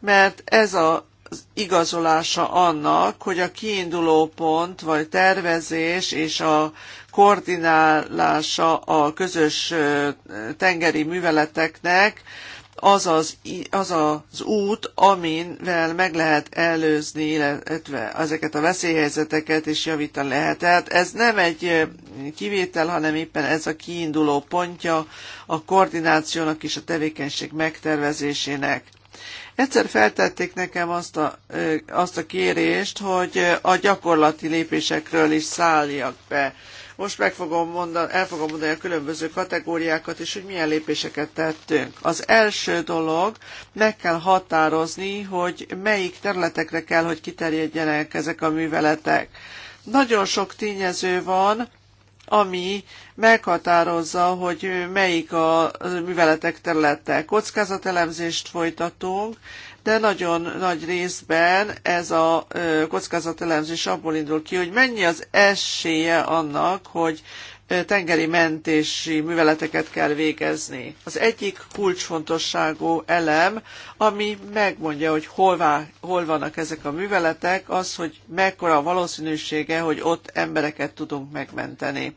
mert ez a az igazolása annak, hogy a kiinduló pont vagy tervezés és a koordinálása a közös tengeri műveleteknek az az, az, az út, amivel meg lehet előzni illetve ezeket a veszélyhelyzeteket és javítani lehet. Tehát ez nem egy kivétel, hanem éppen ez a kiinduló pontja a koordinációnak és a tevékenység megtervezésének. Egyszer feltették nekem azt a, azt a kérést, hogy a gyakorlati lépésekről is szálljak be. Most meg fogom mondani, el fogom mondani a különböző kategóriákat is, hogy milyen lépéseket tettünk. Az első dolog, meg kell határozni, hogy melyik területekre kell, hogy kiterjedjenek ezek a műveletek. Nagyon sok tényező van, ami meghatározza, hogy melyik a műveletek területe. Kockázatelemzést folytatunk, de nagyon nagy részben ez a kockázatelemzés abból indul ki, hogy mennyi az esélye annak, hogy tengeri mentési műveleteket kell végezni. Az egyik kulcsfontosságú elem, ami megmondja, hogy hol, hol vannak ezek a műveletek, az, hogy mekkora a valószínűsége, hogy ott embereket tudunk megmenteni.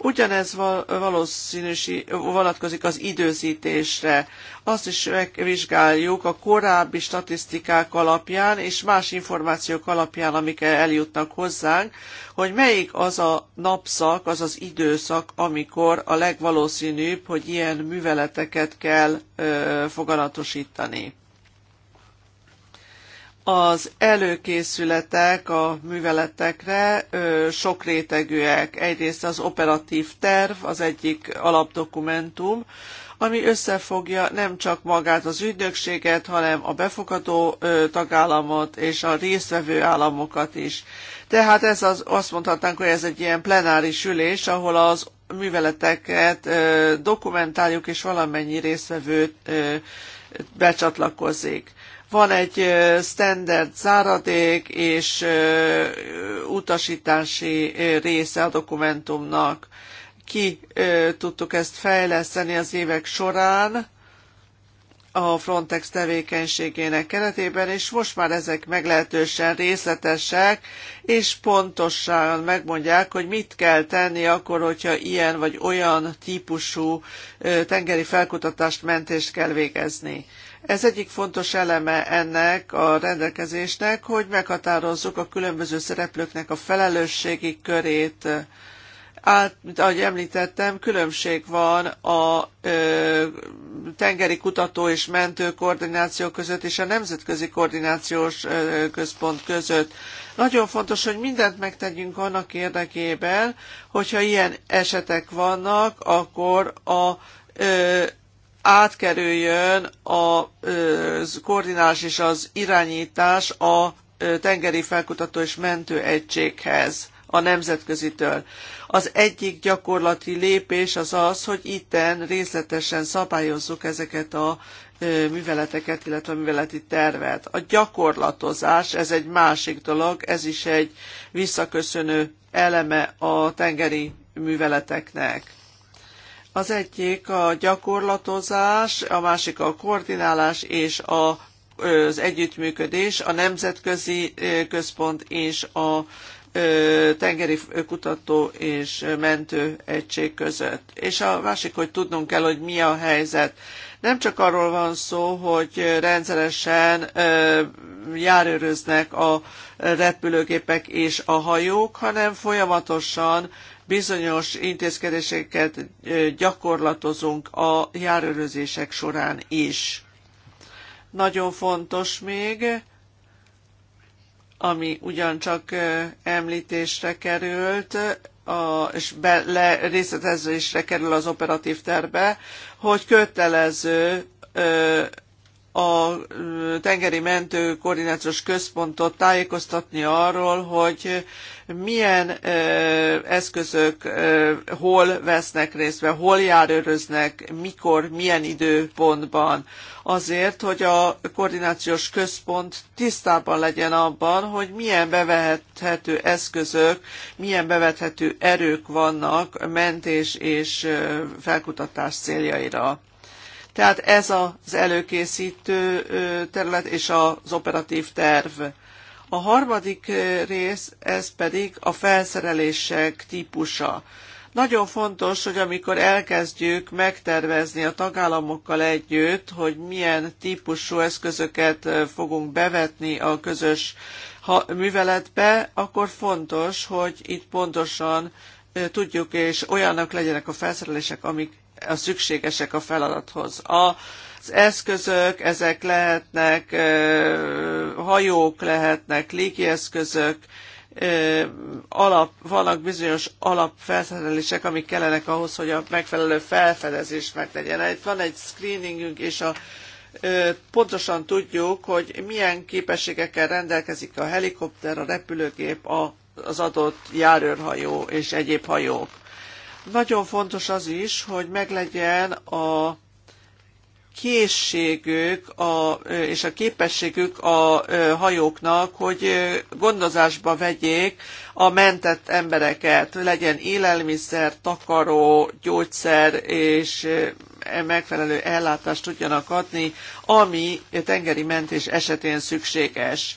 Ugyanez valószínűsi, vonatkozik az időzítésre. Azt is megvizsgáljuk a korábbi statisztikák alapján és más információk alapján, amik eljutnak hozzánk, hogy melyik az a napszak, az az időszak, amikor a legvalószínűbb, hogy ilyen műveleteket kell ö, foganatosítani. Az előkészületek a műveletekre ö, sok rétegűek. Egyrészt az operatív terv, az egyik alapdokumentum, ami összefogja nem csak magát az ügynökséget, hanem a befogadó tagállamot és a résztvevő államokat is. Tehát ez az, azt mondhatnánk, hogy ez egy ilyen plenáris ülés, ahol az műveleteket ö, dokumentáljuk, és valamennyi résztvevő ö, becsatlakozik. Van egy standard záradék és utasítási része a dokumentumnak. Ki tudtuk ezt fejleszteni az évek során a Frontex tevékenységének keretében, és most már ezek meglehetősen részletesek, és pontosan megmondják, hogy mit kell tenni akkor, hogyha ilyen vagy olyan típusú tengeri felkutatást, mentést kell végezni. Ez egyik fontos eleme ennek a rendelkezésnek, hogy meghatározzuk a különböző szereplőknek a felelősségi körét. Át, mint ahogy említettem, különbség van a ö, tengeri kutató és mentő koordináció között és a nemzetközi koordinációs ö, központ között. Nagyon fontos, hogy mindent megtegyünk annak érdekében, hogyha ilyen esetek vannak, akkor a ö, átkerüljön a koordinálás és az irányítás a tengeri felkutató és mentő egységhez a nemzetközitől. Az egyik gyakorlati lépés az az, hogy itten részletesen szabályozzuk ezeket a műveleteket, illetve a műveleti tervet. A gyakorlatozás, ez egy másik dolog, ez is egy visszaköszönő eleme a tengeri műveleteknek. Az egyik a gyakorlatozás, a másik a koordinálás és a, az együttműködés, a nemzetközi központ és a tengeri kutató és mentő egység között. És a másik, hogy tudnunk kell, hogy mi a helyzet. Nem csak arról van szó, hogy rendszeresen járőröznek a repülőgépek és a hajók, hanem folyamatosan bizonyos intézkedéseket gyakorlatozunk a járőrözések során is. Nagyon fontos még, ami ugyancsak említésre került, a, és be, le, részletezésre kerül az operatív terbe, hogy kötelező ö, a tengeri mentő koordinációs központot tájékoztatni arról, hogy milyen ö, eszközök ö, hol vesznek részt, vagy hol járőröznek, mikor, milyen időpontban. Azért, hogy a koordinációs központ tisztában legyen abban, hogy milyen bevethető eszközök, milyen bevethető erők vannak mentés és felkutatás céljaira. Tehát ez az előkészítő terület és az operatív terv. A harmadik rész, ez pedig a felszerelések típusa. Nagyon fontos, hogy amikor elkezdjük megtervezni a tagállamokkal együtt, hogy milyen típusú eszközöket fogunk bevetni a közös műveletbe, akkor fontos, hogy itt pontosan tudjuk, és olyanok legyenek a felszerelések, amik a szükségesek a feladathoz. A eszközök, ezek lehetnek hajók, lehetnek légieszközök, alap, vannak bizonyos alapfelszerelések, amik kellenek ahhoz, hogy a megfelelő felfedezés meglegyen. Itt van egy screeningünk, és a, pontosan tudjuk, hogy milyen képességekkel rendelkezik a helikopter, a repülőgép, a, az adott járőrhajó és egyéb hajók. Nagyon fontos az is, hogy meglegyen a készségük a, és a képességük a hajóknak, hogy gondozásba vegyék a mentett embereket, legyen élelmiszer, takaró, gyógyszer és e megfelelő ellátást tudjanak adni, ami tengeri mentés esetén szükséges.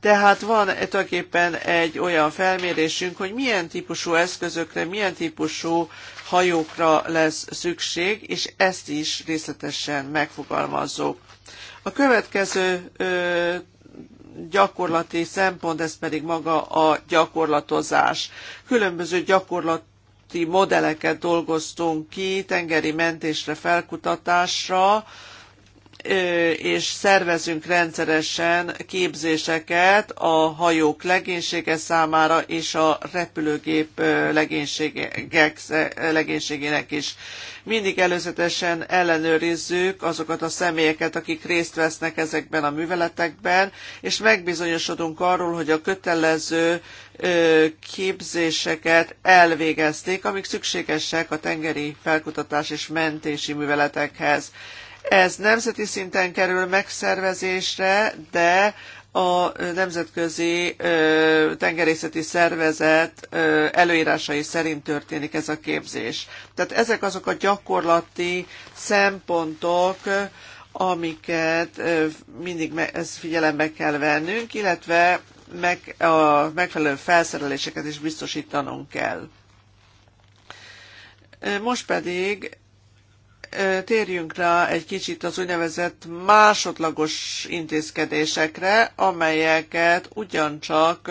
Tehát van tulajdonképpen egy olyan felmérésünk, hogy milyen típusú eszközökre, milyen típusú hajókra lesz szükség, és ezt is részletesen megfogalmazzuk. A következő ö, gyakorlati szempont, ez pedig maga a gyakorlatozás. Különböző gyakorlati modelleket dolgoztunk ki tengeri mentésre, felkutatásra, és szervezünk rendszeresen képzéseket a hajók legénysége számára és a repülőgép legénységének is. Mindig előzetesen ellenőrizzük azokat a személyeket, akik részt vesznek ezekben a műveletekben, és megbizonyosodunk arról, hogy a kötelező képzéseket elvégezték, amik szükségesek a tengeri felkutatás és mentési műveletekhez. Ez nemzeti szinten kerül megszervezésre, de a Nemzetközi Tengerészeti Szervezet előírásai szerint történik ez a képzés. Tehát ezek azok a gyakorlati szempontok, amiket mindig ez figyelembe kell vennünk, illetve meg, a megfelelő felszereléseket is biztosítanunk kell. Most pedig térjünk rá egy kicsit az úgynevezett másodlagos intézkedésekre, amelyeket ugyancsak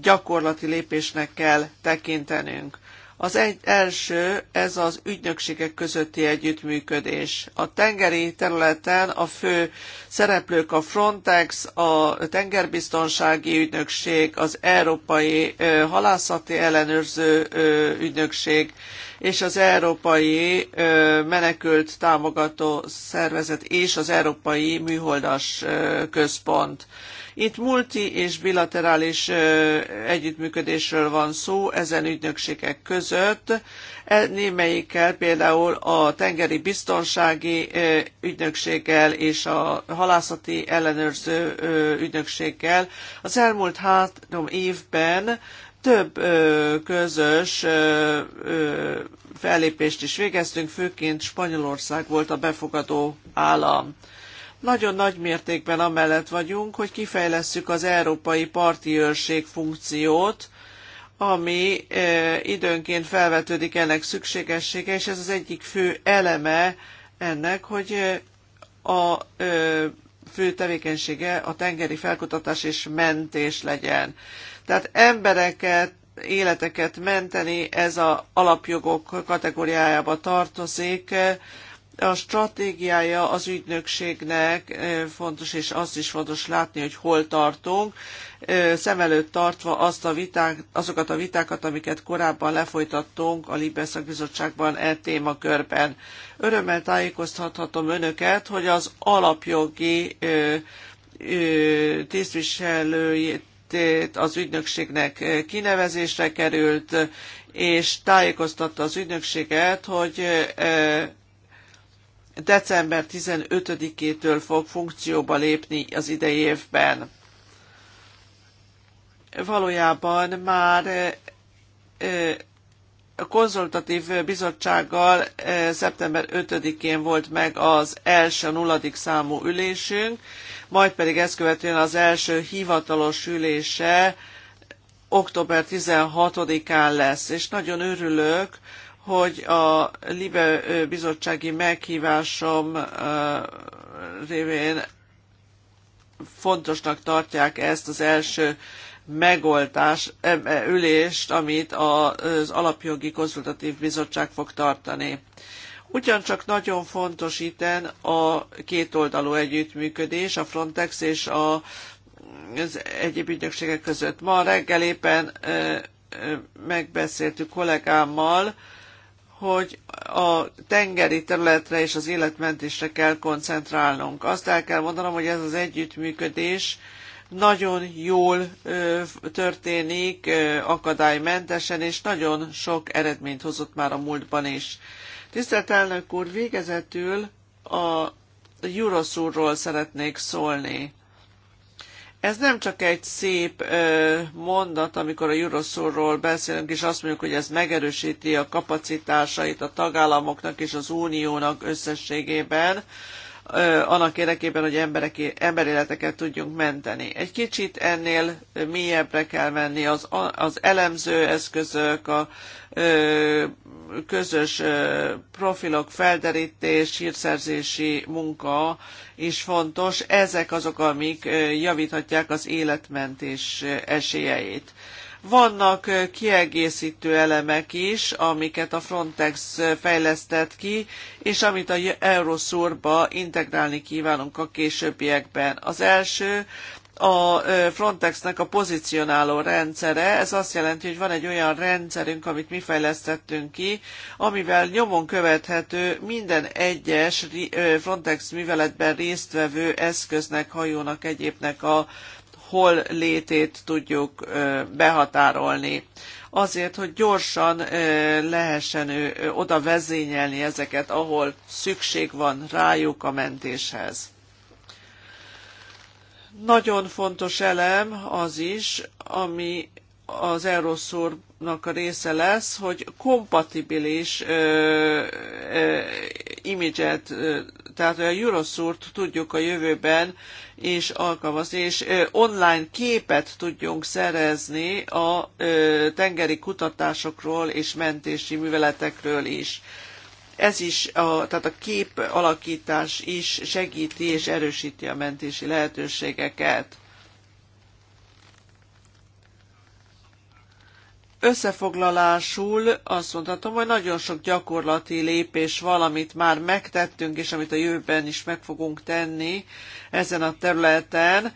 gyakorlati lépésnek kell tekintenünk. Az egy első, ez az ügynökségek közötti együttműködés. A tengeri területen a fő szereplők a Frontex, a tengerbiztonsági ügynökség, az Európai Halászati Ellenőrző Ügynökség, és az Európai Menekült Támogató Szervezet és az Európai Műholdas Központ. Itt multi és bilaterális együttműködésről van szó ezen ügynökségek között. E, némelyikkel például a tengeri biztonsági ügynökséggel és a halászati ellenőrző ügynökséggel. Az elmúlt három évben több közös fellépést is végeztünk, főként Spanyolország volt a befogadó állam. Nagyon nagy mértékben amellett vagyunk, hogy kifejlesszük az európai parti őrség funkciót, ami időnként felvetődik ennek szükségessége, és ez az egyik fő eleme ennek, hogy a fő tevékenysége a tengeri felkutatás és mentés legyen. Tehát embereket, életeket menteni, ez a alapjogok kategóriájába tartozik. A stratégiája az ügynökségnek fontos, és azt is fontos látni, hogy hol tartunk, szem előtt tartva azt a viták, azokat a vitákat, amiket korábban lefolytattunk a Libeszak Bizottságban e témakörben. Örömmel tájékoztathatom önöket, hogy az alapjogi tisztviselői az ügynökségnek kinevezésre került, és tájékoztatta az ügynökséget, hogy december 15-től fog funkcióba lépni az idei évben. Valójában már a konzultatív bizottsággal szeptember 5-én volt meg az első nulladik számú ülésünk, majd pedig ezt követően az első hivatalos ülése október 16-án lesz, és nagyon örülök, hogy a Libe bizottsági meghívásom révén fontosnak tartják ezt az első megoldás, ülést, amit az Alapjogi Konzultatív Bizottság fog tartani. Ugyancsak nagyon fontos itten a kétoldalú együttműködés, a Frontex és a, az egyéb ügynökségek között. Ma reggel éppen ö, ö, megbeszéltük kollégámmal, hogy a tengeri területre és az életmentésre kell koncentrálnunk. Azt el kell mondanom, hogy ez az együttműködés nagyon jól ö, történik, ö, akadálymentesen, és nagyon sok eredményt hozott már a múltban is. Tisztelt elnök úr, végezetül a Euroszúrról szeretnék szólni. Ez nem csak egy szép ö, mondat, amikor a Euroszúrról beszélünk, és azt mondjuk, hogy ez megerősíti a kapacitásait a tagállamoknak és az uniónak összességében, annak érdekében, hogy emberek, emberéleteket tudjunk menteni. Egy kicsit ennél mélyebbre kell menni az, az elemző eszközök, a közös profilok felderítés, hírszerzési munka is fontos. Ezek azok, amik javíthatják az életmentés esélyeit. Vannak kiegészítő elemek is, amiket a Frontex fejlesztett ki, és amit a Euroszurba integrálni kívánunk a későbbiekben. Az első a Frontexnek a pozícionáló rendszere. Ez azt jelenti, hogy van egy olyan rendszerünk, amit mi fejlesztettünk ki, amivel nyomon követhető minden egyes Frontex műveletben résztvevő eszköznek, hajónak, egyébnek a hol létét tudjuk behatárolni. Azért, hogy gyorsan lehessen ő oda vezényelni ezeket, ahol szükség van rájuk a mentéshez. Nagyon fontos elem az is, ami az Eroszornak a része lesz, hogy kompatibilis imidzset tehát a Euroszurt tudjuk a jövőben is alkalmazni, és online képet tudjunk szerezni a tengeri kutatásokról és mentési műveletekről is. Ez is, a, tehát a kép alakítás is segíti és erősíti a mentési lehetőségeket. Összefoglalásul azt mondhatom, hogy nagyon sok gyakorlati lépés valamit már megtettünk, és amit a jövőben is meg fogunk tenni ezen a területen.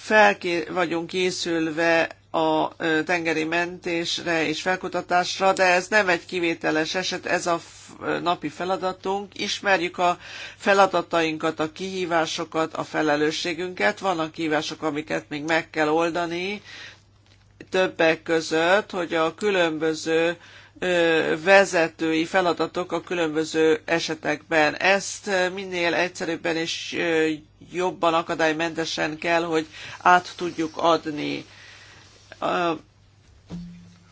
Felké- vagyunk készülve a tengeri mentésre és felkutatásra, de ez nem egy kivételes eset, ez a napi feladatunk. Ismerjük a feladatainkat, a kihívásokat, a felelősségünket. Vannak kihívások, amiket még meg kell oldani, többek között, hogy a különböző vezetői feladatok a különböző esetekben. Ezt minél egyszerűbben és jobban akadálymentesen kell, hogy át tudjuk adni.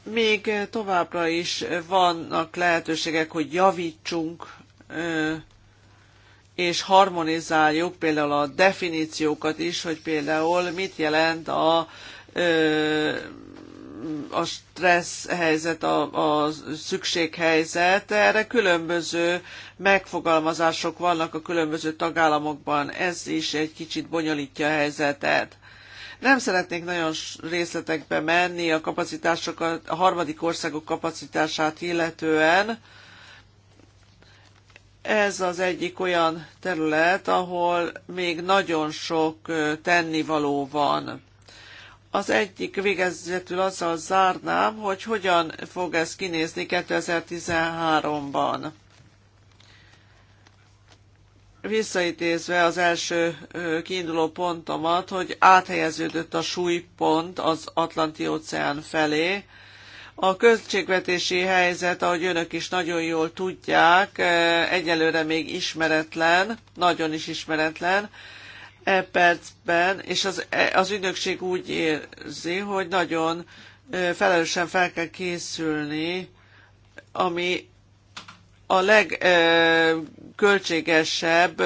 Még továbbra is vannak lehetőségek, hogy javítsunk és harmonizáljuk például a definíciókat is, hogy például mit jelent a a stressz helyzet, a, a szükséghelyzet. Erre különböző megfogalmazások vannak a különböző tagállamokban. Ez is egy kicsit bonyolítja a helyzetet. Nem szeretnék nagyon részletekbe menni a kapacitásokat, a harmadik országok kapacitását illetően. Ez az egyik olyan terület, ahol még nagyon sok tennivaló van az egyik végezetül azzal zárnám, hogy hogyan fog ez kinézni 2013-ban. Visszaidézve az első kiinduló pontomat, hogy áthelyeződött a súlypont az Atlanti-óceán felé, a költségvetési helyzet, ahogy önök is nagyon jól tudják, egyelőre még ismeretlen, nagyon is ismeretlen, E percben, és az, e, az ügynökség úgy érzi, hogy nagyon felelősen fel kell készülni, ami a legköltségesebb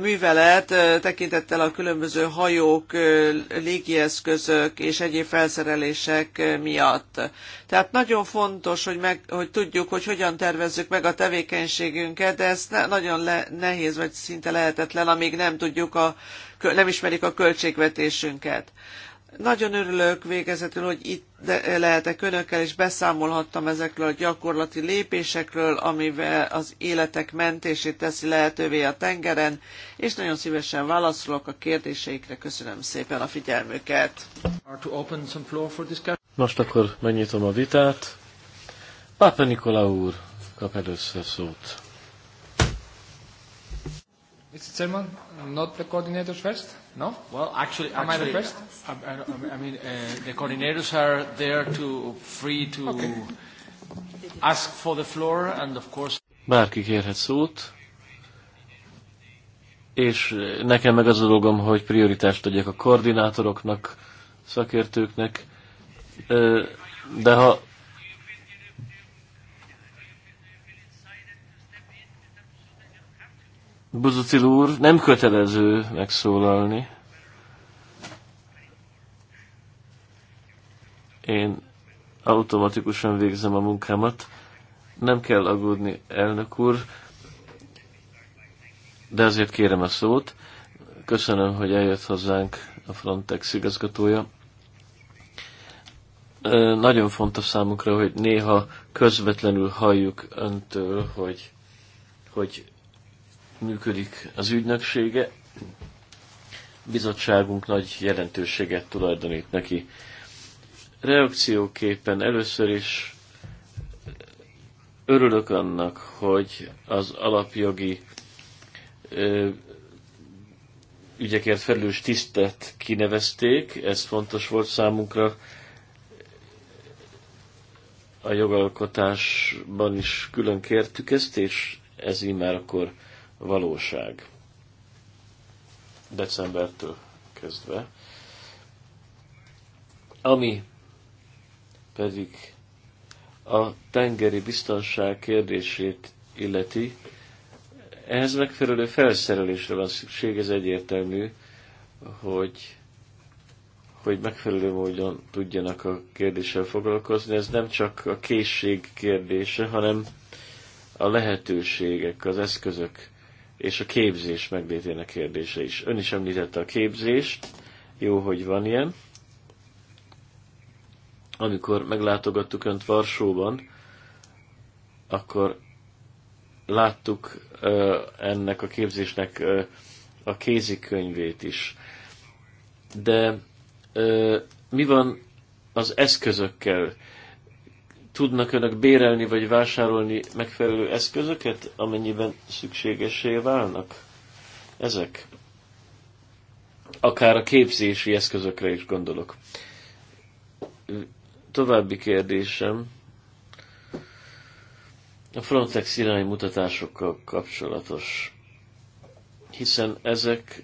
művelet tekintettel a különböző hajók, légieszközök és egyéb felszerelések miatt. Tehát nagyon fontos, hogy, meg, hogy tudjuk, hogy hogyan tervezzük meg a tevékenységünket, de ez ne, nagyon le, nehéz, vagy szinte lehetetlen, amíg nem tudjuk a, nem ismerik a költségvetésünket. Nagyon örülök végezetül, hogy itt lehetek önökkel, és beszámolhattam ezekről a gyakorlati lépésekről, amivel az életek mentését teszi lehetővé a tengeren, és nagyon szívesen válaszolok a kérdéseikre. Köszönöm szépen a figyelmüket. Most akkor megnyitom a vitát. Pápa Nikola úr kap először szót. Mr. Chairman, not the coordinators first? No? Well, actually, am I the first? I, I, I mean, uh, the coordinators are there to free to okay. ask for the floor, and of course. Bárki kérhet szót, és uh, nekem meg az a dolgom, hogy prioritást adjak a koordinátoroknak, szakértőknek, uh, de ha Buzutil úr, nem kötelező megszólalni. Én automatikusan végzem a munkámat. Nem kell aggódni, elnök úr, de azért kérem a szót. Köszönöm, hogy eljött hozzánk a Frontex igazgatója. Nagyon fontos számunkra, hogy néha közvetlenül halljuk öntől, hogy, hogy működik az ügynöksége. bizottságunk nagy jelentőséget tulajdonít neki. Reakcióképpen először is örülök annak, hogy az alapjogi ö, ügyekért felelős tisztet kinevezték, ez fontos volt számunkra a jogalkotásban is külön kértük ezt, és ez így már akkor valóság decembertől kezdve. Ami pedig a tengeri biztonság kérdését illeti, ehhez megfelelő felszerelésre van szükség, ez egyértelmű, hogy, hogy megfelelő módon tudjanak a kérdéssel foglalkozni. Ez nem csak a készség kérdése, hanem a lehetőségek, az eszközök és a képzés meglétének kérdése is. Ön is említette a képzést, jó, hogy van ilyen. Amikor meglátogattuk Önt Varsóban, akkor láttuk ennek a képzésnek a kézikönyvét is. De mi van az eszközökkel? Tudnak önök bérelni vagy vásárolni megfelelő eszközöket, amennyiben szükségesé válnak ezek? Akár a képzési eszközökre is gondolok. További kérdésem a Frontex iránymutatásokkal kapcsolatos, hiszen ezek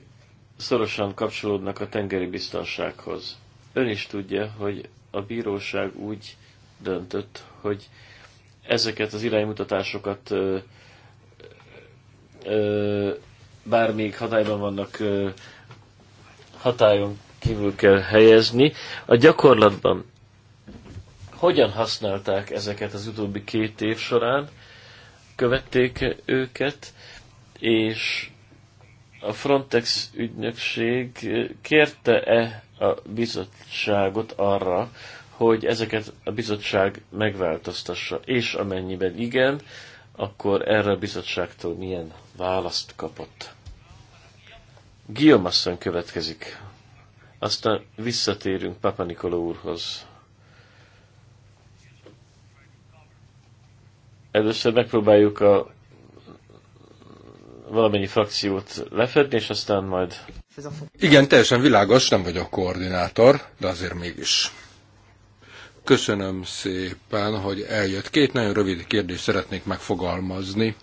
szorosan kapcsolódnak a tengeri biztonsághoz. Ön is tudja, hogy a bíróság úgy döntött, hogy ezeket az iránymutatásokat ö, ö, bár még hatályban vannak, ö, hatályon kívül kell helyezni. A gyakorlatban hogyan használták ezeket az utóbbi két év során, követték őket, és a Frontex ügynökség kérte-e a bizottságot arra, hogy ezeket a bizottság megváltoztassa, és amennyiben igen, akkor erre a bizottságtól milyen választ kapott. Guillaume következik. Aztán visszatérünk Papa Nikola úrhoz. Először megpróbáljuk a valamennyi frakciót lefedni, és aztán majd... Igen, teljesen világos, nem vagyok koordinátor, de azért mégis. Köszönöm szépen, hogy eljött. Két nagyon rövid kérdést szeretnék megfogalmazni.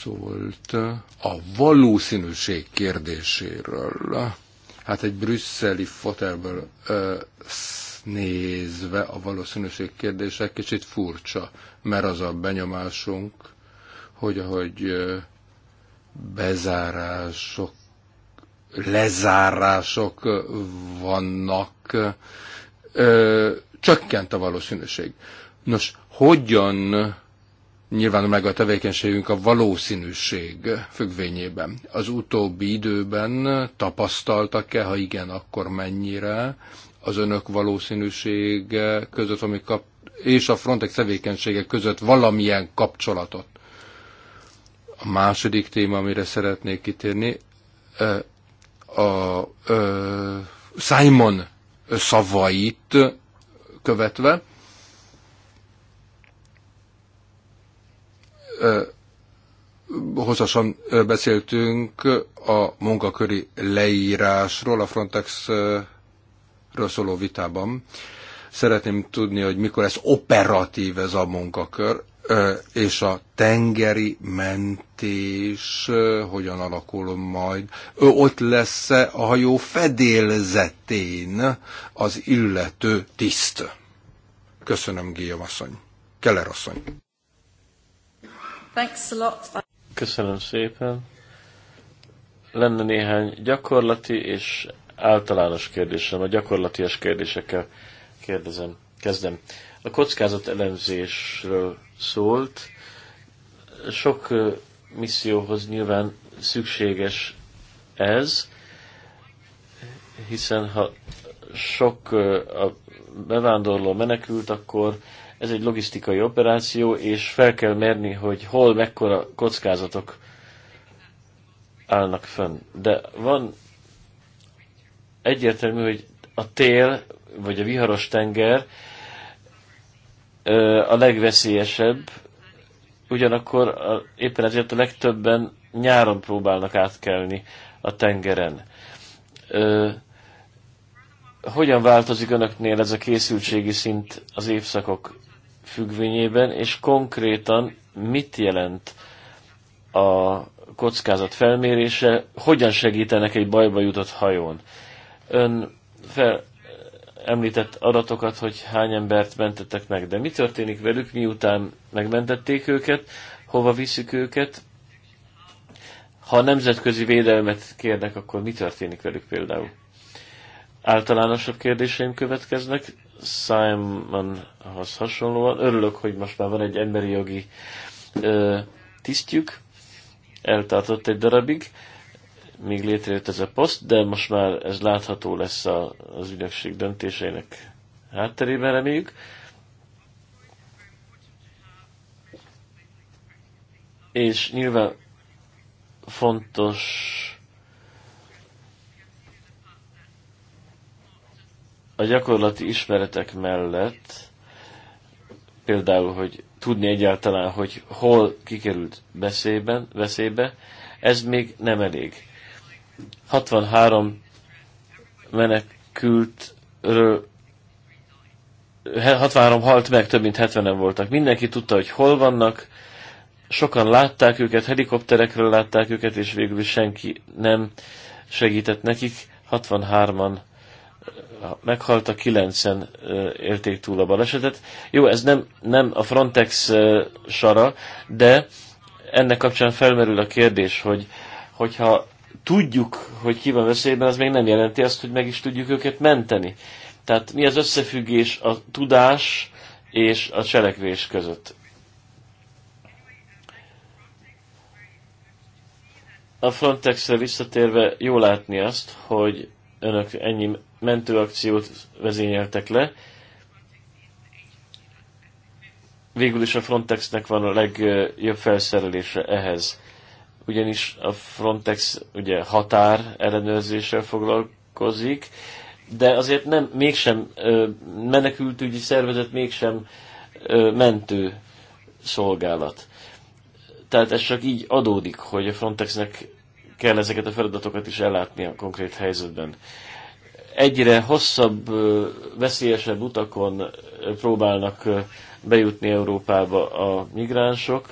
Szólt a valószínűség kérdéséről. Hát egy brüsszeli fotelből ö, nézve a valószínűség kérdése kicsit furcsa, mert az a benyomásunk, hogy ahogy ö, bezárások, lezárások vannak, ö, csökkent a valószínűség. Nos, hogyan nyilvánul meg a tevékenységünk a valószínűség függvényében? Az utóbbi időben tapasztaltak-e, ha igen, akkor mennyire az önök valószínűség között, ami kap, és a Frontex tevékenysége között valamilyen kapcsolatot? A második téma, amire szeretnék kitérni, a, a Simon szavait követve. Hosszasan beszéltünk a munkaköri leírásról a Frontexről szóló vitában. Szeretném tudni, hogy mikor ez operatív ez a munkakör, és a tengeri mentés hogyan alakul majd. ő Ott lesz -e a hajó fedélzetén az illető tiszt. Köszönöm, Guillaume asszony. Keller asszony. Köszönöm szépen. Lenne néhány gyakorlati és általános kérdésem. A gyakorlatias kérdésekkel kérdezem, kezdem a kockázat elemzésről szólt. Sok misszióhoz nyilván szükséges ez, hiszen ha sok a bevándorló menekült, akkor ez egy logisztikai operáció, és fel kell merni, hogy hol mekkora kockázatok állnak fönn. De van egyértelmű, hogy a tél, vagy a viharos tenger a legveszélyesebb, ugyanakkor a, éppen ezért a legtöbben nyáron próbálnak átkelni a tengeren. Ö, hogyan változik önöknél ez a készültségi szint az évszakok függvényében, és konkrétan mit jelent a kockázat felmérése, hogyan segítenek egy bajba jutott hajón? Ön fel, említett adatokat, hogy hány embert mentettek meg, de mi történik velük, miután megmentették őket, hova viszük őket, ha nemzetközi védelmet kérnek, akkor mi történik velük például? Általánosabb kérdéseim következnek. Simonhoz hasonlóan örülök, hogy most már van egy emberi jogi ö, tisztjük, eltartott egy darabig. Ö, míg létrejött ez a poszt, de most már ez látható lesz a, az ügynökség döntéseinek hátterében, reméljük. És nyilván fontos a gyakorlati ismeretek mellett, például, hogy tudni egyáltalán, hogy hol kikerült beszélyben, veszélybe, ez még nem elég. 63 menekültről 63 halt meg, több mint 70-en voltak. Mindenki tudta, hogy hol vannak, sokan látták őket, helikopterekről látták őket, és végül is senki nem segített nekik. 63-an meghaltak, 9-en élték túl a balesetet. Jó, ez nem, nem a Frontex sara, de ennek kapcsán felmerül a kérdés, hogy hogyha tudjuk, hogy ki van veszélyben, az még nem jelenti azt, hogy meg is tudjuk őket menteni. Tehát mi az összefüggés a tudás és a cselekvés között? A Frontexre visszatérve jó látni azt, hogy önök ennyi mentőakciót vezényeltek le. Végül is a Frontexnek van a legjobb felszerelése ehhez ugyanis a Frontex ugye határ ellenőrzéssel foglalkozik, de azért nem, mégsem menekültügyi szervezet, mégsem mentő szolgálat. Tehát ez csak így adódik, hogy a Frontexnek kell ezeket a feladatokat is ellátni a konkrét helyzetben. Egyre hosszabb, veszélyesebb utakon próbálnak bejutni Európába a migránsok,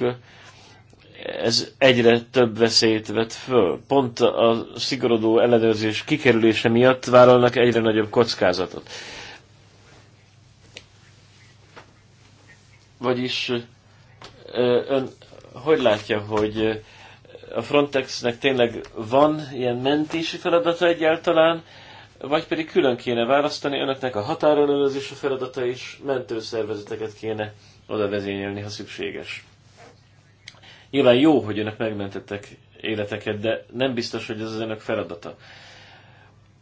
ez egyre több veszélyt vet föl. Pont a szigorodó ellenőrzés kikerülése miatt vállalnak egyre nagyobb kockázatot. Vagyis ön hogy látja, hogy a Frontexnek tényleg van ilyen mentési feladata egyáltalán, vagy pedig külön kéne választani, önöknek a határellenőrzés a feladata is, mentőszervezeteket kéne oda vezényelni, ha szükséges. Nyilván jó, hogy önök megmentettek életeket, de nem biztos, hogy ez az önök feladata.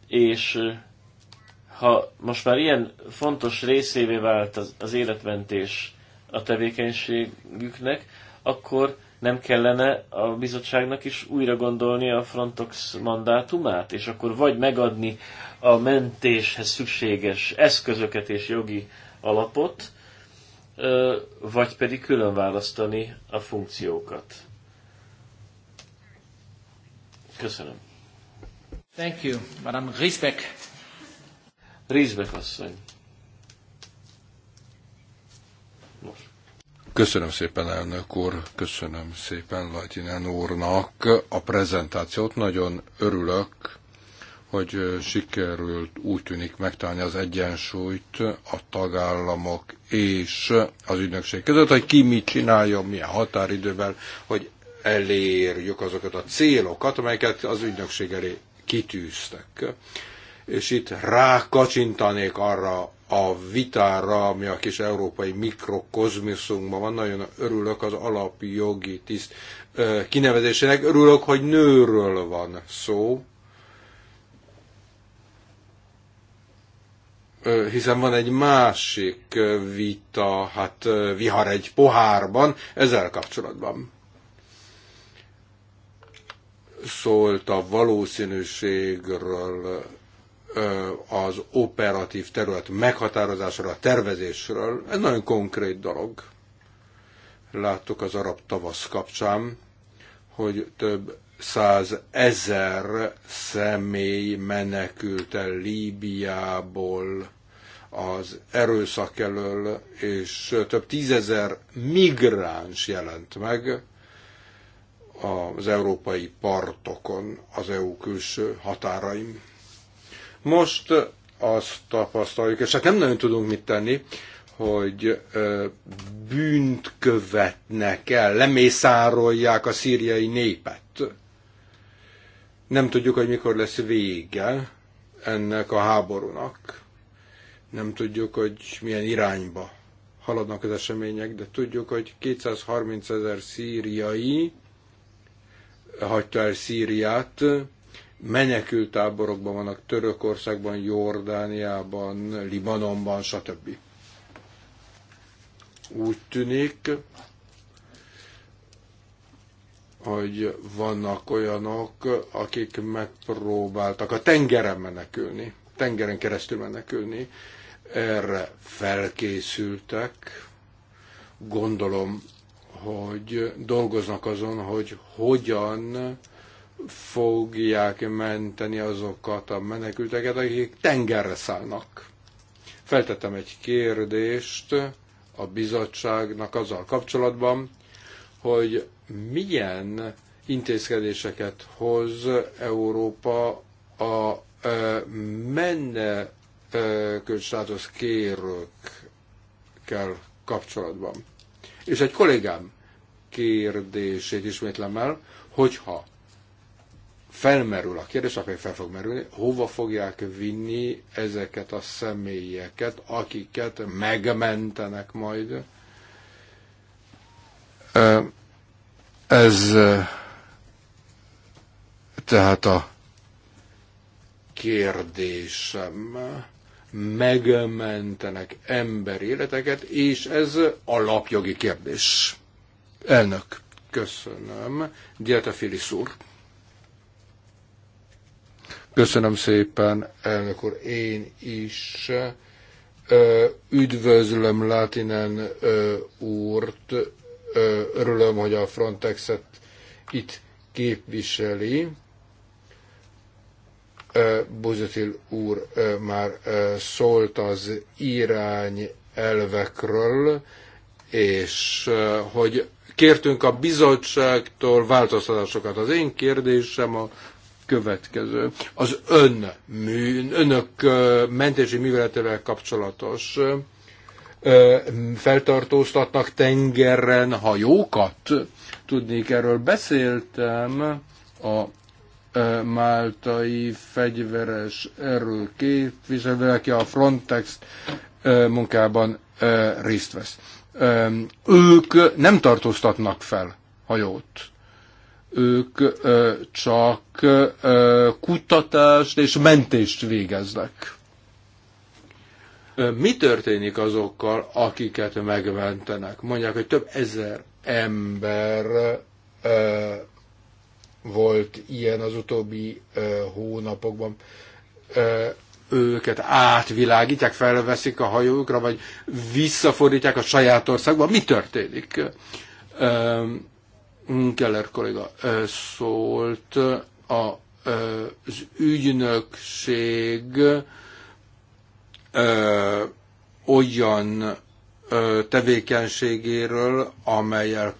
És ha most már ilyen fontos részévé vált az, az életmentés a tevékenységüknek, akkor nem kellene a bizottságnak is újra gondolni a Frontox mandátumát, és akkor vagy megadni a mentéshez szükséges eszközöket és jogi alapot, vagy pedig külön választani a funkciókat. Köszönöm. Thank you, Madame Riesbeck. Riesbeck asszony. Köszönöm szépen, elnök úr, köszönöm szépen Lajtinen úrnak a prezentációt. Nagyon örülök, hogy sikerült úgy tűnik megtalálni az egyensúlyt a tagállamok és az ügynökség között, hogy ki mit csináljon, milyen határidővel, hogy elérjük azokat a célokat, amelyeket az ügynökség elé kitűztek. És itt rákacsintanék arra a vitára, ami a kis európai mikrokozmiszunkban van. Nagyon örülök az alapjogi tiszt kinevezésének. Örülök, hogy nőről van szó, hiszen van egy másik vita, hát vihar egy pohárban, ezzel kapcsolatban szólt a valószínűségről, az operatív terület meghatározásra, a tervezésről. Ez nagyon konkrét dolog. Láttuk az arab tavasz kapcsán, hogy több 500 ezer személy menekült el Líbiából az erőszak elől, és több tízezer migráns jelent meg az európai partokon, az EU külső határaim. Most azt tapasztaljuk, és hát nem nagyon tudunk mit tenni, hogy bűnt követnek el, lemészárolják a szíriai népet. Nem tudjuk, hogy mikor lesz vége ennek a háborúnak. Nem tudjuk, hogy milyen irányba haladnak az események, de tudjuk, hogy 230 ezer szíriai hagyta el Szíriát, menekült táborokban vannak Törökországban, Jordániában, Libanonban, stb. Úgy tűnik, hogy vannak olyanok, akik megpróbáltak a tengeren menekülni, tengeren keresztül menekülni, erre felkészültek, gondolom, hogy dolgoznak azon, hogy hogyan fogják menteni azokat a menekülteket, akik tengerre szállnak. Feltettem egy kérdést a bizottságnak azzal kapcsolatban, hogy milyen intézkedéseket hoz Európa a menekült státusz kérőkkel kapcsolatban. És egy kollégám kérdését ismétlem el, hogyha felmerül a kérdés, akkor fel fog merülni, hova fogják vinni ezeket a személyeket, akiket megmentenek majd ez tehát a kérdésem megmentenek emberi életeket, és ez alapjogi kérdés. Elnök, köszönöm. Dieta Filisz úr. Köszönöm szépen, elnök úr. Én is üdvözlöm Látinen úrt, örülöm, hogy a Frontexet itt képviseli. Buzutil úr már szólt az irány elvekről, és hogy kértünk a bizottságtól változtatásokat. Az én kérdésem a következő. Az ön mű, önök mentési műveletével kapcsolatos feltartóztatnak tengeren hajókat. Tudnék, erről beszéltem a máltai fegyveres erő képviselő, aki a Frontex munkában részt vesz. Ők nem tartóztatnak fel hajót. Ők csak kutatást és mentést végeznek mi történik azokkal, akiket megmentenek? Mondják, hogy több ezer ember ö, volt ilyen az utóbbi ö, hónapokban. Ö, őket átvilágítják, felveszik a hajójukra, vagy visszafordítják a saját országba. Mi történik? Ö, Keller kolléga ö, szólt a, ö, az ügynökség, ö, ö, olyan ö, tevékenységéről, amelyel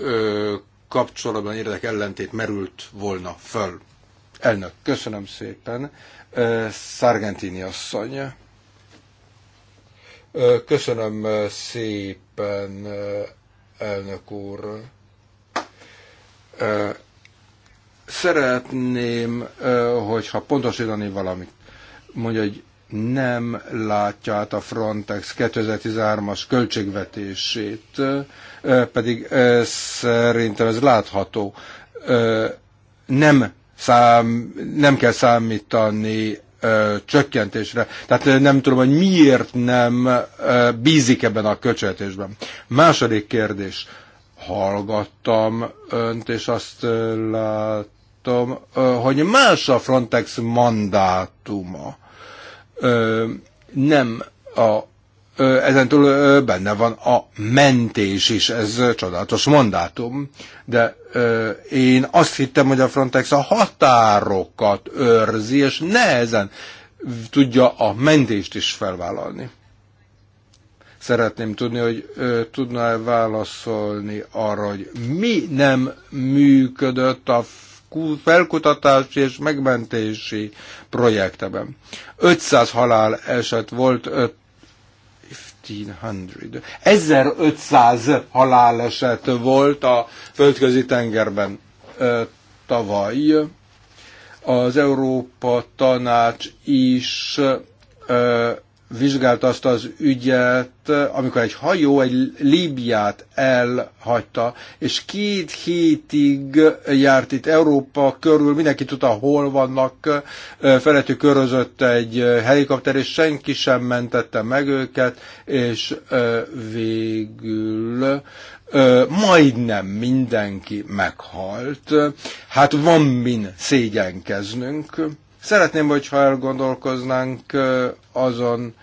ö, kapcsolatban érdek ellentét merült volna föl. Elnök, köszönöm szépen. Szargentini asszony. Köszönöm szépen, elnök úr. Szeretném, hogyha pontosítani valamit. Mondja, hogy nem látja át a Frontex 2013-as költségvetését, pedig szerintem ez látható. Nem, szám, nem kell számítani csökkentésre. Tehát nem tudom, hogy miért nem bízik ebben a költségvetésben. Második kérdés. Hallgattam önt, és azt látom, hogy más a Frontex mandátuma nem a ezentúl benne van a mentés is, ez csodálatos mandátum, de én azt hittem, hogy a Frontex a határokat őrzi, és nehezen tudja a mentést is felvállalni. Szeretném tudni, hogy tudna-e válaszolni arra, hogy mi nem működött a felkutatási és megmentési projekteben. 500 halál eset volt 1500. 1500 haláleset volt a földközi tengerben tavaly. Az Európa Tanács is vizsgálta azt az ügyet, amikor egy hajó egy Líbiát elhagyta, és két hétig járt itt Európa körül, mindenki tudta, hol vannak, felettük körözött egy helikopter, és senki sem mentette meg őket, és végül majdnem mindenki meghalt. Hát van min szégyenkeznünk Szeretném, hogyha elgondolkoznánk azon,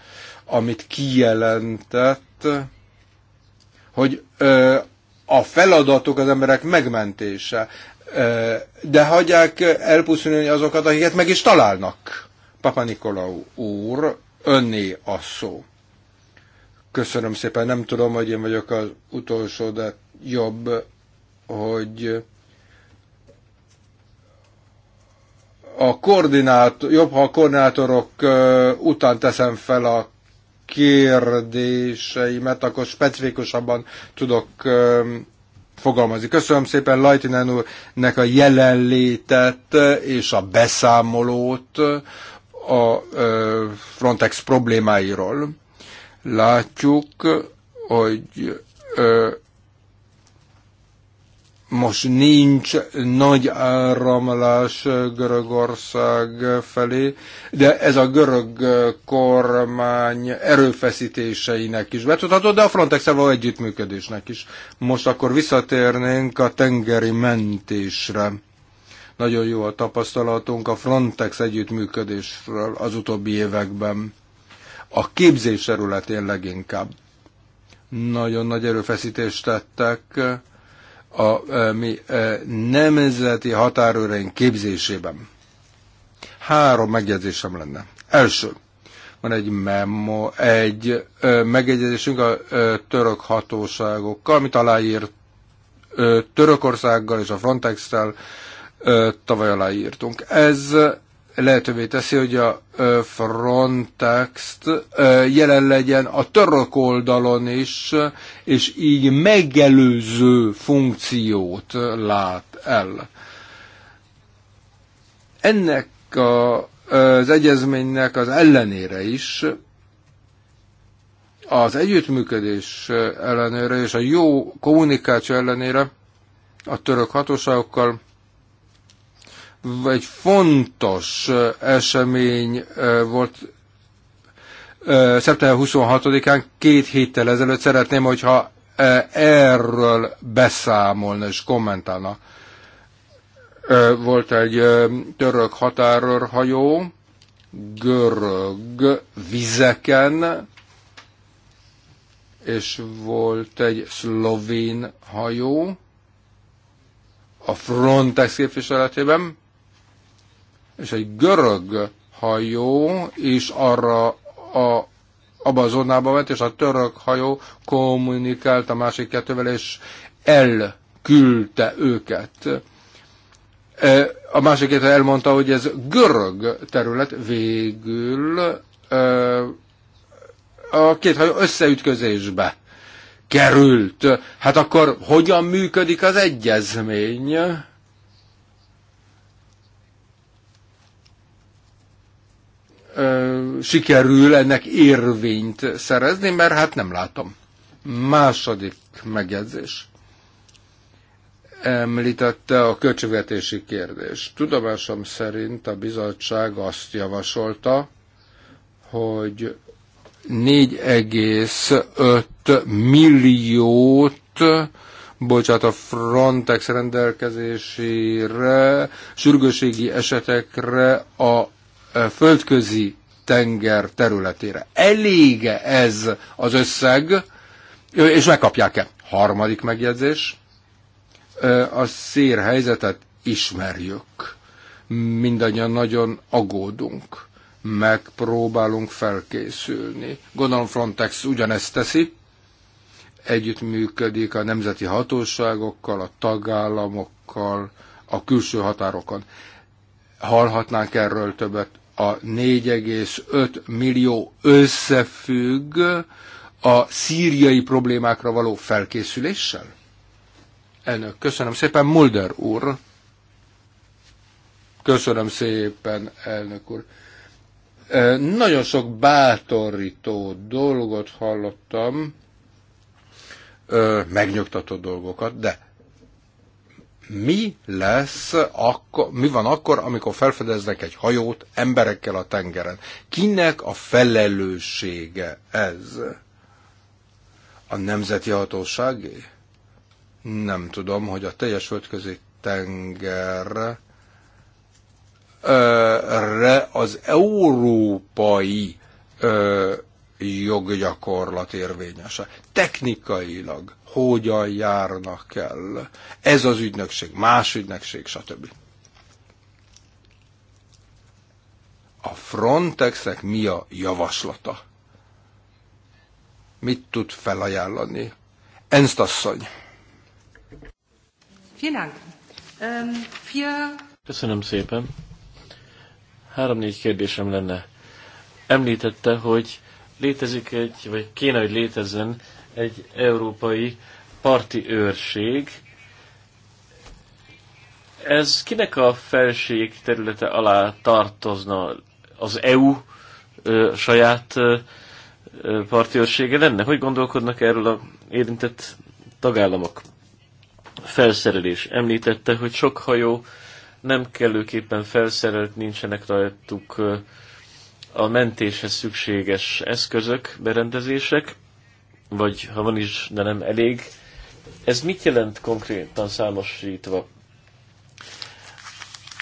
amit kijelentett, hogy a feladatok az emberek megmentése, de hagyják elpusztulni azokat, akiket meg is találnak. Papa Nikolau úr, önné a szó. Köszönöm szépen, nem tudom, hogy én vagyok az utolsó, de jobb, hogy a koordinátor, jobb, ha a koordinátorok után teszem fel a kérdéseimet, akkor specifikusabban tudok fogalmazni. Köszönöm szépen Lajtinen úrnek a jelenlétet és a beszámolót a Frontex problémáiról. Látjuk, hogy most nincs nagy áramlás Görögország felé, de ez a görög kormány erőfeszítéseinek is betudható, de a frontex való együttműködésnek is. Most akkor visszatérnénk a tengeri mentésre. Nagyon jó a tapasztalatunk a Frontex együttműködésről az utóbbi években. A képzés területén leginkább. Nagyon nagy erőfeszítést tettek a mi nemzeti határőreink képzésében. Három megjegyzésem lenne. Első, van egy memo, egy ö, megegyezésünk a ö, török hatóságokkal, amit aláírt ö, Törökországgal és a Frontex-tel tavaly aláírtunk. Ez lehetővé teszi, hogy a Frontex jelen legyen a török oldalon is, és így megelőző funkciót lát el. Ennek a, az egyezménynek az ellenére is az együttműködés ellenére és a jó kommunikáció ellenére a török hatóságokkal egy fontos esemény volt szeptember 26-án, két héttel ezelőtt szeretném, hogyha erről beszámolna és kommentálna. Volt egy török határőrhajó, görög vizeken, és volt egy szlovén hajó a Frontex képviseletében, és egy görög hajó is arra a, abba a zónába ment, és a török hajó kommunikált a másik kettővel, és elküldte őket. E, a másik kettő elmondta, hogy ez görög terület, végül e, a két hajó összeütközésbe került. Hát akkor hogyan működik az egyezmény? sikerül ennek érvényt szerezni, mert hát nem látom. Második megjegyzés. Említette a költségvetési kérdés. Tudomásom szerint a bizottság azt javasolta, hogy 4,5 milliót bocsát, a Frontex rendelkezésére, sürgőségi esetekre a földközi tenger területére. Elége ez az összeg, és megkapják-e? Harmadik megjegyzés, a szér helyzetet ismerjük. Mindannyian nagyon agódunk. Megpróbálunk felkészülni. Gondolom Frontex ugyanezt teszi, együttműködik a nemzeti hatóságokkal, a tagállamokkal, a külső határokon. Hallhatnánk erről többet? a 4,5 millió összefügg a szíriai problémákra való felkészüléssel? Elnök, köszönöm szépen, Mulder úr. Köszönöm szépen, elnök úr. Nagyon sok bátorító dolgot hallottam, megnyugtató dolgokat, de mi lesz, akkor, mi van akkor, amikor felfedeznek egy hajót emberekkel a tengeren? Kinek a felelőssége ez? A nemzeti hatóságé? Nem tudom, hogy a teljes földközi tenger re az európai joggyakorlat érvényese. Technikailag hogyan járnak kell. Ez az ügynökség, más ügynökség, stb. A Frontexnek mi a javaslata? Mit tud felajánlani? Ernst asszony. Ähm, Köszönöm szépen. Három-négy kérdésem lenne. Említette, hogy létezik egy, vagy kéne, hogy létezzen egy európai parti őrség. Ez kinek a felség területe alá tartozna? Az EU ö, saját ö, parti őrsége lenne? Hogy gondolkodnak erről a érintett tagállamok? Felszerelés. Említette, hogy sok hajó nem kellőképpen felszerelt, nincsenek rajtuk a mentéshez szükséges eszközök, berendezések vagy ha van is, de nem elég. Ez mit jelent konkrétan számosítva?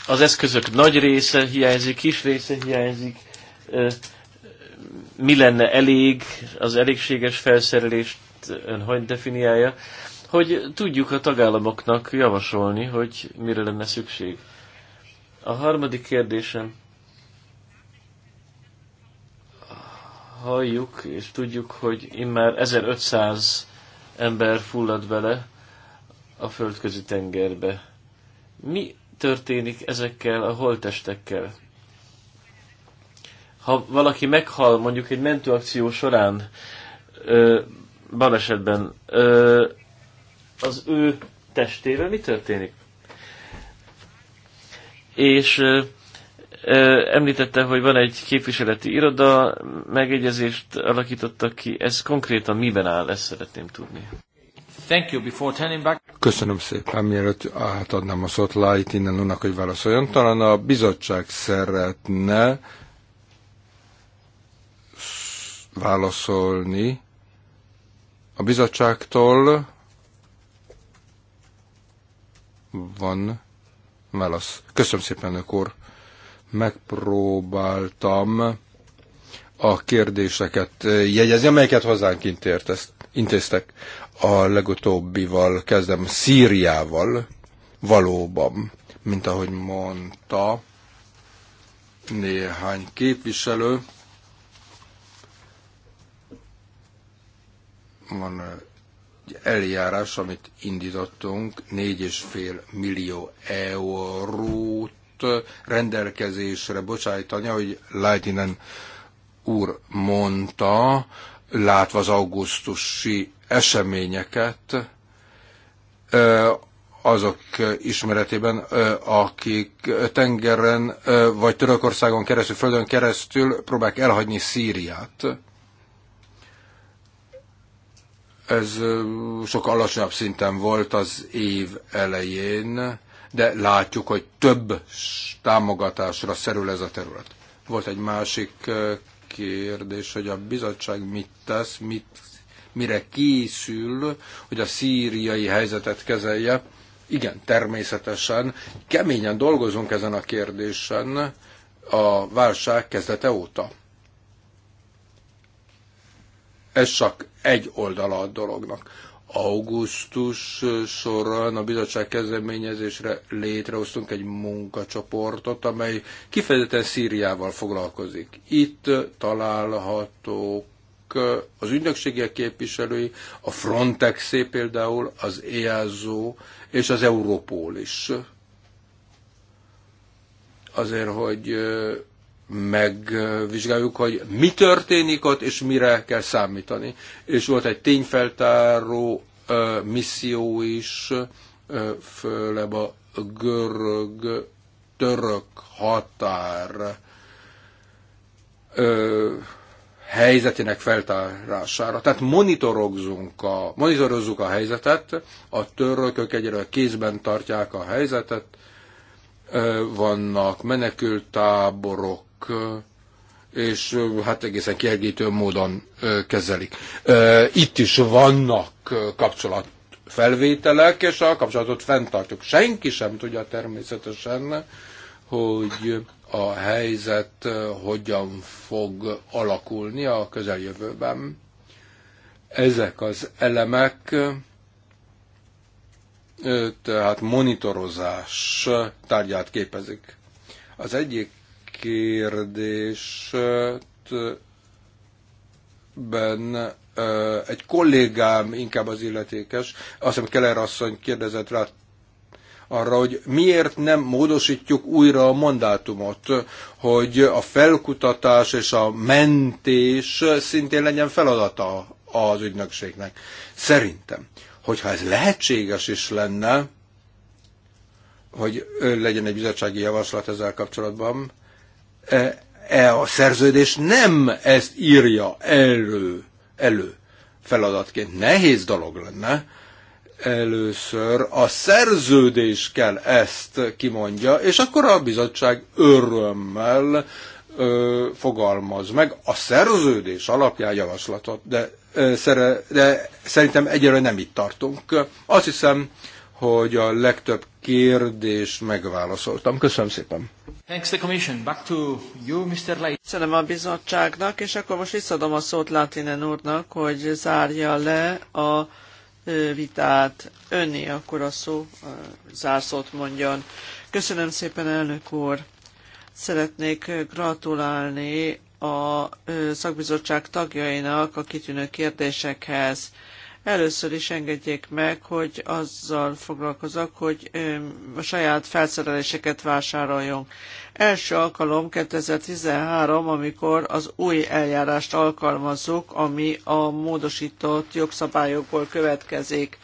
Az eszközök nagy része hiányzik, kis része hiányzik, mi lenne elég, az elégséges felszerelést ön hogy definiálja, hogy tudjuk a tagállamoknak javasolni, hogy mire lenne szükség. A harmadik kérdésem halljuk és tudjuk, hogy immár 1500 ember fullad bele a földközi tengerbe. Mi történik ezekkel a holtestekkel? Ha valaki meghal mondjuk egy mentőakció során, ö, balesetben, ö, az ő testével mi történik? És ö, Említette, hogy van egy képviseleti iroda, megegyezést alakítottak ki. Ez konkrétan miben áll, ezt szeretném tudni. Thank you. Before turning back... Köszönöm szépen, mielőtt átadnám a szót Light innen unnak, hogy válaszoljon. Talán a bizottság szeretne válaszolni a bizottságtól van válasz. Köszönöm szépen, elnök úr megpróbáltam a kérdéseket jegyezni, amelyeket hozzánk intézt, intéztek. A legutóbbival kezdem Szíriával, valóban, mint ahogy mondta néhány képviselő, van egy eljárás, amit indítottunk, 4,5 millió eurót rendelkezésre bocsájtani, ahogy Leitinen úr mondta, látva az augusztusi eseményeket, azok ismeretében, akik tengeren vagy Törökországon keresztül, földön keresztül próbálják elhagyni Szíriát. Ez sok alacsonyabb szinten volt az év elején, de látjuk, hogy több támogatásra szerül ez a terület. Volt egy másik kérdés, hogy a bizottság mit tesz, mit, mire készül, hogy a szíriai helyzetet kezelje. Igen, természetesen. Keményen dolgozunk ezen a kérdésen a válság kezdete óta. Ez csak egy oldala a dolognak. Augusztus során a bizottság kezdeményezésre létrehoztunk egy munkacsoportot, amely kifejezetten Szíriával foglalkozik. Itt találhatók az ügynökségek képviselői, a frontex például, az EASO és az Europol is. Azért, hogy megvizsgáljuk, hogy mi történik ott, és mire kell számítani. És volt egy tényfeltáró misszió is, főleg a görög-török határ ö, helyzetének feltárására. Tehát monitorozzunk a, monitorozzuk a helyzetet, a törökök egyre kézben tartják a helyzetet, ö, vannak menekültáborok, és hát egészen kiegítő módon kezelik. Itt is vannak kapcsolat felvételek, és a kapcsolatot fenntartjuk. Senki sem tudja természetesen, hogy a helyzet hogyan fog alakulni a közeljövőben. Ezek az elemek, tehát monitorozás tárgyát képezik. Az egyik kérdést ben egy kollégám inkább az illetékes, azt hiszem Keller asszony kérdezett rá arra, hogy miért nem módosítjuk újra a mandátumot, hogy a felkutatás és a mentés szintén legyen feladata az ügynökségnek. Szerintem, hogyha ez lehetséges is lenne, hogy legyen egy bizottsági javaslat ezzel kapcsolatban, E, e a szerződés nem ezt írja elő, elő feladatként. Nehéz dolog lenne. Először a szerződés kell ezt kimondja, és akkor a bizottság örömmel ö, fogalmaz meg a szerződés alapján javaslatot, de, ö, szere, de szerintem egyelőre nem itt tartunk. Azt hiszem, hogy a legtöbb kérdést megválaszoltam. Köszönöm szépen! Thanks the commission. Back to you, Mr. Köszönöm a bizottságnak, és akkor most visszadom a szót Latinen úrnak, hogy zárja le a vitát. Önni akkor a szó, a zárszót mondjon. Köszönöm szépen, elnök úr. Szeretnék gratulálni a szakbizottság tagjainak a kitűnő kérdésekhez. Először is engedjék meg, hogy azzal foglalkozok, hogy a saját felszereléseket vásároljon. Első alkalom 2013, amikor az új eljárást alkalmazzuk, ami a módosított jogszabályokból következik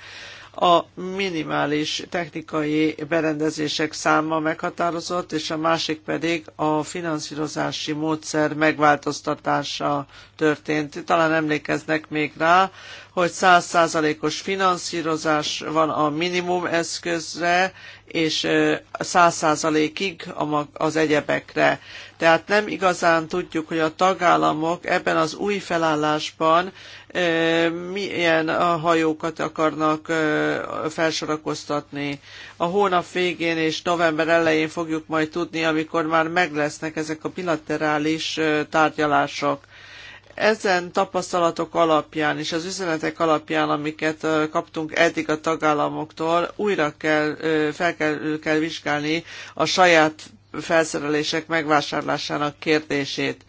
a minimális technikai berendezések száma meghatározott, és a másik pedig a finanszírozási módszer megváltoztatása történt. Talán emlékeznek még rá, hogy 100%-os finanszírozás van a minimum eszközre, és 100%-ig az egyebekre. Tehát nem igazán tudjuk, hogy a tagállamok ebben az új felállásban milyen hajókat akarnak felsorakoztatni. A hónap végén és november elején fogjuk majd tudni, amikor már meglesznek ezek a bilaterális tárgyalások. Ezen tapasztalatok alapján és az üzenetek alapján, amiket kaptunk eddig a tagállamoktól, újra kell, fel kell, kell vizsgálni a saját felszerelések megvásárlásának kérdését.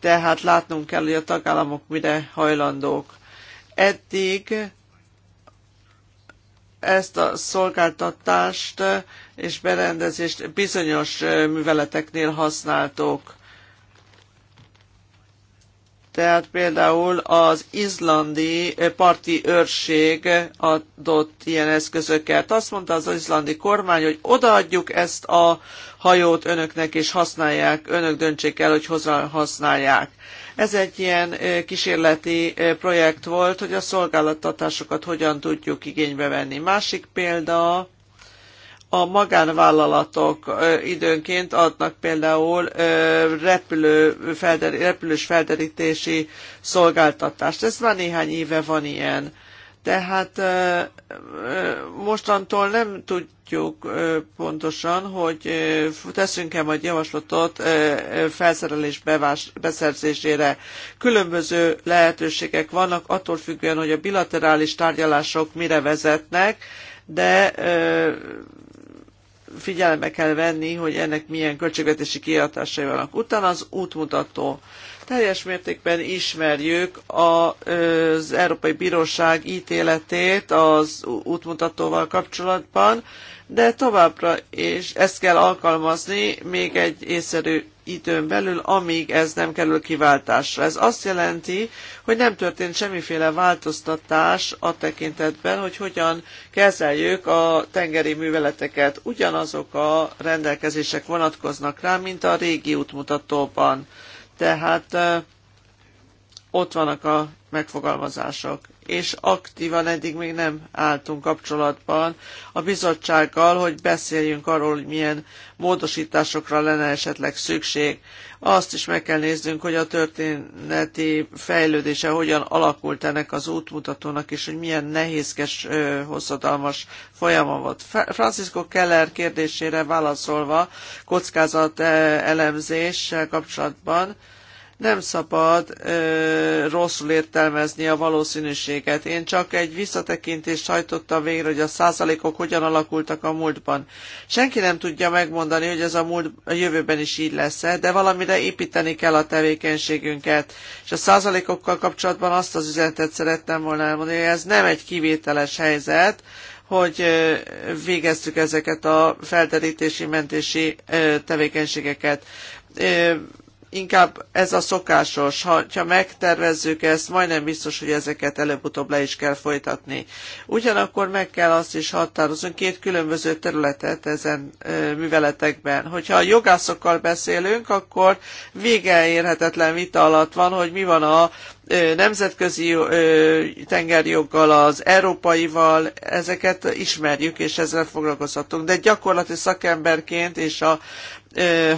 Tehát látnunk kell, hogy a tagállamok mire hajlandók. Eddig ezt a szolgáltatást és berendezést bizonyos műveleteknél használtuk. Tehát például az izlandi eh, parti őrség adott ilyen eszközöket. Azt mondta az izlandi kormány, hogy odaadjuk ezt a hajót önöknek, és használják, önök döntsék el, hogy hozzá használják. Ez egy ilyen eh, kísérleti eh, projekt volt, hogy a szolgáltatásokat hogyan tudjuk igénybe venni. Másik példa, a magánvállalatok időnként adnak például repülő, felderi, repülős felderítési szolgáltatást. Ez már néhány éve van ilyen. Tehát mostantól nem tudjuk pontosan, hogy teszünk-e majd javaslatot felszerelés bevás, beszerzésére. Különböző lehetőségek vannak, attól függően, hogy a bilaterális tárgyalások mire vezetnek, de figyelembe kell venni, hogy ennek milyen költségvetési kiadásai vannak. Utána az útmutató. Teljes mértékben ismerjük az Európai Bíróság ítéletét az útmutatóval kapcsolatban, de továbbra és ezt kell alkalmazni még egy észszerű időn belül, amíg ez nem kerül kiváltásra. Ez azt jelenti, hogy nem történt semmiféle változtatás a tekintetben, hogy hogyan kezeljük a tengeri műveleteket. Ugyanazok a rendelkezések vonatkoznak rá, mint a régi útmutatóban. Tehát ott vannak a megfogalmazások és aktívan eddig még nem álltunk kapcsolatban a bizottsággal, hogy beszéljünk arról, hogy milyen módosításokra lenne esetleg szükség. Azt is meg kell néznünk, hogy a történeti fejlődése hogyan alakult ennek az útmutatónak, és hogy milyen nehézkes, hosszadalmas folyama volt. Francisco Keller kérdésére válaszolva kockázat elemzéssel kapcsolatban, nem szabad ö, rosszul értelmezni a valószínűséget. Én csak egy visszatekintést hajtottam végre, hogy a százalékok hogyan alakultak a múltban. Senki nem tudja megmondani, hogy ez a, múlt, a jövőben is így lesz -e, de valamire építeni kell a tevékenységünket. És a százalékokkal kapcsolatban azt az üzenetet szerettem volna elmondani, hogy ez nem egy kivételes helyzet, hogy végeztük ezeket a felderítési, mentési tevékenységeket inkább ez a szokásos. Ha, ha megtervezzük ezt, majdnem biztos, hogy ezeket előbb-utóbb le is kell folytatni. Ugyanakkor meg kell azt is határozni két különböző területet ezen ö, műveletekben. Hogyha a jogászokkal beszélünk, akkor vége érhetetlen vita alatt van, hogy mi van a nemzetközi tengerjoggal, az európaival, ezeket ismerjük, és ezzel foglalkozhatunk. De gyakorlati szakemberként és a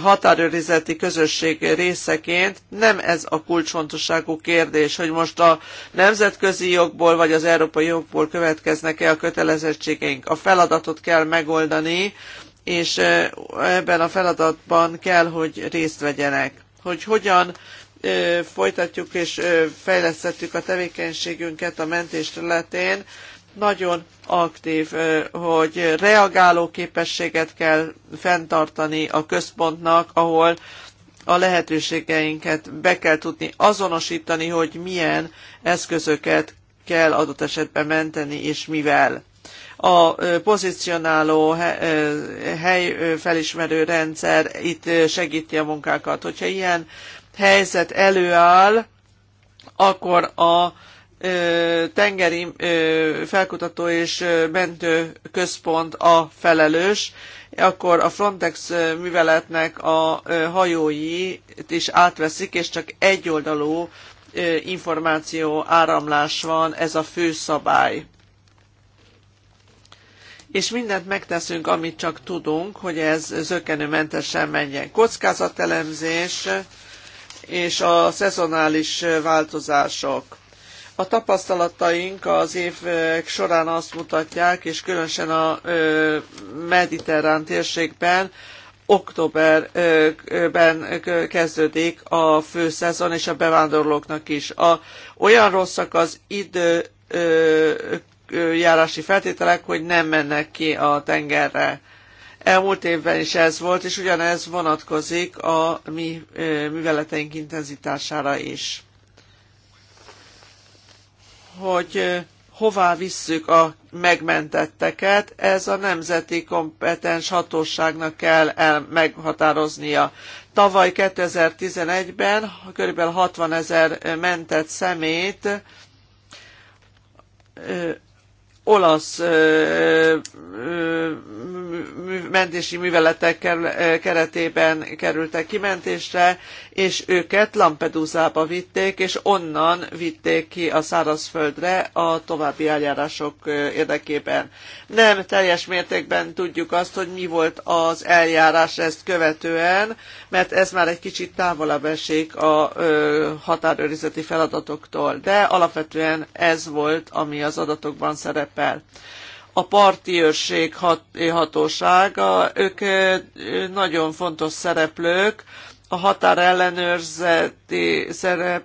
határőrizeti közösség részeként nem ez a kulcsfontosságú kérdés, hogy most a nemzetközi jogból vagy az európai jogból következnek-e a kötelezettségeink. A feladatot kell megoldani, és ebben a feladatban kell, hogy részt vegyenek. Hogy hogyan folytatjuk és fejlesztettük a tevékenységünket a mentés területén, nagyon aktív, hogy reagáló képességet kell fenntartani a központnak, ahol a lehetőségeinket be kell tudni azonosítani, hogy milyen eszközöket kell adott esetben menteni, és mivel. A pozícionáló helyfelismerő rendszer itt segíti a munkákat. Hogyha ilyen helyzet előáll, akkor a tengeri felkutató és mentő központ a felelős, akkor a Frontex műveletnek a hajóit is átveszik, és csak egyoldalú információ áramlás van, ez a fő szabály. És mindent megteszünk, amit csak tudunk, hogy ez zökkenőmentesen menjen. Kockázatelemzés és a szezonális változások a tapasztalataink az évek során azt mutatják, és különösen a mediterrán térségben, októberben kezdődik a főszezon, és a bevándorlóknak is. A, olyan rosszak az idő járási feltételek, hogy nem mennek ki a tengerre. Elmúlt évben is ez volt, és ugyanez vonatkozik a mi műveleteink intenzitására is hogy hová visszük a megmentetteket, ez a nemzeti kompetens hatóságnak kell el meghatároznia. Tavaly 2011-ben kb. 60 ezer mentett szemét olasz mentési műveletek keretében kerültek kimentésre, és őket Lampedusa-ba vitték, és onnan vitték ki a szárazföldre a további eljárások érdekében. Nem teljes mértékben tudjuk azt, hogy mi volt az eljárás ezt követően, mert ez már egy kicsit távolabb esik a határőrizeti feladatoktól, de alapvetően ez volt, ami az adatokban szerepel a parti őrség hat, hatósága, ők nagyon fontos szereplők a határellenőrzeti szerep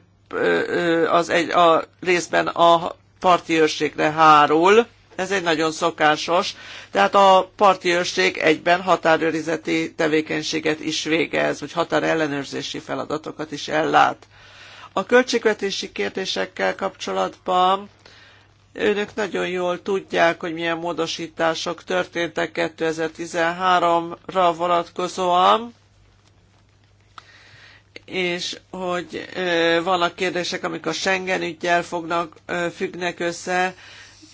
az egy, a részben a parti őrségre hárul. Ez egy nagyon szokásos. Tehát a parti őrség egyben határőrizeti tevékenységet is végez, vagy határellenőrzési feladatokat is ellát. A költségvetési kérdésekkel kapcsolatban önök nagyon jól tudják, hogy milyen módosítások történtek 2013-ra vonatkozóan és hogy vannak kérdések, amik a Schengen ügyjel fognak, függnek össze,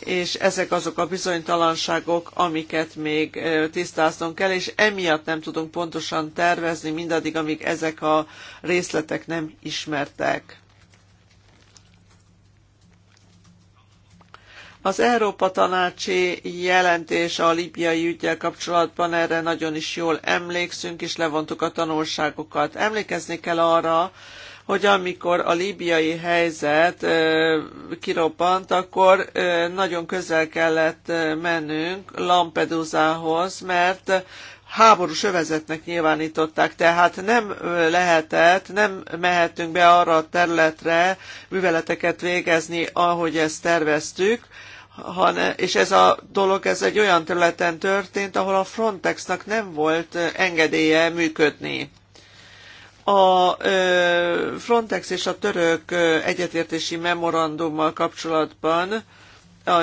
és ezek azok a bizonytalanságok, amiket még tisztáznunk kell, és emiatt nem tudunk pontosan tervezni mindaddig, amíg ezek a részletek nem ismertek. Az Európa Tanácsi jelentés a libiai ügyel kapcsolatban erre nagyon is jól emlékszünk, és levontuk a tanulságokat. Emlékezni kell arra, hogy amikor a líbiai helyzet kiroppant, akkor nagyon közel kellett mennünk Lampedusához, mert háborús övezetnek nyilvánították, tehát nem lehetett, nem mehettünk be arra a területre műveleteket végezni, ahogy ezt terveztük, hanem, és ez a dolog ez egy olyan területen történt, ahol a Frontexnak nem volt engedélye működni. A Frontex és a török egyetértési memorandummal kapcsolatban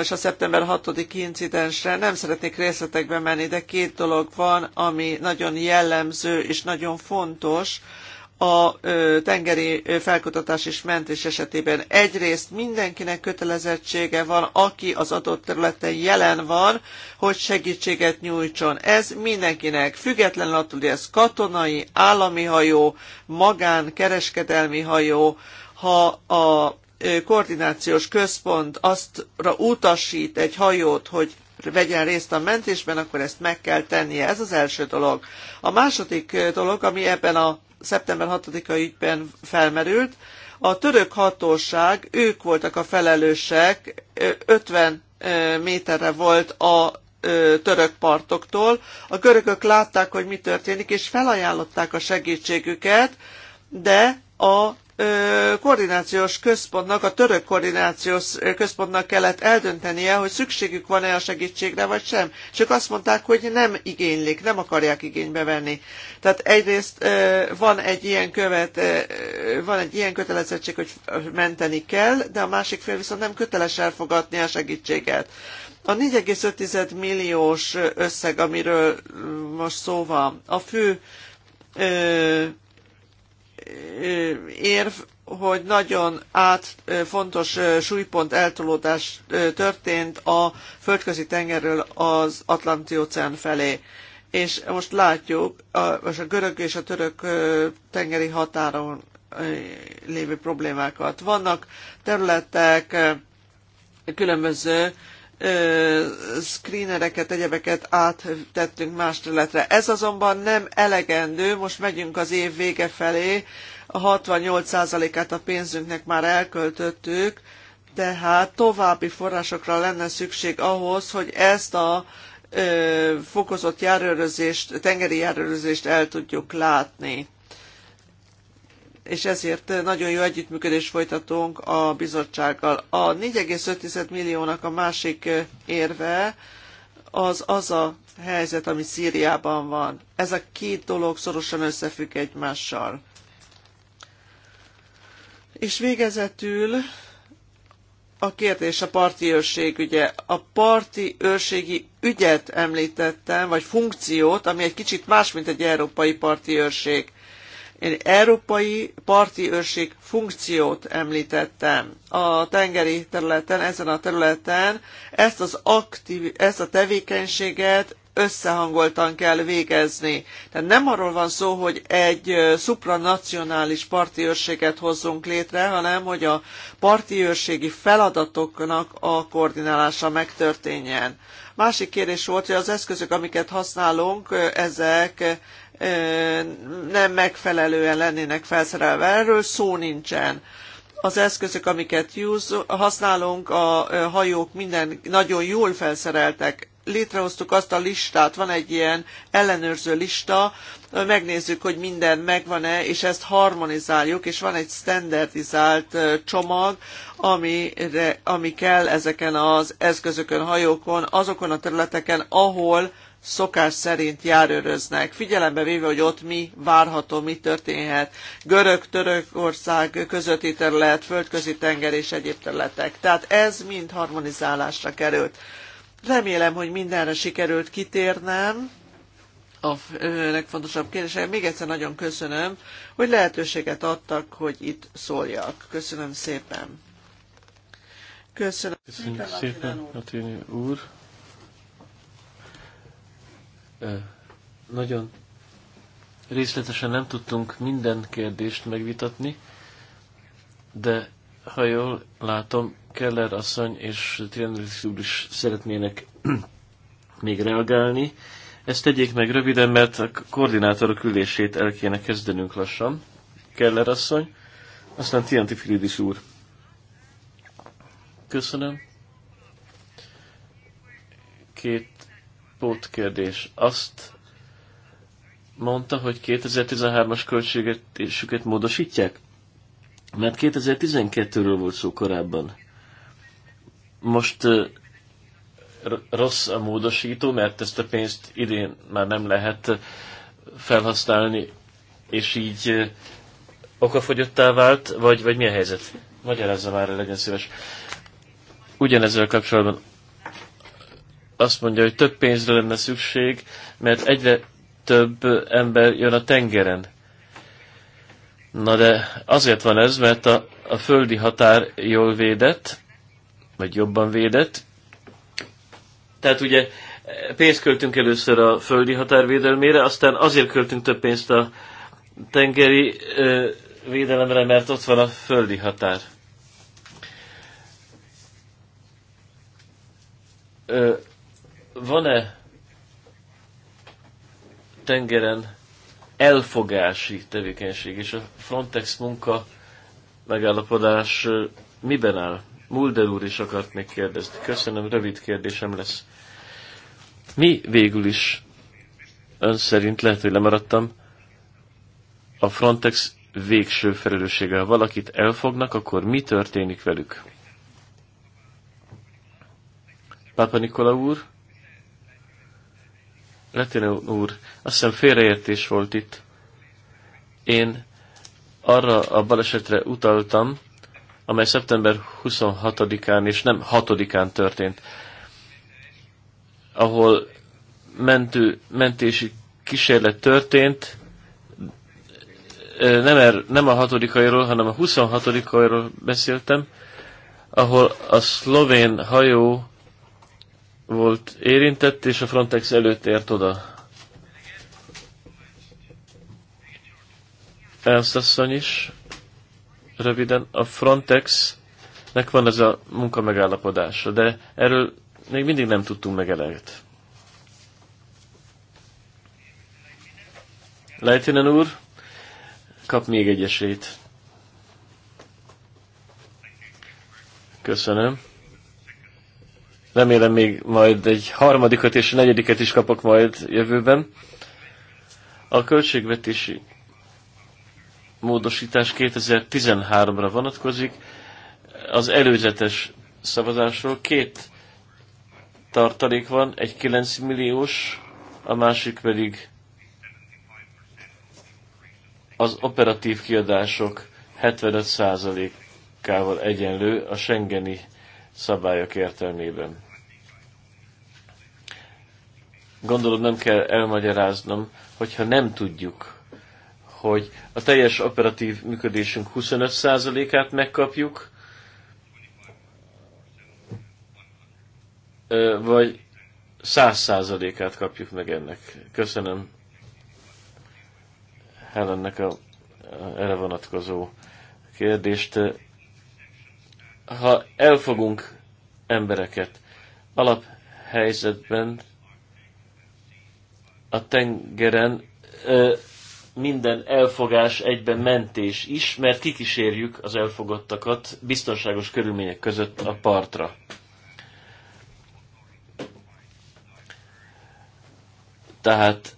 és a szeptember 6-i incidensre nem szeretnék részletekbe menni, de két dolog van, ami nagyon jellemző és nagyon fontos a tengeri felkutatás és mentés esetében. Egyrészt mindenkinek kötelezettsége van, aki az adott területen jelen van, hogy segítséget nyújtson. Ez mindenkinek, függetlenül attól, hogy ez katonai, állami hajó, magán, kereskedelmi hajó, ha a koordinációs központ aztra utasít egy hajót, hogy vegyen részt a mentésben, akkor ezt meg kell tennie. Ez az első dolog. A második dolog, ami ebben a szeptember 6-a ügyben felmerült. A török hatóság, ők voltak a felelősek, 50 méterre volt a török partoktól. A görögök látták, hogy mi történik, és felajánlották a segítségüket, de a koordinációs központnak, a török koordinációs központnak kellett eldöntenie, hogy szükségük van-e a segítségre, vagy sem. És ők azt mondták, hogy nem igénylik, nem akarják igénybe venni. Tehát egyrészt van egy ilyen követ, van egy ilyen kötelezettség, hogy menteni kell, de a másik fél viszont nem köteles elfogadni a segítséget. A 4,5 milliós összeg, amiről most szó van, a fő érv, hogy nagyon át, fontos súlypont eltolódás történt a földközi tengerről az Atlanti-óceán felé. És most látjuk, a, most a görög és a török tengeri határon lévő problémákat. Vannak területek, különböző screenereket, egyebeket áttettünk más területre. Ez azonban nem elegendő, most megyünk az év vége felé, a 68%-át a pénzünknek már elköltöttük, tehát további forrásokra lenne szükség ahhoz, hogy ezt a ö, fokozott járőrözést, tengeri járőrözést el tudjuk látni és ezért nagyon jó együttműködést folytatunk a bizottsággal. A 4,5 milliónak a másik érve az az a helyzet, ami Szíriában van. Ez a két dolog szorosan összefügg egymással. És végezetül a kérdés a parti őrség ügye. A parti őrségi ügyet említettem, vagy funkciót, ami egy kicsit más, mint egy európai parti őrség. Én európai parti őrség funkciót említettem a tengeri területen, ezen a területen ezt, az aktív, ezt a tevékenységet összehangoltan kell végezni. Tehát nem arról van szó, hogy egy supranacionális parti őrséget hozzunk létre, hanem hogy a parti őrségi feladatoknak a koordinálása megtörténjen. Másik kérdés volt, hogy az eszközök, amiket használunk, ezek nem megfelelően lennének felszerelve. Erről szó nincsen. Az eszközök, amiket use, használunk, a hajók minden nagyon jól felszereltek. Létrehoztuk azt a listát, van egy ilyen ellenőrző lista, megnézzük, hogy minden megvan-e, és ezt harmonizáljuk, és van egy standardizált csomag, amire, ami kell ezeken az eszközökön, hajókon, azokon a területeken, ahol szokás szerint járőröznek, figyelembe véve, hogy ott mi várható, mi történhet, görög-törökország közötti terület, földközi tenger és egyéb területek. Tehát ez mind harmonizálásra került. Remélem, hogy mindenre sikerült kitérnem a legfontosabb kérdésem. Még egyszer nagyon köszönöm, hogy lehetőséget adtak, hogy itt szóljak. Köszönöm szépen. Köszönöm szépen, Atini úr. Nagyon részletesen nem tudtunk minden kérdést megvitatni, de ha jól látom, Keller asszony és Triandelis úr is szeretnének még reagálni. Ezt tegyék meg röviden, mert a koordinátorok ülését el kéne kezdenünk lassan. Keller asszony, aztán Tianti úr. Köszönöm. Két pótkérdés. Azt mondta, hogy 2013-as költségetésüket módosítják? Mert 2012-ről volt szó korábban. Most rossz a módosító, mert ezt a pénzt idén már nem lehet felhasználni, és így okafogyottá vált, vagy, vagy mi a helyzet? Magyarázza már, legyen szíves. Ugyanezzel kapcsolatban azt mondja, hogy több pénzre lenne szükség, mert egyre több ember jön a tengeren. Na de azért van ez, mert a, a földi határ jól védett, vagy jobban védett. Tehát ugye pénzt költünk először a földi határ védelmére, aztán azért költünk több pénzt a tengeri ö, védelemre, mert ott van a földi határ. Ö, van-e tengeren elfogási tevékenység, és a Frontex munka megállapodás miben áll? Mulder úr is akart még kérdezni. Köszönöm, rövid kérdésem lesz. Mi végül is ön szerint, lehet, hogy lemaradtam, a Frontex végső felelőssége. Ha valakit elfognak, akkor mi történik velük? Pápa Nikola úr? Letina úr, azt hiszem félreértés volt itt. Én arra a balesetre utaltam, amely szeptember 26-án és nem 6-án történt, ahol mentő, mentési kísérlet történt, nem, er, nem a hatodikairól, hanem a 26 beszéltem, ahol a szlovén hajó volt érintett, és a Frontex előtt ért oda. Elszasszony is, röviden, a Frontexnek van ez a munka megállapodása, de erről még mindig nem tudtunk meg eleget. Lejtinen úr, kap még egy esélyt. Köszönöm. Remélem még majd egy harmadikat és negyediket is kapok majd jövőben. A költségvetési módosítás 2013-ra vonatkozik. Az előzetes szavazásról két tartalék van, egy 9 milliós, a másik pedig az operatív kiadások 75%-ával egyenlő a Schengeni szabályok értelmében gondolom nem kell elmagyaráznom, hogyha nem tudjuk, hogy a teljes operatív működésünk 25%-át megkapjuk, vagy 100%-át kapjuk meg ennek. Köszönöm Helennek a, erre vonatkozó kérdést. Ha elfogunk embereket alaphelyzetben, a tengeren minden elfogás egyben mentés is, mert kikísérjük az elfogottakat biztonságos körülmények között a partra. Tehát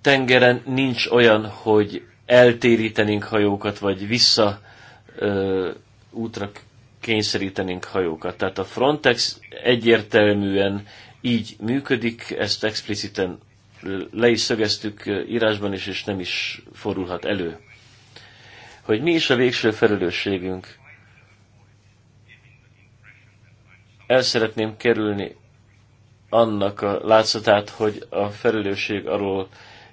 tengeren nincs olyan, hogy eltérítenénk hajókat, vagy vissza ö, útra kényszerítenénk hajókat. Tehát a Frontex egyértelműen így működik, ezt expliciten le is szögeztük írásban is, és nem is fordulhat elő. Hogy mi is a végső felelősségünk? El szeretném kerülni annak a látszatát, hogy a felelősség arról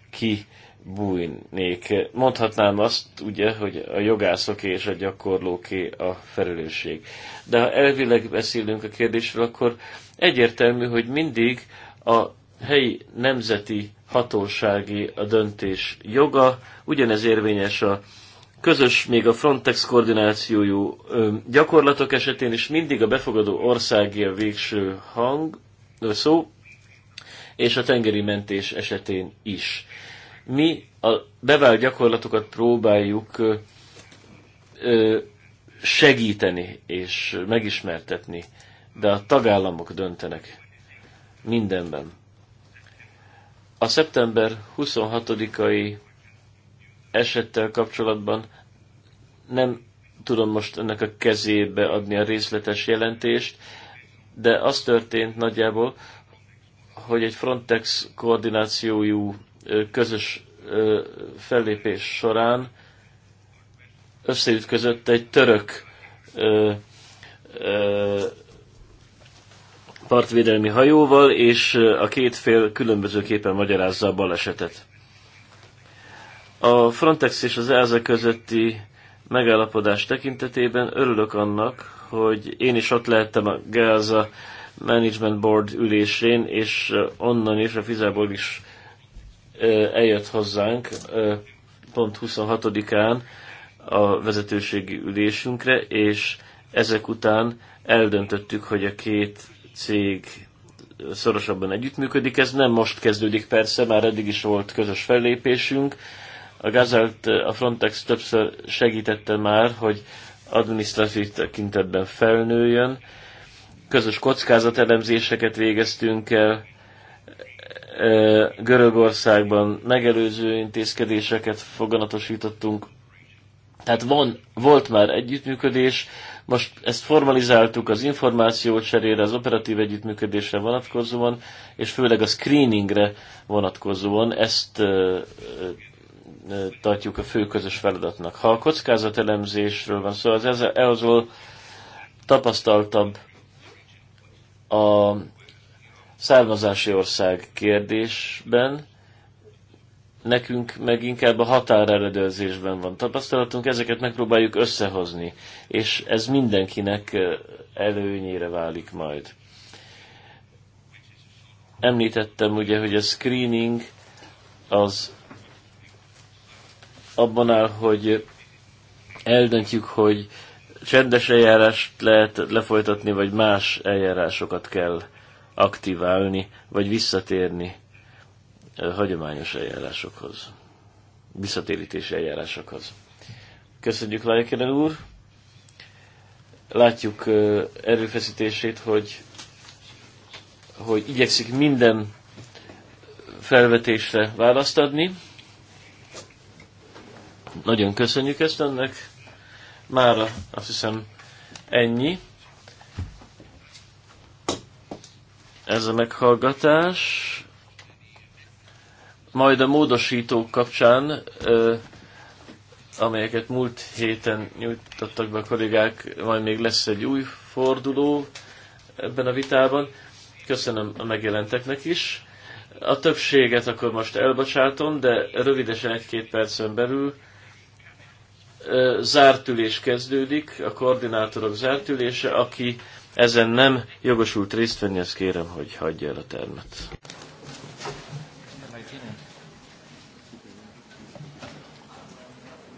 ki bújnék. Mondhatnám azt, ugye, hogy a jogászoké és a gyakorlóké a felelősség. De ha elvileg beszélünk a kérdésről, akkor egyértelmű, hogy mindig a helyi nemzeti hatósági a döntés joga, ugyanez érvényes a közös, még a Frontex koordinációjú gyakorlatok esetén is mindig a befogadó országé a végső hang, szó, és a tengeri mentés esetén is. Mi a bevált gyakorlatokat próbáljuk segíteni és megismertetni, de a tagállamok döntenek mindenben. A szeptember 26-ai esettel kapcsolatban nem tudom most ennek a kezébe adni a részletes jelentést, de az történt nagyjából, hogy egy Frontex koordinációjú közös fellépés során összeütközött egy török partvédelmi hajóval, és a két fél különbözőképpen magyarázza a balesetet. A Frontex és az ELSA közötti megállapodás tekintetében örülök annak, hogy én is ott lehettem a GELSA Management Board ülésén, és onnan és a Fizából is eljött hozzánk pont 26-án a vezetőségi ülésünkre, és ezek után eldöntöttük, hogy a két cég szorosabban együttműködik. Ez nem most kezdődik persze, már eddig is volt közös fellépésünk. A Gazelt a Frontex többször segítette már, hogy adminisztratív tekintetben felnőjön. Közös kockázatelemzéseket végeztünk el, Görögországban megelőző intézkedéseket foganatosítottunk, tehát van, volt már együttműködés, most ezt formalizáltuk az információ cserére, az operatív együttműködésre vonatkozóan, és főleg a screeningre vonatkozóan ezt ö, ö, tartjuk a fő közös feladatnak. Ha a kockázatelemzésről van szó, az ez EOZOL tapasztaltabb a származási ország kérdésben, nekünk meg inkább a határelledőrzésben van tapasztalatunk, ezeket megpróbáljuk összehozni, és ez mindenkinek előnyére válik majd. Említettem ugye, hogy a screening az abban áll, hogy eldöntjük, hogy csendes eljárást lehet lefolytatni, vagy más eljárásokat kell aktiválni, vagy visszatérni hagyományos eljárásokhoz, visszatérítési eljárásokhoz. Köszönjük Lajkenen úr! Látjuk erőfeszítését, hogy, hogy igyekszik minden felvetésre választ adni. Nagyon köszönjük ezt önnek. Mára azt hiszem ennyi. Ez a meghallgatás. Majd a módosítók kapcsán, amelyeket múlt héten nyújtottak be a kollégák, majd még lesz egy új forduló ebben a vitában. Köszönöm a megjelenteknek is. A többséget akkor most elbocsátom, de rövidesen egy-két percen belül zárt ülés kezdődik, a koordinátorok zárt ülése, aki ezen nem jogosult részt venni, azt kérem, hogy hagyja el a termet.